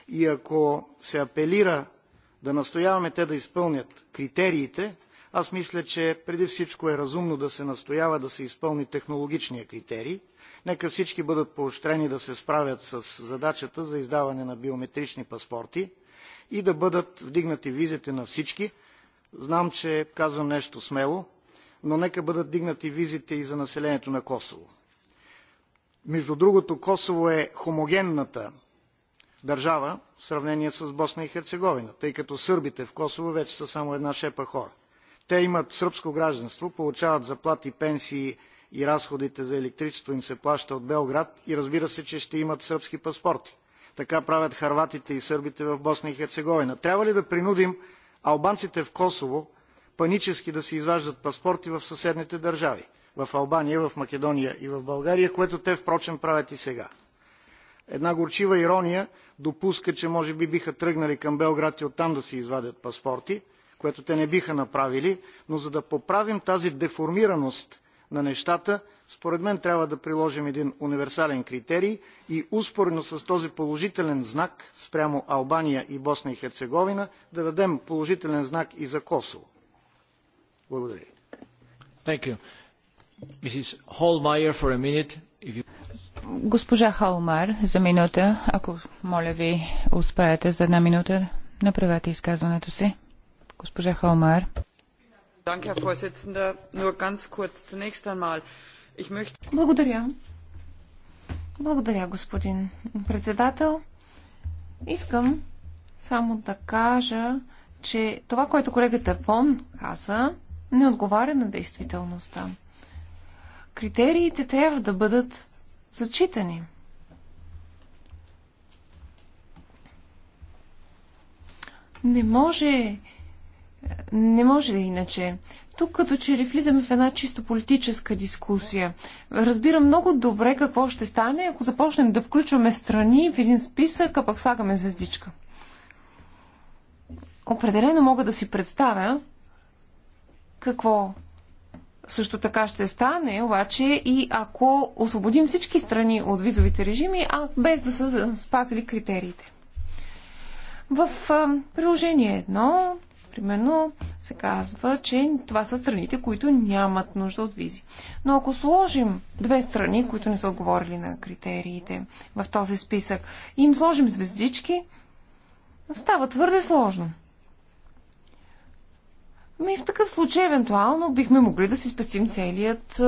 И ако се апелира да настояваме те да изпълнят критериите, аз мисля, че преди всичко е разумно да се настоява да се изпълни технологичния критерий – Нека всички бъдат поощрени да се справят с задачата за издаване на биометрични паспорти и да бъдат вдигнати визите на всички. Знам, че казвам нещо смело, но нека бъдат вдигнати визите и за населението на Косово. Между другото, Косово е хомогенната държава в сравнение с Босна и Херцеговина, тъй като сърбите в Косово вече са само една шепа хора. Те имат сръбско гражданство, получават заплати, пенсии и разходите за електричество им се плаща от Белград и разбира се, че ще имат сръбски паспорти. Така правят харватите и сърбите в Босна и Херцеговина. Трябва ли да принудим албанците в Косово панически да си изваждат паспорти в съседните държави? В Албания, в Македония и в България, което те впрочем правят и сега. Една горчива ирония допуска, че може би биха тръгнали към Белград и оттам да си извадят паспорти, което те не биха направили, но за да поправим тази деформираност на нещата, според мен трябва да приложим един универсален критерий и успоредно с този положителен знак спрямо Албания и Босна и Херцеговина да дадем положителен знак и за Косово. Благодаря. Госпожа Холмайер, за минута, ако моля ви успеете за една минута, направете изказването си. Госпожа Холмайер. Благодаря. Благодаря, господин председател. Искам само да кажа, че това, което колегата Вон каза, не отговаря на действителността. Критериите трябва да бъдат зачитани. Не може не може да иначе. Тук като че ли влизаме в една чисто политическа дискусия. Разбирам много добре какво ще стане, ако започнем да включваме страни в един списък, а пък слагаме звездичка. Определено мога да си представя какво също така ще стане, обаче и ако освободим всички страни от визовите режими, а без да са спазили критериите. В приложение 1 примерно, се казва, че това са страните, които нямат нужда от визи. Но ако сложим две страни, които не са отговорили на критериите в този списък, и им сложим звездички, става твърде сложно. Ми в такъв случай, евентуално, бихме могли да си спестим целият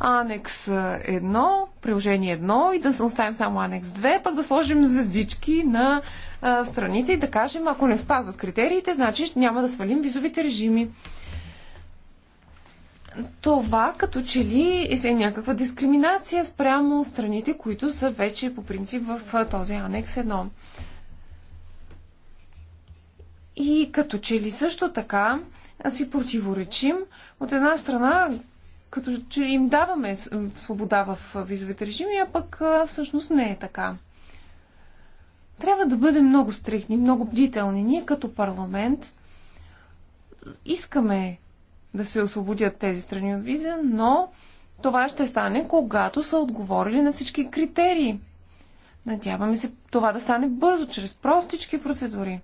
анекс 1, приложение 1 и да оставим само анекс 2, пък да сложим звездички на а, страните и да кажем, ако не спазват критериите, значи няма да свалим визовите режими. Това като че ли е някаква дискриминация спрямо страните, които са вече по принцип в този анекс 1. И като че ли също така си противоречим. От една страна, като че им даваме свобода в визовите режими, а пък всъщност не е така. Трябва да бъдем много стрихни, много бдителни. Ние като парламент искаме да се освободят тези страни от виза, но това ще стане, когато са отговорили на всички критерии. Надяваме се това да стане бързо, чрез простички процедури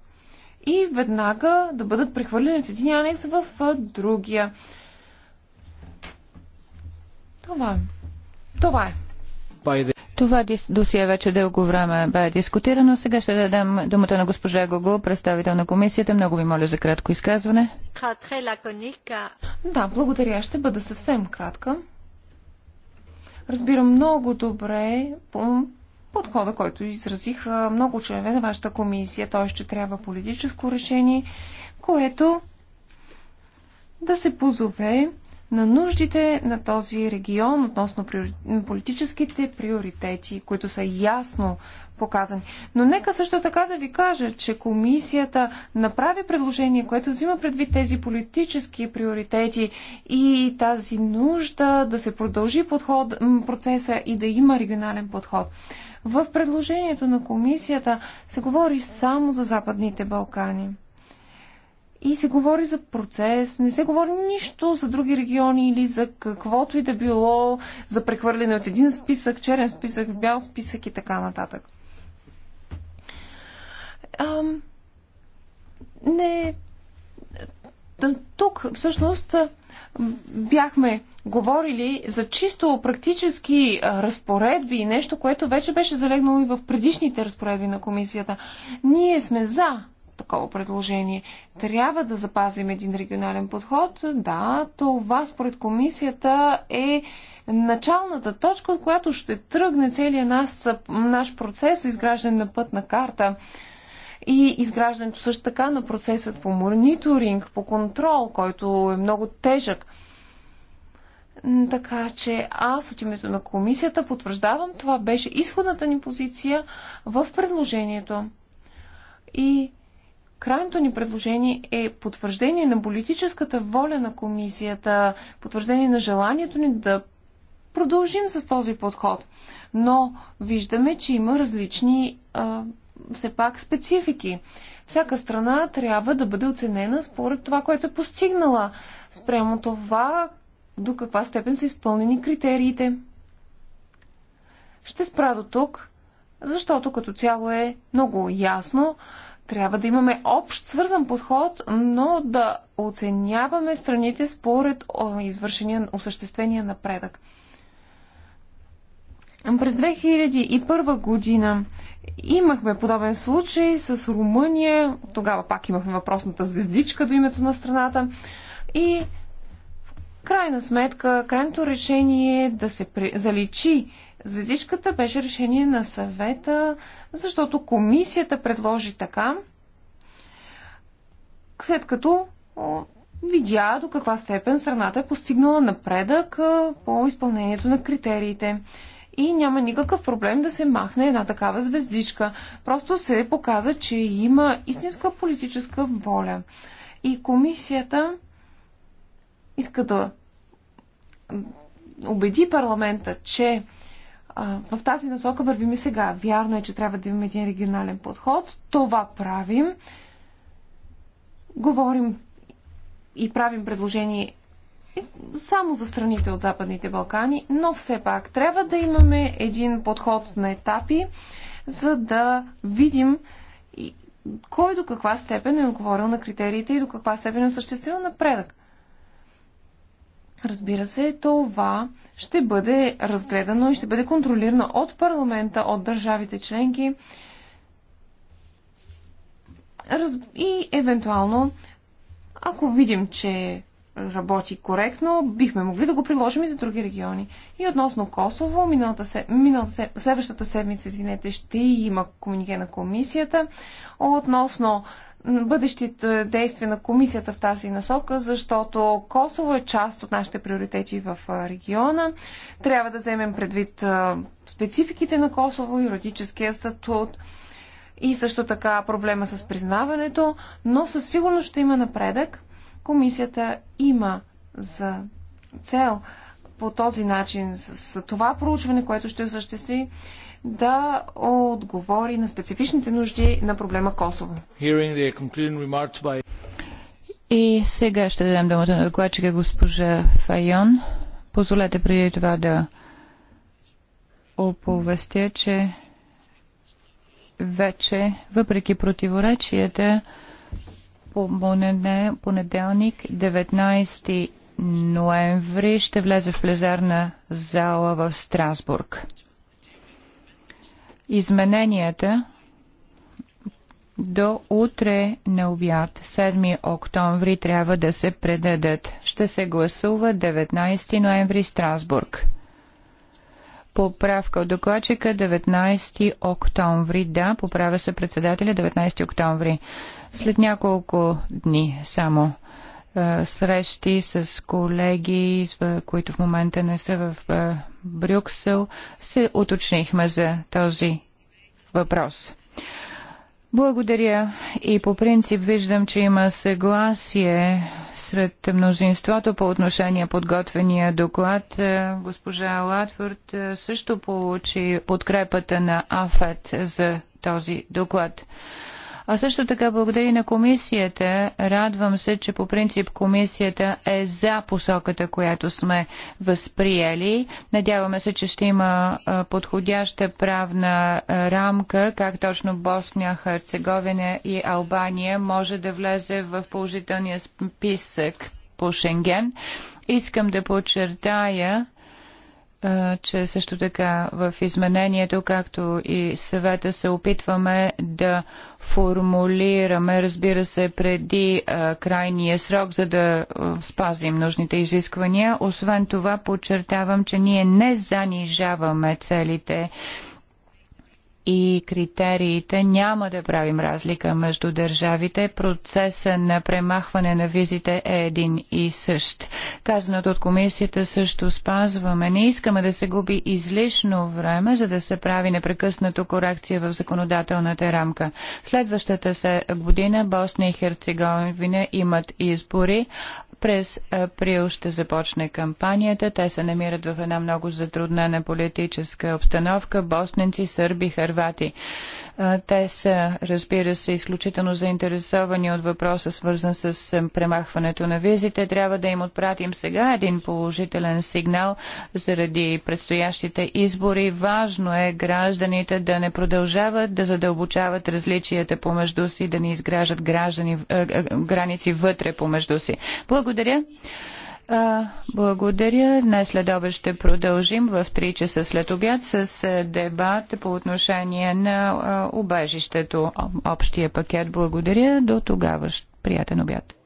и веднага да бъдат прехвърлени от един анекс в другия. Това е. Това е. Това досие вече дълго време бе дискутирано. Сега ще дадем думата на госпожа Гого, представител на комисията. Много ви моля за кратко изказване. Да, благодаря. Ще бъда съвсем кратка. Разбирам много добре по подхода, който изразиха много членове на вашата комисия, т.е. че трябва политическо решение, което да се позове на нуждите на този регион относно приори... политическите приоритети, които са ясно показани. Но нека също така да ви кажа, че комисията направи предложение, което взима предвид тези политически приоритети и тази нужда да се продължи подход, процеса и да има регионален подход. В предложението на комисията се говори само за Западните Балкани. И се говори за процес, не се говори нищо за други региони или за каквото и да било, за прехвърляне от един списък, черен списък, бял списък и така нататък. Ам, не. Тук всъщност бяхме говорили за чисто практически разпоредби, нещо, което вече беше залегнало и в предишните разпоредби на комисията. Ние сме за такова предложение. Трябва да запазим един регионален подход. Да, това според комисията е началната точка, от която ще тръгне целият нас, наш процес изграждане на пътна карта и изграждането също така на процесът по мониторинг, по контрол, който е много тежък – така че аз от името на комисията потвърждавам, това беше изходната ни позиция в предложението. И крайното ни предложение е потвърждение на политическата воля на комисията, потвърждение на желанието ни да продължим с този подход. Но виждаме, че има различни а, все пак специфики. Всяка страна трябва да бъде оценена според това, което е постигнала, спрямо това, до каква степен са изпълнени критериите. Ще спра до тук, защото като цяло е много ясно. Трябва да имаме общ свързан подход, но да оценяваме страните според извършения, осъществения напредък. През 2001 година имахме подобен случай с Румъния. Тогава пак имахме въпросната звездичка до името на страната. И крайна сметка, крайното решение да се заличи звездичката беше решение на съвета, защото комисията предложи така, след като видя до каква степен страната е постигнала напредък по изпълнението на критериите. И няма никакъв проблем да се махне една такава звездичка. Просто се показа, че има истинска политическа воля. И комисията иска да убеди парламента, че а, в тази насока вървим и сега. Вярно е, че трябва да имаме един регионален подход. Това правим. Говорим и правим предложение само за страните от Западните Балкани, но все пак трябва да имаме един подход на етапи, за да видим кой до каква степен е отговорил на критериите и до каква степен е осъществил напредък. Разбира се, това ще бъде разгледано и ще бъде контролирано от парламента, от държавите членки и евентуално, ако видим, че работи коректно, бихме могли да го приложим и за други региони. И относно Косово, миналата се... Миналата се... следващата седмица, извинете, ще има комунике на комисията относно бъдещите действия на комисията в тази насока, защото Косово е част от нашите приоритети в региона. Трябва да вземем предвид спецификите на Косово, юридическия статут и също така проблема с признаването, но със сигурност ще има напредък. Комисията има за цел по този начин, с това проучване, което ще осъществи, да отговори на специфичните нужди на проблема Косово. И сега ще дадем думата на докладчика госпожа Файон. Позволете преди това да оповестя, че вече, въпреки противоречията, по понеделник, 19 ноември, ще влезе в плезарна зала в Страсбург измененията до утре на обяд, 7 октомври, трябва да се предадат. Ще се гласува 19 ноември Страсбург. Поправка от докладчика 19 октомври. Да, поправя се председателя 19 октомври. След няколко дни само. Е, срещи с колеги, е, които в момента не са в е, Брюксел, се уточнихме за този въпрос. Благодаря и по принцип виждам, че има съгласие сред мнозинството по отношение подготвения доклад. Госпожа Латфорд също получи подкрепата на АФЕТ за този доклад. А също така благодаря и на комисията. Радвам се, че по принцип комисията е за посоката, която сме възприели. Надяваме се, че ще има подходяща правна рамка, как точно Босния, Херцеговина и Албания може да влезе в положителния списък по Шенген. Искам да подчертая, че също така в изменението, както и съвета, се опитваме да формулираме, разбира се, преди а, крайния срок, за да а, спазим нужните изисквания. Освен това, подчертавам, че ние не занижаваме целите и критериите няма да правим разлика между държавите. Процеса на премахване на визите е един и същ. Казаното от комисията също спазваме. Не искаме да се губи излишно време, за да се прави непрекъснато корекция в законодателната рамка. Следващата се година Босна и Херцеговина имат избори, през април ще започне кампанията. Те се намират в една много затруднена политическа обстановка. Босненци, сърби, харвати те са, разбира се, изключително заинтересовани от въпроса, свързан с премахването на визите. Трябва да им отпратим сега един положителен сигнал заради предстоящите избори. Важно е гражданите да не продължават да задълбочават различията помежду си, да не изграждат граждани, е, е, граници вътре помежду си. Благодаря. Благодаря. Днес след обед ще продължим в 3 часа след обяд с дебат по отношение на убежището, общия пакет. Благодаря. До тогава. Приятен обяд.